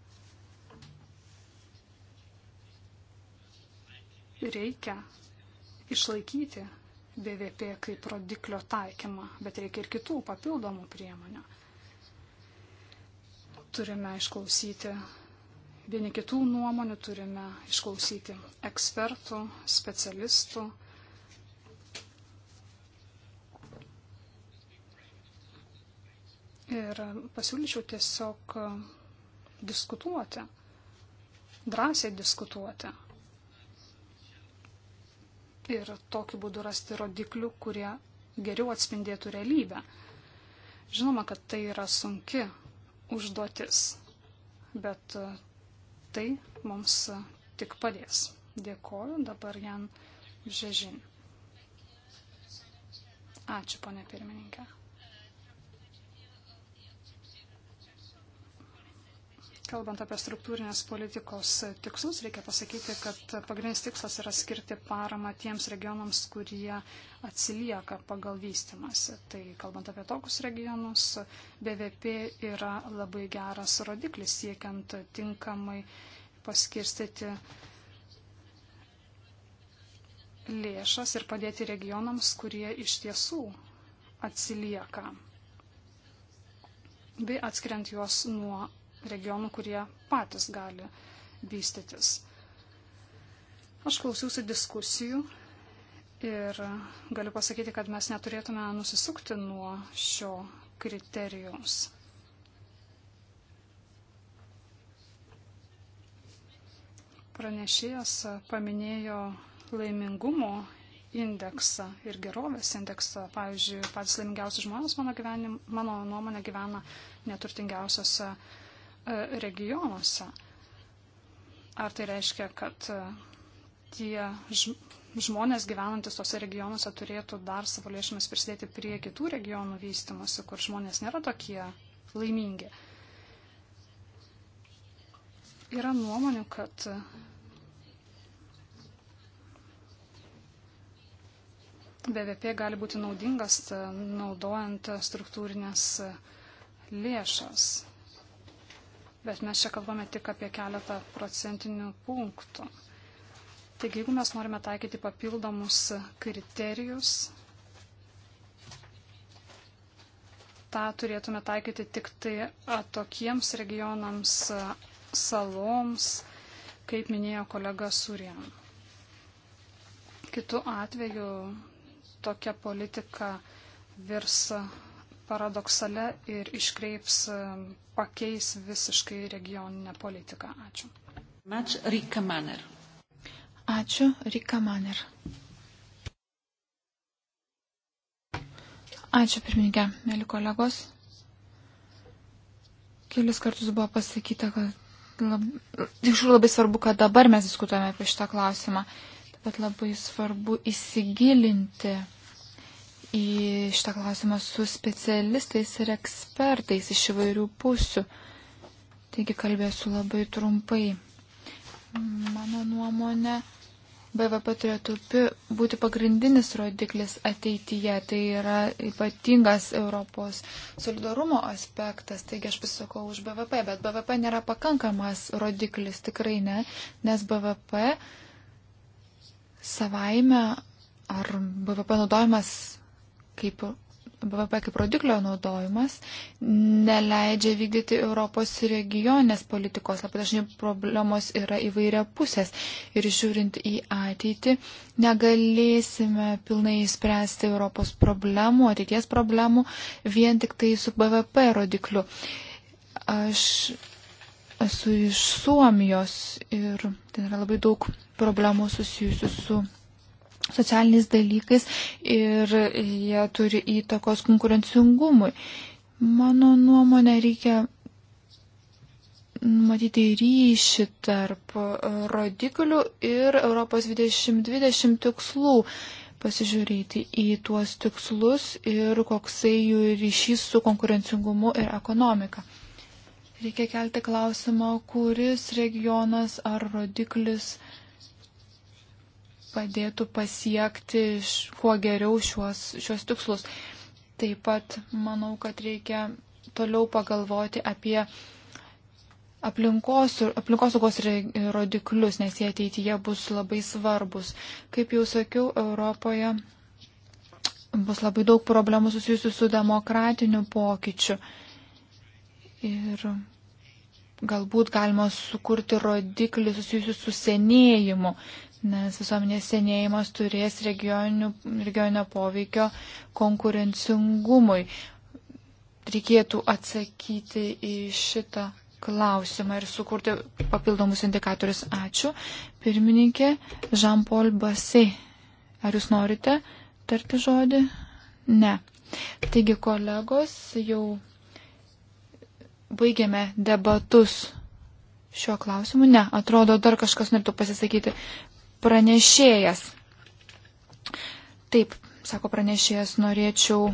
B: Reikia išlaikyti BVP kaip rodiklio taikymą, bet reikia ir kitų papildomų priemonių. Turime išklausyti vieni kitų nuomonių, turime išklausyti ekspertų, specialistų. Ir pasiūlyčiau tiesiog diskutuoti, drąsiai diskutuoti ir tokiu būdu rasti rodiklių, kurie geriau atspindėtų realybę. Žinoma, kad tai yra sunki užduotis, bet e, tai mums e, tik padės. Dėkoju dabar Jan Žežin. Ačiū, ponė pirmininkė. Kalbant apie struktūrinės politikos tikslus, reikia pasakyti, kad pagrindinis tikslas yra skirti paramą tiems regionams, kurie atsilieka pagal vystimąsi. Tai kalbant apie tokius regionus, BVP yra labai geras rodiklis siekiant tinkamai paskirstyti lėšas ir padėti regionams, kurie iš tiesų atsilieka bei atskiriant juos nuo regionų, kurie patys gali vystytis. Aš klausiausi diskusijų ir galiu pasakyti, kad mes neturėtume nusisukti nuo šio kriterijaus. Pranešėjas paminėjo laimingumo indeksą ir gerovės indeksą. Pavyzdžiui, patys laimingiausi žmonės mano, gyvenim, mano nuomonė gyvena neturtingiausiose E, regionuose. Ar tai reiškia, kad e, tie žmonės gyvenantis tose regionuose turėtų dar savo lėšomis prisidėti prie kitų regionų vystimosi, kur žmonės nėra tokie laimingi? Yra nuomonių, kad e, BVP gali būti naudingas naudojant struktūrinės lėšas bet mes čia kalbame tik apie keletą procentinių punktų. Taigi, jeigu mes norime taikyti papildomus kriterijus, tą turėtume taikyti tik tai tokiems regionams, saloms, kaip minėjo kolega Surien. Kitu atveju tokia politika virs paradoksale ir iškreips, e, pakeis visiškai regioninę politiką. Ačiū.
A: Rika Maner. Ačiū, Rika Maner. Ačiū, pirmininkė, mėly kolegos. Kelis kartus buvo pasakyta, kad lab... iš labai svarbu, kad dabar mes diskutuojame apie šitą klausimą, bet labai svarbu įsigilinti į šitą klausimą su specialistais ir ekspertais iš įvairių pusių. Taigi kalbėsiu labai trumpai. Mano nuomonė, BVP turėtų būti pagrindinis rodiklis ateityje. Tai yra ypatingas Europos solidarumo aspektas. Taigi aš pasisakau už BVP, bet BVP nėra pakankamas rodiklis, tikrai ne, nes BVP savaime ar BVP naudojimas kaip BVP kaip rodiklio naudojimas neleidžia vykdyti Europos regionės politikos. Labai dažnai problemos yra įvairia pusės. Ir žiūrint į ateitį, negalėsime pilnai spręsti Europos problemų, ateities problemų vien tik tai su BVP rodikliu. Aš esu iš Suomijos ir ten yra labai daug problemų susijusių su socialiniais dalykais ir jie turi įtakos konkurencingumui. Mano nuomonė reikia matyti ryšį tarp rodiklių ir Europos 2020 tikslų, pasižiūrėti į tuos tikslus ir koksai jų ryšys su konkurencingumu ir ekonomika. Reikia kelti klausimą, kuris regionas ar rodiklis uh, padėtų pasiekti kuo geriau šiuos, šiuos tikslus. Taip pat manau, kad reikia toliau pagalvoti apie aplinkos, aplinkosaugos rodiklius, nes jie ateityje bus labai svarbus. Kaip jau sakiau, Europoje bus labai daug problemų susijusių su demokratiniu pokyčiu. Ir galbūt galima sukurti rodiklį susijusių su senėjimu nes visuomenės senėjimas turės regioninio poveikio konkurencingumui. Reikėtų atsakyti į šitą klausimą ir sukurti papildomus indikatorius. Ačiū. Pirmininkė Jean-Paul Bassi. Ar jūs norite tarti žodį? Ne. Taigi, kolegos, jau baigėme debatus šiuo klausimu. Ne, atrodo, dar kažkas norėtų pasisakyti pranešėjas. Taip, sako pranešėjas, norėčiau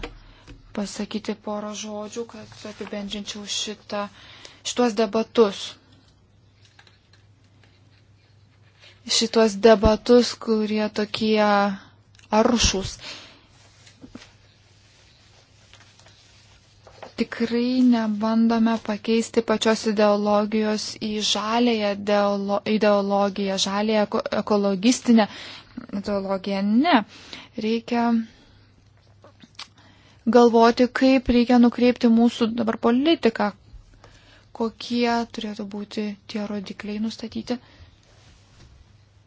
A: pasakyti porą žodžių, kad apibendrinčiau šitą, šitos debatus. Šitos debatus, kurie tokie aršus. tikrai nebandome pakeisti pačios ideologijos į žalėją ideologiją, žalėją ekologistinę ideologiją. Ne. Reikia galvoti, kaip reikia nukreipti mūsų dabar politiką, kokie turėtų būti tie rodikliai nustatyti.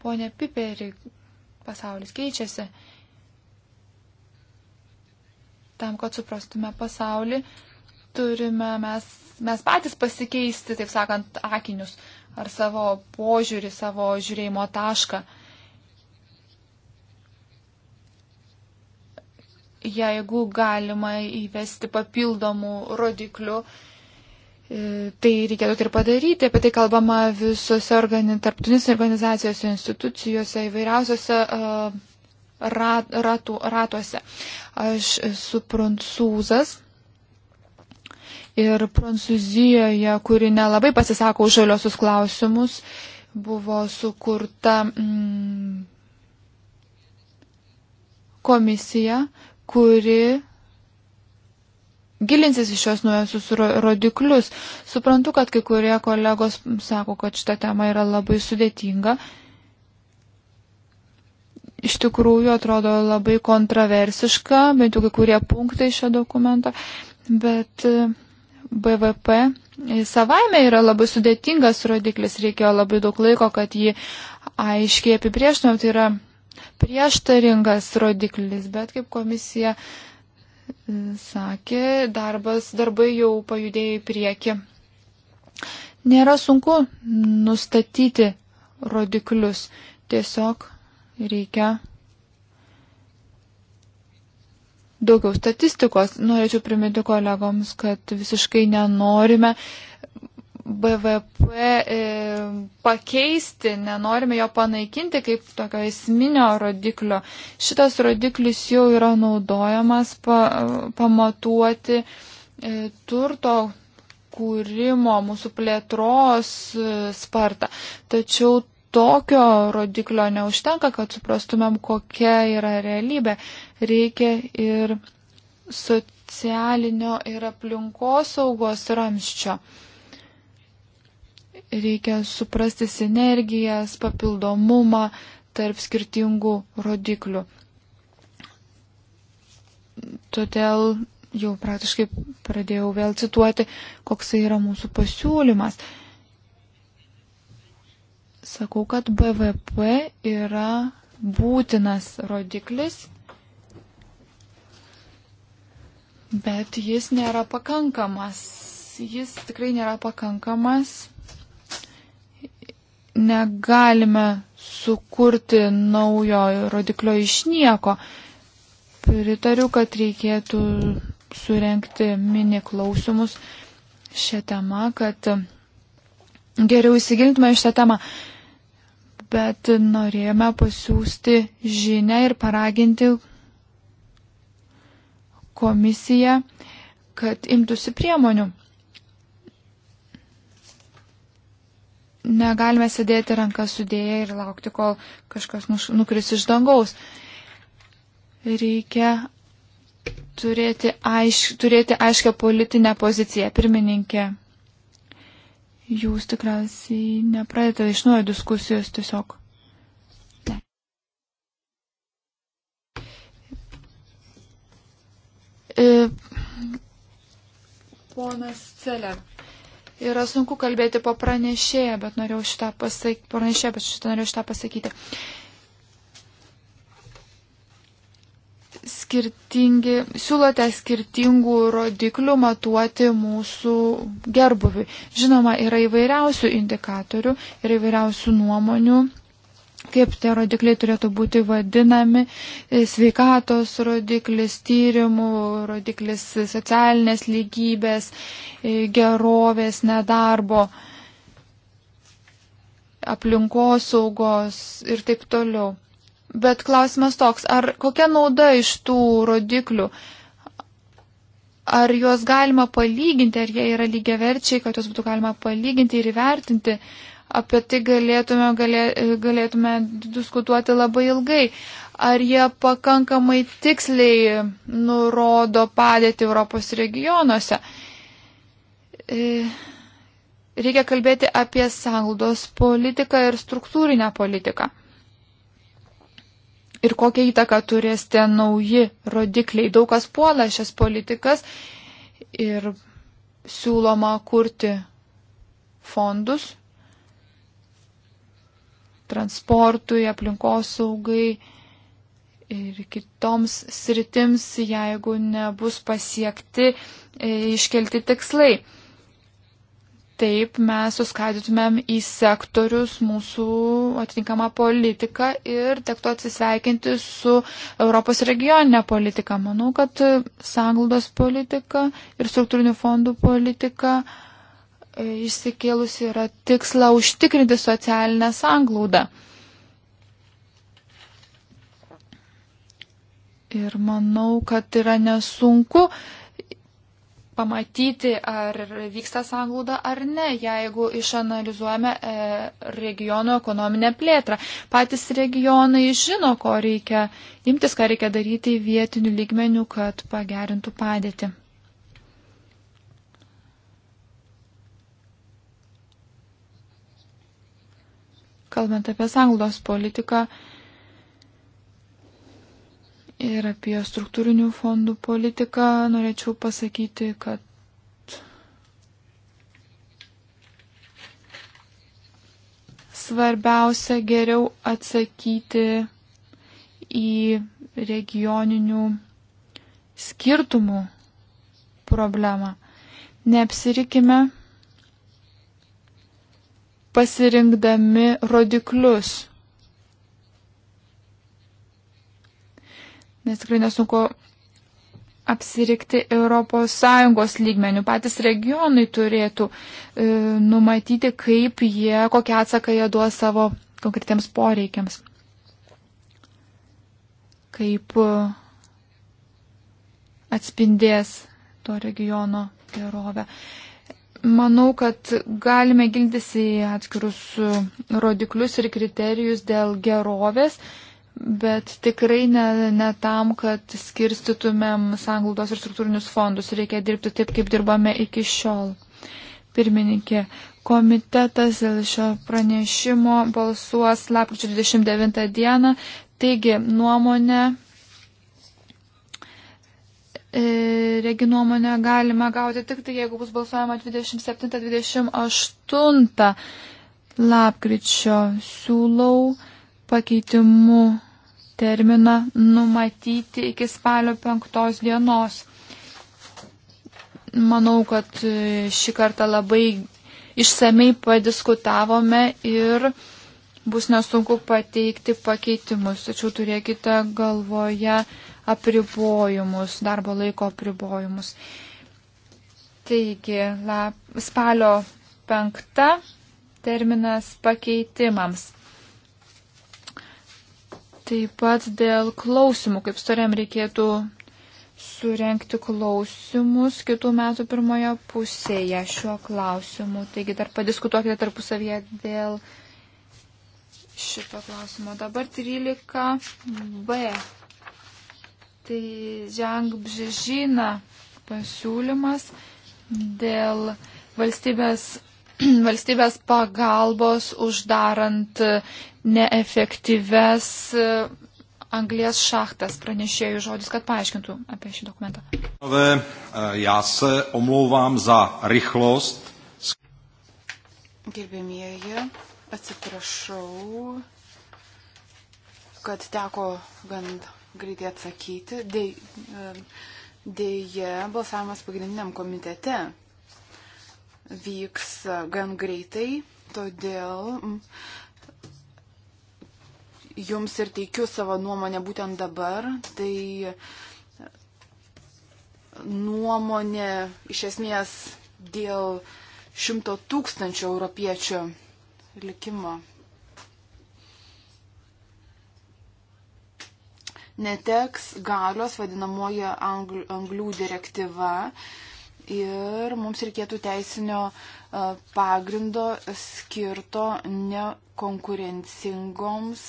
A: Pone Piperi, pasaulis keičiasi. Tam, kad suprastume pasaulį, turime mes, mes patys pasikeisti, taip sakant, akinius ar savo požiūrį, savo žiūrėjimo tašką. Jeigu galima įvesti papildomų rodiklių, e, tai reikėtų tai ir padaryti. Apie tai kalbama visose organi, tarptautinėse organizacijose, institucijose, įvairiausiose uh, e, rat, ratų, ratuose. Aš esu prancūzas ir Prancūzijoje, kuri nelabai pasisako už žaliosius klausimus, buvo sukurta mm, komisija, kuri gilinsis į šios nuojusius rodiklius. Suprantu, kad kai kurie kolegos sako, kad šita tema yra labai sudėtinga. Iš tikrųjų atrodo labai kontroversiška, bent jau kai kurie punktai šio dokumento, bet uh, BVP savaime yra labai sudėtingas rodiklis, reikėjo labai daug laiko, kad jį aiškiai apipriešinam, tai yra prieštaringas rodiklis, bet kaip komisija e, sakė, darbas, darbai jau pajudėjo į priekį. Nėra sunku nustatyti rodiklius, tiesiog reikia daugiau statistikos. Norėčiau priminti kolegoms, kad visiškai nenorime BVP e, pakeisti, nenorime jo panaikinti kaip tokio esminio rodiklio. Šitas rodiklis jau yra naudojamas pa, pamatuoti e, turto kūrimo, mūsų plėtros e, spartą. Tačiau tokio rodiklio neužtenka, kad suprastumėm, kokia yra realybė reikia ir socialinio ir aplinkosaugos ramščio. Reikia suprasti sinergijas, papildomumą tarp skirtingų rodiklių. Todėl jau praktiškai pradėjau vėl cituoti, koks tai yra mūsų pasiūlymas. Sakau, kad BVP yra būtinas rodiklis Bet jis nėra pakankamas. Jis tikrai nėra pakankamas. Negalime sukurti naujo rodiklio iš nieko. Pritariu, kad reikėtų surenkti mini klausimus šią temą, kad geriau įsigilintume šią temą. Bet norėjome pasiūsti žinę ir paraginti komisiją, kad imtųsi priemonių. Negalime sėdėti rankas sudėję ir laukti, kol kažkas nukris iš dangaus. Reikia turėti, aiš, turėti aiškę politinę poziciją, pirmininkė. Jūs tikriausiai nepradėte iš naujo diskusijos tiesiog. E,
B: Ponas Celer.
A: Yra sunku kalbėti po pranešėją, bet norėjau šitą pasakyti. Pranešėją, bet šitą norėjau šitą pasakyti. Skirtingi, siūlote skirtingų rodiklių matuoti mūsų gerbuviui. Žinoma, yra įvairiausių indikatorių, yra įvairiausių nuomonių kaip tie rodikliai turėtų būti vadinami, e, sveikatos rodiklis, tyrimų rodiklis, socialinės lygybės, e, gerovės, nedarbo, aplinkosaugos ir taip toliau. Bet klausimas toks, ar kokia nauda iš tų rodiklių? Ar juos galima palyginti, ar jie yra lygiaverčiai, kad juos būtų galima palyginti ir įvertinti? apie tai galėtume, galė, galėtume diskutuoti labai ilgai. Ar jie pakankamai tiksliai nurodo padėti Europos regionuose? E, reikia kalbėti apie sąlaudos politiką ir struktūrinę politiką. Ir kokią įtaką turės tie nauji rodikliai. Daug kas puola šias politikas ir siūloma kurti fondus transportui, aplinkosaugai ir kitoms sritims, jeigu nebus pasiekti e, iškelti tikslai. Taip mes suskaidytumėm į sektorius mūsų atitinkamą politiką ir tektų atsisveikinti su Europos regioninė politika. Manau, kad e, sanglaudos politika ir struktūrinių fondų politika uh, E, išsikėlusi yra tiksla užtikrinti socialinę sanglaudą. Ir manau, kad yra nesunku pamatyti, ar vyksta sanglauda ar ne, jeigu išanalizuojame e, regiono ekonominę plėtrą. Patys regionai žino, ko reikia imtis, ką reikia daryti vietiniu lygmeniu, kad pagerintų padėtį. kalbant apie sanglos politiką ir apie struktūrinių fondų politiką, norėčiau pasakyti, kad svarbiausia geriau atsakyti į regioninių skirtumų problemą. Neapsirikime pasirinkdami rodiklius. Nes tikrai nesunku apsirikti ES lygmenių. Patys regionai turėtų e, numatyti, kaip jie, kokią atsaką jie duos savo konkretiems poreikiams. Kaip e, atspindės to regiono gerovę. Manau, kad galime gildytis į atskirus rodiklius ir kriterijus dėl gerovės, bet tikrai ne, ne tam, kad skirstytumėm sanglaudos ir struktūrinius fondus. Reikia dirbti taip, kaip dirbame iki šiol. Pirmininkė, komitetas dėl šio pranešimo balsuos lapkričio 29 dieną. Taigi, nuomonė E, regi nuomonę galima gauti tik tai, jeigu bus balsuojama 27-28 lapkričio. Siūlau pakeitimų terminą numatyti iki spalio 5 dienos. Manau, kad e, šį kartą labai išsamei padiskutavome ir bus nesunku pateikti pakeitimus. Tačiau turėkite galvoje apribojimus, darbo laiko apribojimus. Taigi, lab, spalio penkta terminas pakeitimams. Taip pat dėl klausimų, kaip storiam reikėtų surenkti klausimus kitų metų pirmoje pusėje šiuo klausimu. Taigi dar padiskutuokite tarpusavyje dėl šito klausimo. Dabar 13b Tai Žengbžežina pasiūlymas dėl valstybės, valstybės pagalbos uždarant neefektyves e, anglės šachtas pranešėjų žodis, kad paaiškintų apie šį dokumentą.
C: E, já se omlouvám za rychlost. Gerbėmieji, atsiprašau, kad teko gan greitai atsakyti. Deja, balsavimas pagrindiniam komitete vyks gan greitai, todėl jums ir teikiu savo nuomonę būtent dabar. Tai nuomonė iš esmės dėl šimto tūkstančių europiečių likimo. neteks galios vadinamoji angl, anglių direktyva ir mums reikėtų teisinio pagrindo skirto nekonkurencingoms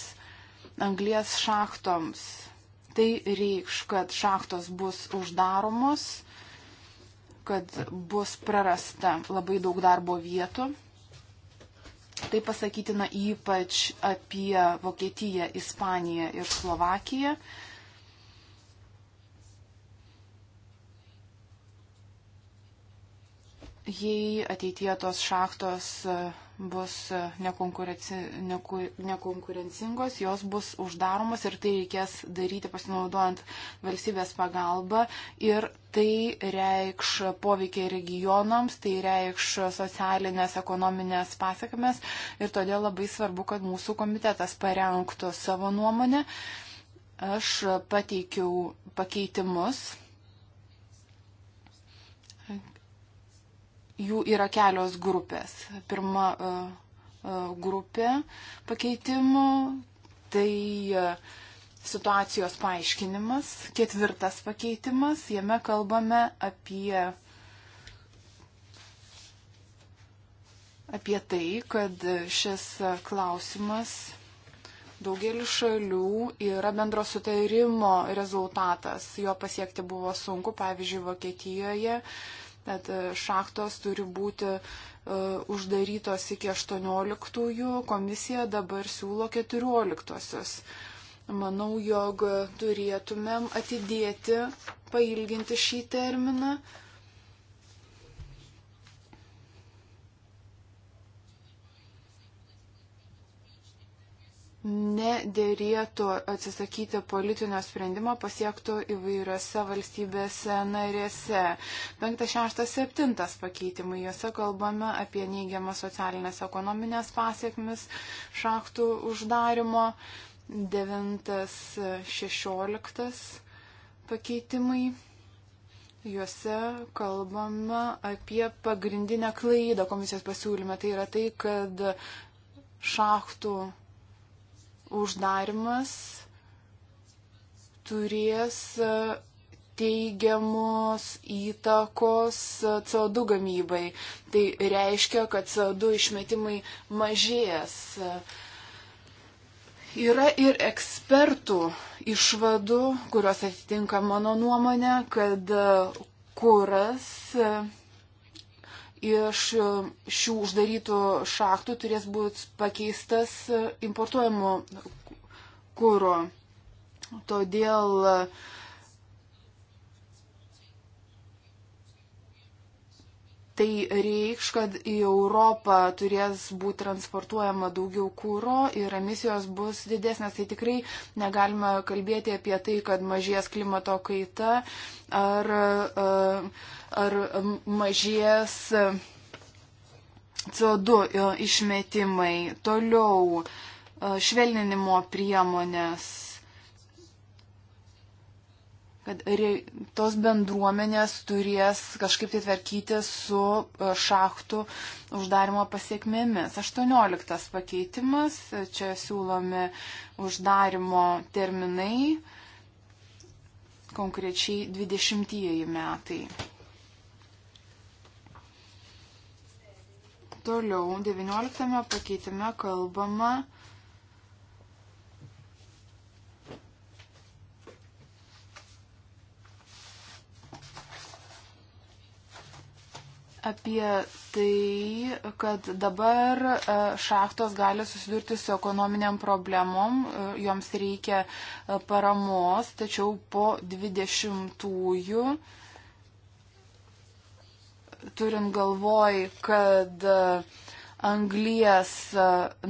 C: anglies šachtoms. Tai reikš, kad šachtos bus uždaromos, kad bus prarasta labai daug darbo vietų Tai pasakytina ypač apie Vokietiją, Ispaniją ir Slovakiją. jei ateityje tos šachtos e, bus e, nekonkurencingos, jos bus uždaromos ir tai reikės daryti pasinaudojant valstybės pagalbą ir tai reikš poveikį regionams, tai reikš socialinės, ekonominės pasakmes ir todėl labai svarbu, kad mūsų komitetas parengtų savo nuomonę. Aš pateikiau pakeitimus jų yra kelios grupės. Pirma e, e, grupė pakeitimų tai e, situacijos paaiškinimas, ketvirtas pakeitimas, jame kalbame apie, apie tai, kad šis klausimas daugelį šalių yra bendro sutarimo rezultatas. Jo pasiekti buvo sunku, pavyzdžiui, Vokietijoje Tad e, šachtos turi būti e, uždarytos iki 18-ųjų, komisija dabar siūlo 14-osios. Manau, jog turėtumėm atidėti, pailginti šį terminą nedėrėtų atsisakyti politinio sprendimo pasiektų įvairiose valstybėse narėse. 5, 6, 7 pakeitimai. Juose kalbame apie neigiamas socialinės ekonominės pasiekmes šachtų uždarimo. 9, 16 pakeitimai. Juose kalbama apie pagrindinę klaidą komisijos pasiūlymą. Tai yra tai, kad šachtų uždarimas turės e, teigiamos įtakos e, CO2 gamybai. Tai reiškia, kad CO2 išmetimai mažės. Yra ir ekspertų išvadų, kurios atitinka mano nuomonę, kad e, kuras iš šių uždarytų šachtų turės būti pakeistas importuojamo kūro. Todėl uh, Tai reikš, kad į Europą turės būti transportuojama daugiau kūro ir emisijos bus didesnės. Tai tikrai negalime kalbėti apie tai, kad mažės klimato kaita ar, ar mažės CO2 išmetimai. Toliau švelninimo priemonės kad tos bendruomenės turės kažkaip tai tvarkyti su e, šachtų uždarimo pasiekmėmis. 18 pakeitimas, čia siūlomi uždarimo terminai, konkrečiai 20 metai. Toliau 19 pakeitime kalbama apie tai, kad dabar e, šachtos gali susidurti su ekonominiam problemom, e, joms reikia e, paramos, tačiau po 20-ųjų, turint galvoj, kad uh, anglijas, e,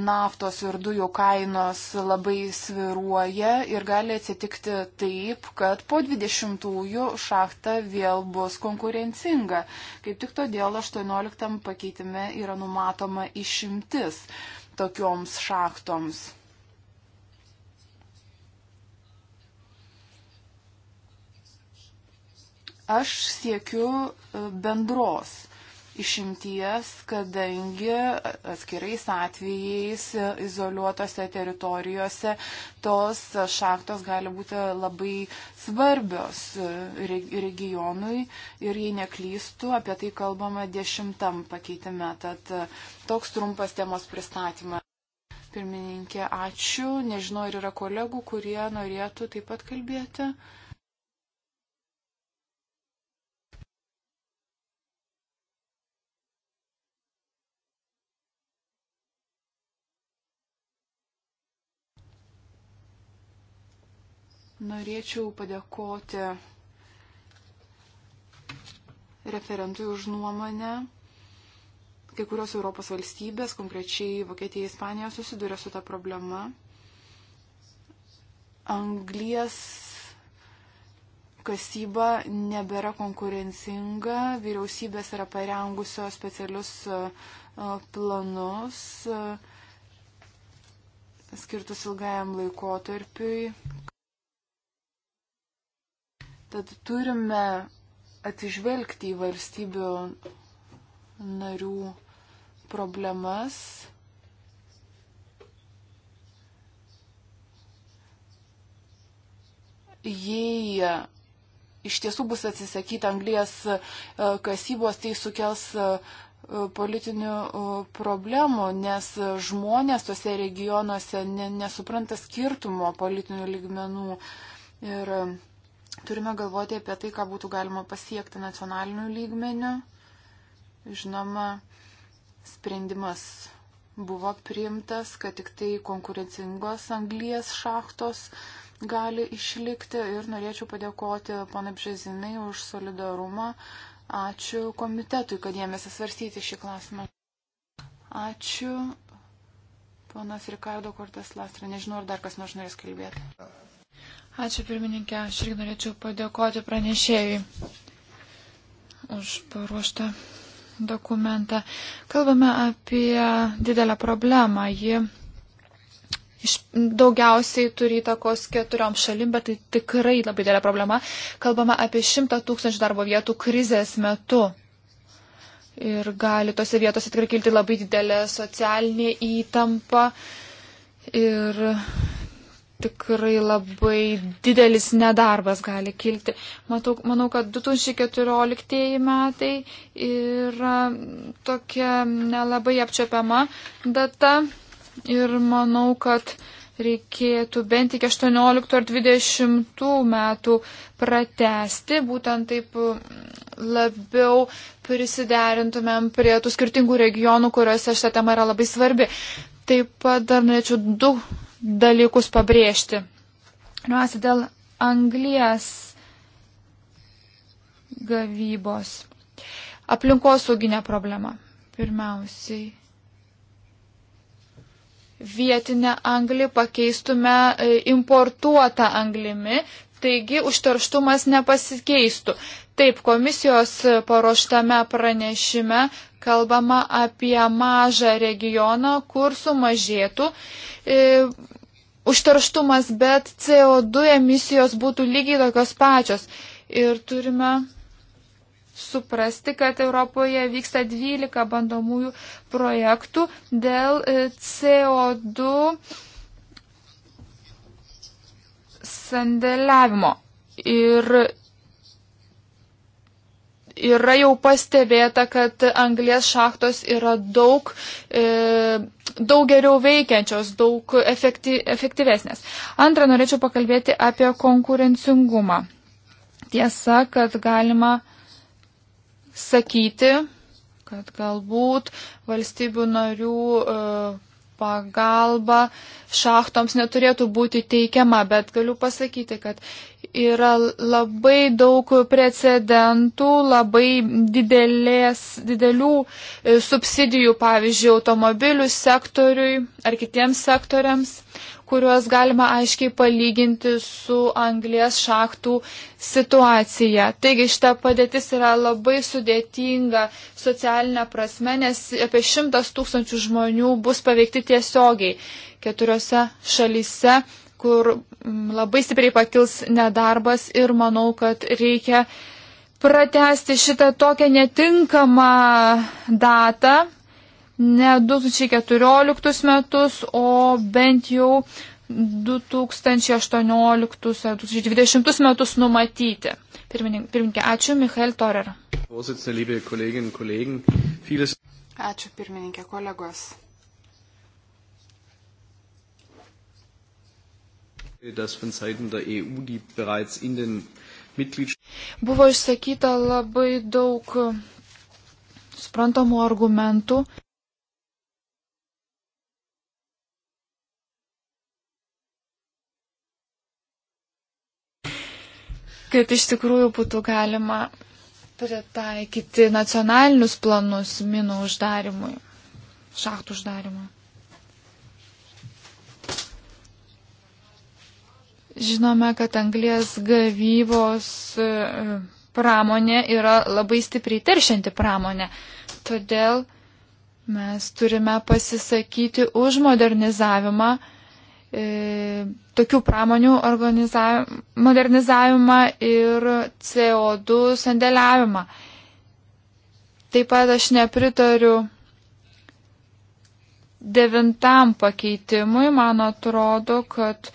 C: naftos ir dujų kainos labai sviruoja ir gali atsitikti taip, kad po 20-ųjų šachta vėl bus konkurencinga. Kaip tik todėl 18 pakeitime yra numatoma išimtis tokioms šachtoms. Aš siekiu e, bendros išimties, kadangi atskirais atvejais izoliuotose teritorijose tos šaktos gali būti labai svarbios regionui ir jei neklystų, apie tai kalbama dešimtam pakeitime. Tad toks trumpas temos pristatymas. Pirmininkė, ačiū. Nežinau, ar yra kolegų, kurie norėtų taip pat kalbėti. Norėčiau padėkoti referentui už nuomonę. Kai kurios Europos valstybės, konkrečiai Vokietija, Ispanija, susiduria su ta problema. Anglies kasyba nebėra konkurencinga, vyriausybės yra parengusios specialius e, planus e, skirtus ilgajam laikotarpiui, Tad turime atsižvelgti į valstybių narių problemas. Jei iš tiesų bus atsisakyta anglės e, kasybos, tai sukels e, politinių e, problemų, nes žmonės tose regionuose nesupranta skirtumo politinių ligmenų. Ir Turime galvoti apie tai, ką būtų galima pasiekti nacionaliniu lygmeniu. Žinoma, sprendimas buvo priimtas, kad tik tai konkurencingos anglijas šachtos gali išlikti ir norėčiau padėkoti pana Bžezinai už solidarumą. Ačiū komitetui, kad jėmėsi svarstyti šį klausimą. Ačiū. Ponas Rikardo Kortas Lastra, nežinau, ar dar kas nors norės kalbėti. Ačiū pirmininkė, aš irgi
A: norėčiau padėkoti pranešėjui už paruoštą dokumentą. Kalbame apie didelę problemą. Ji iš, daugiausiai turi įtakos keturiom šalim, bet tai tikrai labai didelė problema. Kalbame apie šimtą tūkstančių darbo vietų krizės metu. Ir gali tose vietose tikrai kilti labai didelė socialinė įtampa. Ir tikrai labai didelis nedarbas gali kilti. Matau, manau, kad 2014 metai yra tokia nelabai apčiopiama data ir manau, kad reikėtų bent iki 18 ar 20 metų pratesti, būtent taip labiau prisiderintumėm prie tų skirtingų regionų, kuriuose šita tema yra labai svarbi. Taip pat dar norėčiau du dalykus pabrėžti. Nuosi dėl anglijas gavybos. Aplinkosauginė problema. Pirmiausiai. Vietinę anglį pakeistume e, importuotą anglimi, taigi užterštumas nepasikeistų. Taip, komisijos paruoštame pranešime kalbama apie mažą regioną, kur sumažėtų e, užterštumas, bet CO2 emisijos būtų lygiai tokios pačios. Ir turime suprasti, kad Europoje vyksta 12 bandomųjų projektų dėl e, CO2 sandėliavimo. Ir yra jau pastebėta, kad anglės šachtos yra daug, e, daug geriau veikiančios, daug efekty, efektyvesnės. Antra, norėčiau pakalbėti apie konkurencingumą. Tiesa, kad galima sakyti, kad galbūt valstybių narių e, pagalba šachtoms neturėtų būti teikiama, bet galiu pasakyti, kad yra labai daug precedentų, labai didelės, didelių e, subsidijų, pavyzdžiui, automobilių sektoriui ar kitiems sektoriams kuriuos galima aiškiai palyginti su anglės šachtų situacija. Taigi šita padėtis yra labai sudėtinga socialinė prasme, nes apie šimtas tūkstančių žmonių bus paveikti tiesiogiai keturiose šalyse kur mm, labai stipriai pakils nedarbas ir manau, kad reikia pratesti šitą tokią netinkamą datą, ne 2014 metus, o bent jau 2018 ar 2020 metus numatyti. Pirmininkė, ačiū, Michael Torer.
C: Ačiū, pirmininkė, kolegos.
B: E
A: Buvo išsakyta labai daug suprantamų argumentų. kad iš tikrųjų būtų galima pritaikyti nacionalinius planus minų uždarimui, šachtų uždarimui. Žinome, kad anglės gavybos e, pramonė yra labai stipriai teršianti pramonė. Todėl mes turime pasisakyti už modernizavimą E, tokių pramonių modernizavimą ir CO2 sandėliavimą. Taip pat aš nepritariu devintam pakeitimui, man atrodo, kad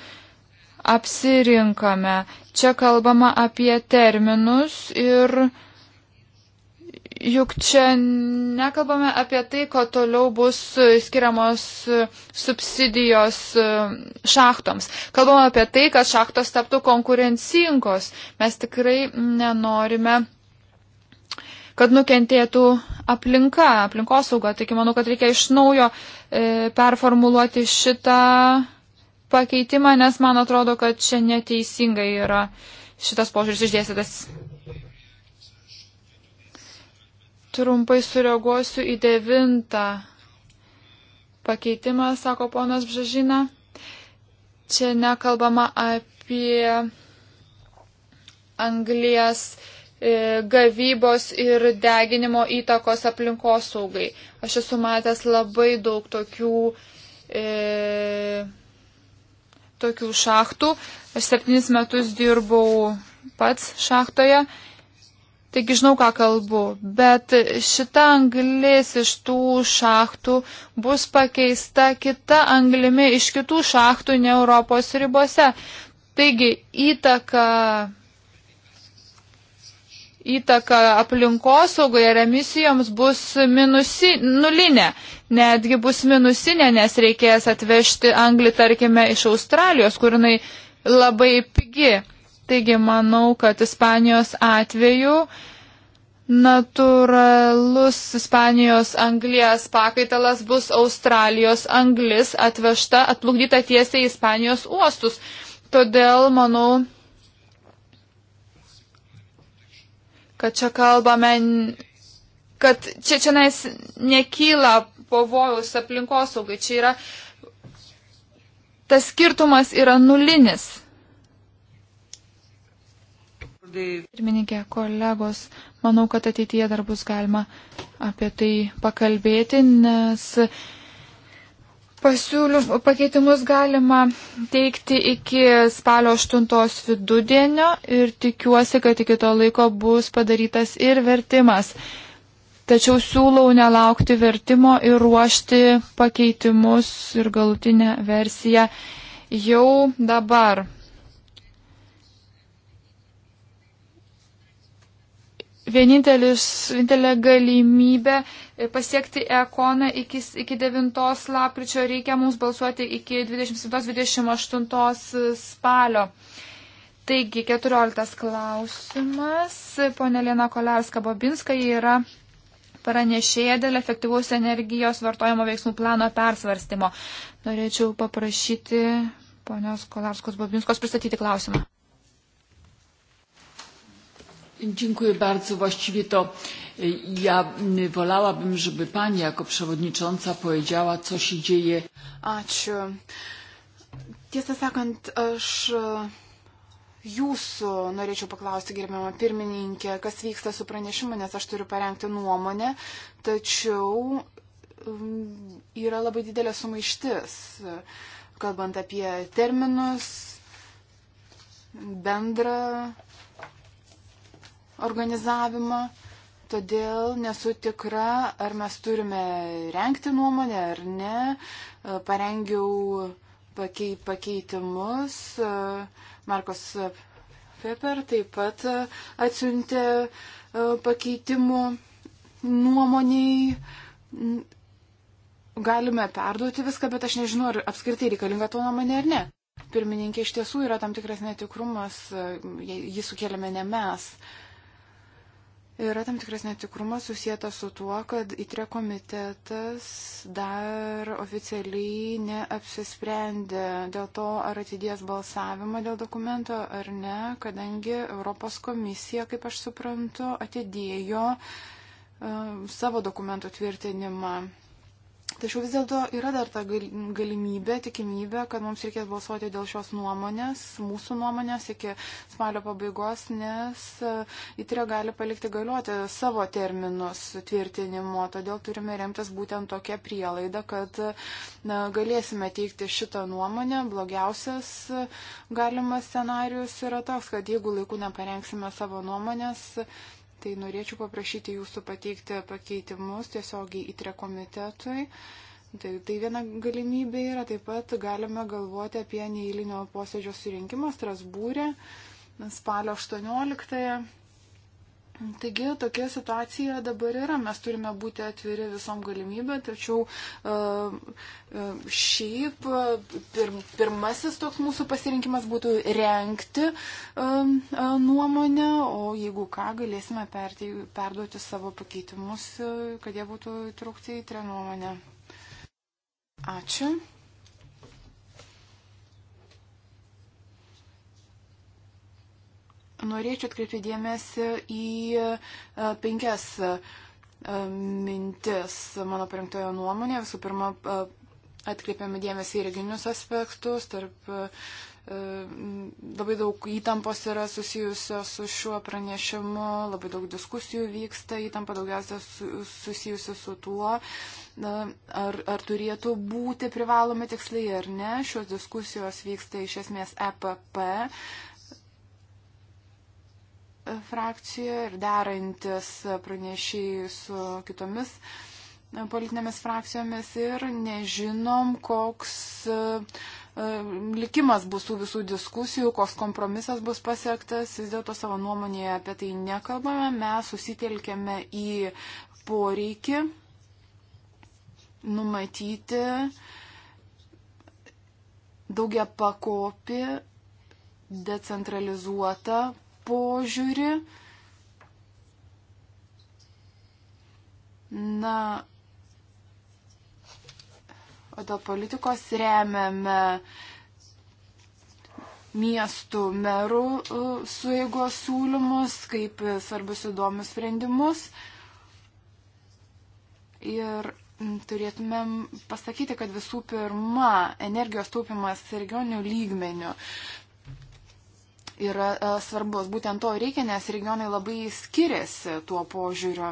A: apsirinkame. Čia kalbama apie terminus ir Juk čia nekalbame apie tai, ko toliau bus skiriamos subsidijos šachtoms. Kalbame apie tai, kad šachtos taptų konkurencingos. Mes tikrai nenorime, kad nukentėtų aplinka, aplinkosauga. Tik manau, kad reikia iš naujo e, performuluoti šitą pakeitimą, nes man atrodo, kad čia neteisingai yra šitas požiūris išdėstytas. Trumpai sureaguosiu į devintą pakeitimą, sako ponas Bžažina. Čia nekalbama apie anglijas e, gavybos ir deginimo įtakos aplinkos saugai. Aš esu matęs labai daug tokių, e, tokių šachtų. Aš septynis metus dirbau pats šachtoje Taigi žinau, ką kalbu, bet šita anglis iš tų šachtų bus pakeista kita anglimi iš kitų šachtų ne Europos ribose. Taigi įtaka, įtaka aplinkosaugai ir emisijoms bus minusi, nulinė, netgi bus minusinė, nes reikės atvežti anglį, tarkime, iš Australijos, kur jinai labai pigi. Taigi manau, kad Ispanijos atveju natūralus Ispanijos anglijas pakaitalas bus Australijos anglis atvežta, atplukdyta tiesiai į Ispanijos uostus. Todėl manau, kad čia kalbame, kad čia čia nais nekyla pavojus aplinkosaugai, čia yra tas skirtumas yra nulinis. Pirmininkė, kolegos, manau, kad ateityje dar bus galima apie tai pakalbėti, nes pasiūlym, pakeitimus galima teikti iki spalio 8 vidudienio ir tikiuosi, kad iki to laiko bus padarytas ir vertimas. Tačiau siūlau nelaukti vertimo ir ruošti pakeitimus ir galutinę versiją jau dabar. vienintelė galimybė e, pasiekti ekoną iki, iki 9 lapkričio reikia mums balsuoti iki 27-28 spalio. Taigi, 14 klausimas. Pone Lena Kolarska Bobinska yra pranešėja dėl efektyvaus energijos vartojimo veiksmų plano persvarstymo. Norėčiau paprašyti ponios Kolarskos Bobinskos pristatyti klausimą. Dziękuję bardzo. Właściwie to ja wolałabym, żeby pani jako przewodnicząca powiedziała, co się dzieje.
C: Ačiū. Tiesą sakant, aš jūsų norėčiau paklausti, gerbiamą pirmininkę, kas vyksta su pranešimu, nes aš turiu parengti nuomonę, tačiau um, yra labai didelė sumaištis, kalbant apie terminus, bendrą organizavimo. Todėl nesu tikra, ar mes turime renkti nuomonę ar ne. E, parengiau pakei, pakeitimus. E, Markos Pepper taip pat atsiuntė e, pakeitimų nuomoniai. Galime perduoti viską, bet aš nežinau, ar apskritai reikalinga to nuomonė ar ne. Pirmininkė iš tiesų yra tam tikras netikrumas, jį sukeliame ne mes. Uh, Yra tam tikras netikrumas susijęta su tuo, kad įtre komitetas dar oficialiai neapsisprendė dėl to, ar atidės balsavimą dėl dokumento ar ne, kadangi Europos komisija, kaip aš suprantu, atidėjo um, savo dokumento tvirtinimą. Tačiau vis dėlto yra dar ta galimybė, tikimybė, kad mums reikės balsuoti dėl šios nuomonės, mūsų nuomonės iki spalio pabaigos, nes įtrė e, gali palikti galiuoti savo terminus tvirtinimo. Todėl turime remtis būtent tokia prielaida, kad na, galėsime teikti šitą nuomonę. Blogiausias e, galimas scenarius yra toks, kad jeigu laiku neparengsime savo nuomonės, tai norėčiau paprašyti jūsų pateikti pakeitimus tiesiogiai į trekomitetui. Tai, tai viena galimybė yra, taip pat galime galvoti apie neįlinio posėdžio surinkimą Strasbūrė spalio 18. -ąją. Taigi tokia situacija dabar yra. Mes turime būti atviri visom galimybė, tačiau e, e, šiaip e, pirmasis toks mūsų pasirinkimas būtų renkti nuomonę, o jeigu ką, galėsime perduoti savo pakeitimus, kad jie būtų įtraukti į trenuomonę. Ačiū. Norėčiau atkreipti dėmesį į e, penkias e, mintis mano parengtojo nuomonė. Visų pirma, e, atkreipiame dėmesį į reginius aspektus, tarp labai daug įtampos yra susijusios su šiuo pranešimu, labai daug diskusijų vyksta, įtampa daugiausia susijusi su tuo, ar, ar turėtų būti privalomi tiksliai ar ne. Šios diskusijos vyksta iš esmės EPP frakcijoje ir derantis pranešėjai su kitomis politinėmis frakcijomis ir nežinom, koks e, e, likimas bus tų visų diskusijų, koks kompromisas bus pasiektas. Vis dėlto savo nuomonėje apie tai nekalbame, mes susitelkėme į poreikį numatyti daugia pakopį decentralizuotą požiūrį. Na, o dėl politikos remiame miestų merų e, suėgos siūlymus, kaip svarbius įdomius sprendimus. Ir turėtumėm pasakyti, kad visų pirma, energijos taupimas regioninių lygmenių yra e, svarbus. Būtent to reikia, nes regionai labai skiriasi tuo požiūriu.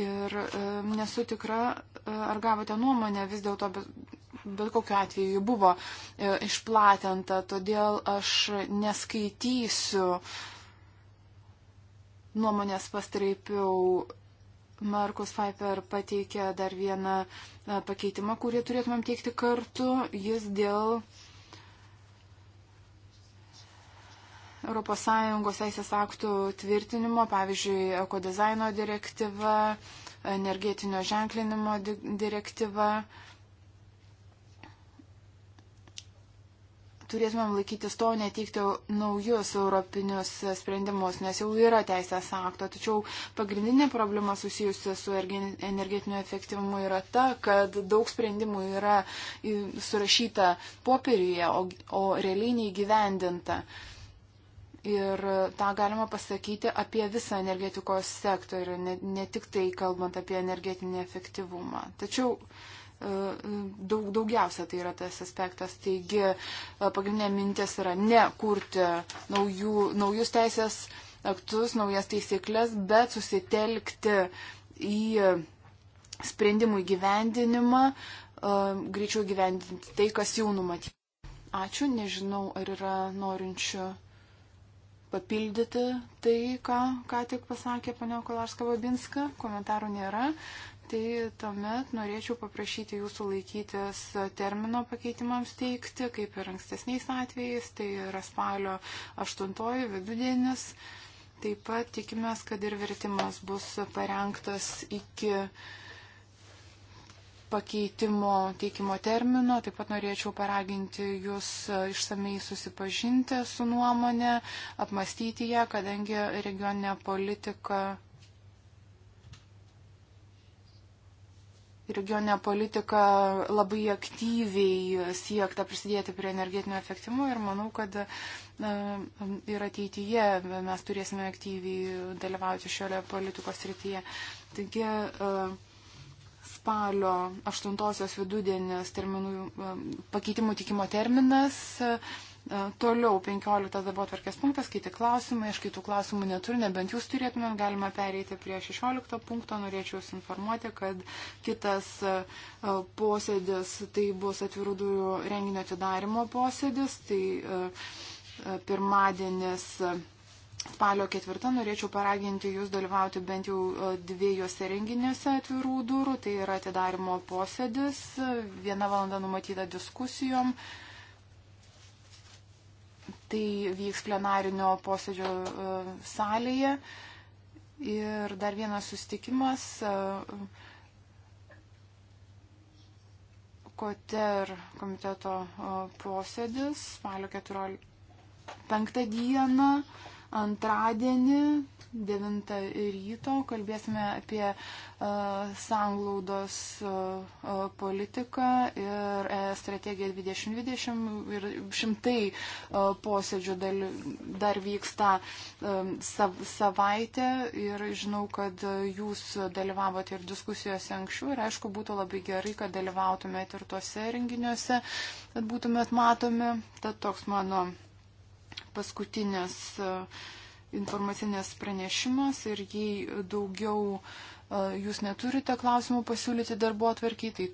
C: Ir e, nesu tikra, e, ar gavote nuomonę vis dėlto, bet, bet kokiu atveju buvo išplatinta, todėl aš neskaitysiu nuomonės pastraipiau. Markus Pfeiffer pateikė dar vieną pakeitimą, kurį turėtumėm teikti kartu. Jis dėl uh, ES teisės aktų tvirtinimo, pavyzdžiui, ekodizaino direktyva, energetinio ženklinimo di direktyva. Turėtumėm laikytis to, neteikti naujus europinius sprendimus, nes jau yra teisės akto. Tačiau pagrindinė problema susijusi su energetiniu efektyvumu yra ta, kad daug sprendimų yra surašyta popieriuje, o, o realiai neįgyvendinta. Uh, Ir tą galima pasakyti apie visą energetikos sektorių, ne, ne tik tai kalbant apie energetinį efektyvumą. Tačiau e, daug, daugiausia tai yra tas aspektas. Taigi e, pagrindinė mintis yra ne kurti naujų, naujus teisės aktus, naujas taisyklės, bet susitelkti į sprendimų įgyvendinimą, e, greičiau įgyvendinti tai, kas jau numatyta. Ačiū, nežinau, ar yra norinčių papildyti tai, ką, ką tik pasakė ponia Kolarska Babinska. Komentarų nėra. Tai tuomet norėčiau paprašyti jūsų laikytis termino pakeitimams teikti, kaip ir ankstesniais atvejais, tai yra spalio 8 vidudienis. Taip pat tikimės, kad ir vertimas bus parengtas iki uh, pakeitimo teikimo termino. Taip pat norėčiau paraginti jūs e, išsamei susipažinti su nuomonė, apmastyti ją, kadangi regioninė politika. Regioninė politika labai aktyviai siekta prisidėti prie energetinio efektyvumo ir manau, kad e, ir ateityje mes turėsime aktyviai dalyvauti šioje politikos srityje. Taigi, uh, spalio 8-osios vidudienis terminų, pakeitimų tikimo terminas. E, toliau 15 darbo atvarkės punktas, kiti klausimai, aš kitų klausimų neturiu, nebent jūs turėtumėm, galima pereiti prie 16 punkto, norėčiau jūs informuoti, kad kitas e, e, posėdis, tai bus atvirų durų renginio atidarimo posėdis, tai pirmadienis spalio ketvirtą norėčiau paraginti jūs dalyvauti bent jau e, dviejose renginiuose atvirų durų. Tai yra atidarimo posėdis, viena valanda numatyta diskusijom. Tai vyks plenarinio posėdžio e, salėje. Ir dar vienas sustikimas. E, Koter komiteto posėdis spalio 14 dieną. Antradienį 9 ryto kalbėsime apie uh, sanglaudos uh, politiką ir uh, strategiją 2020 ir šimtai uh, posėdžių dal, dar vyksta um, sav, savaitę ir žinau, kad jūs dalyvavote ir diskusijose anksčiau ir aišku būtų labai gerai, kad dalyvautumėte ir tuose renginiuose, kad būtumėt matomi. Tad toks mano paskutinės e, informacinės pranešimas ir jei daugiau e, jūs neturite klausimų pasiūlyti darbo atvarkiai, tai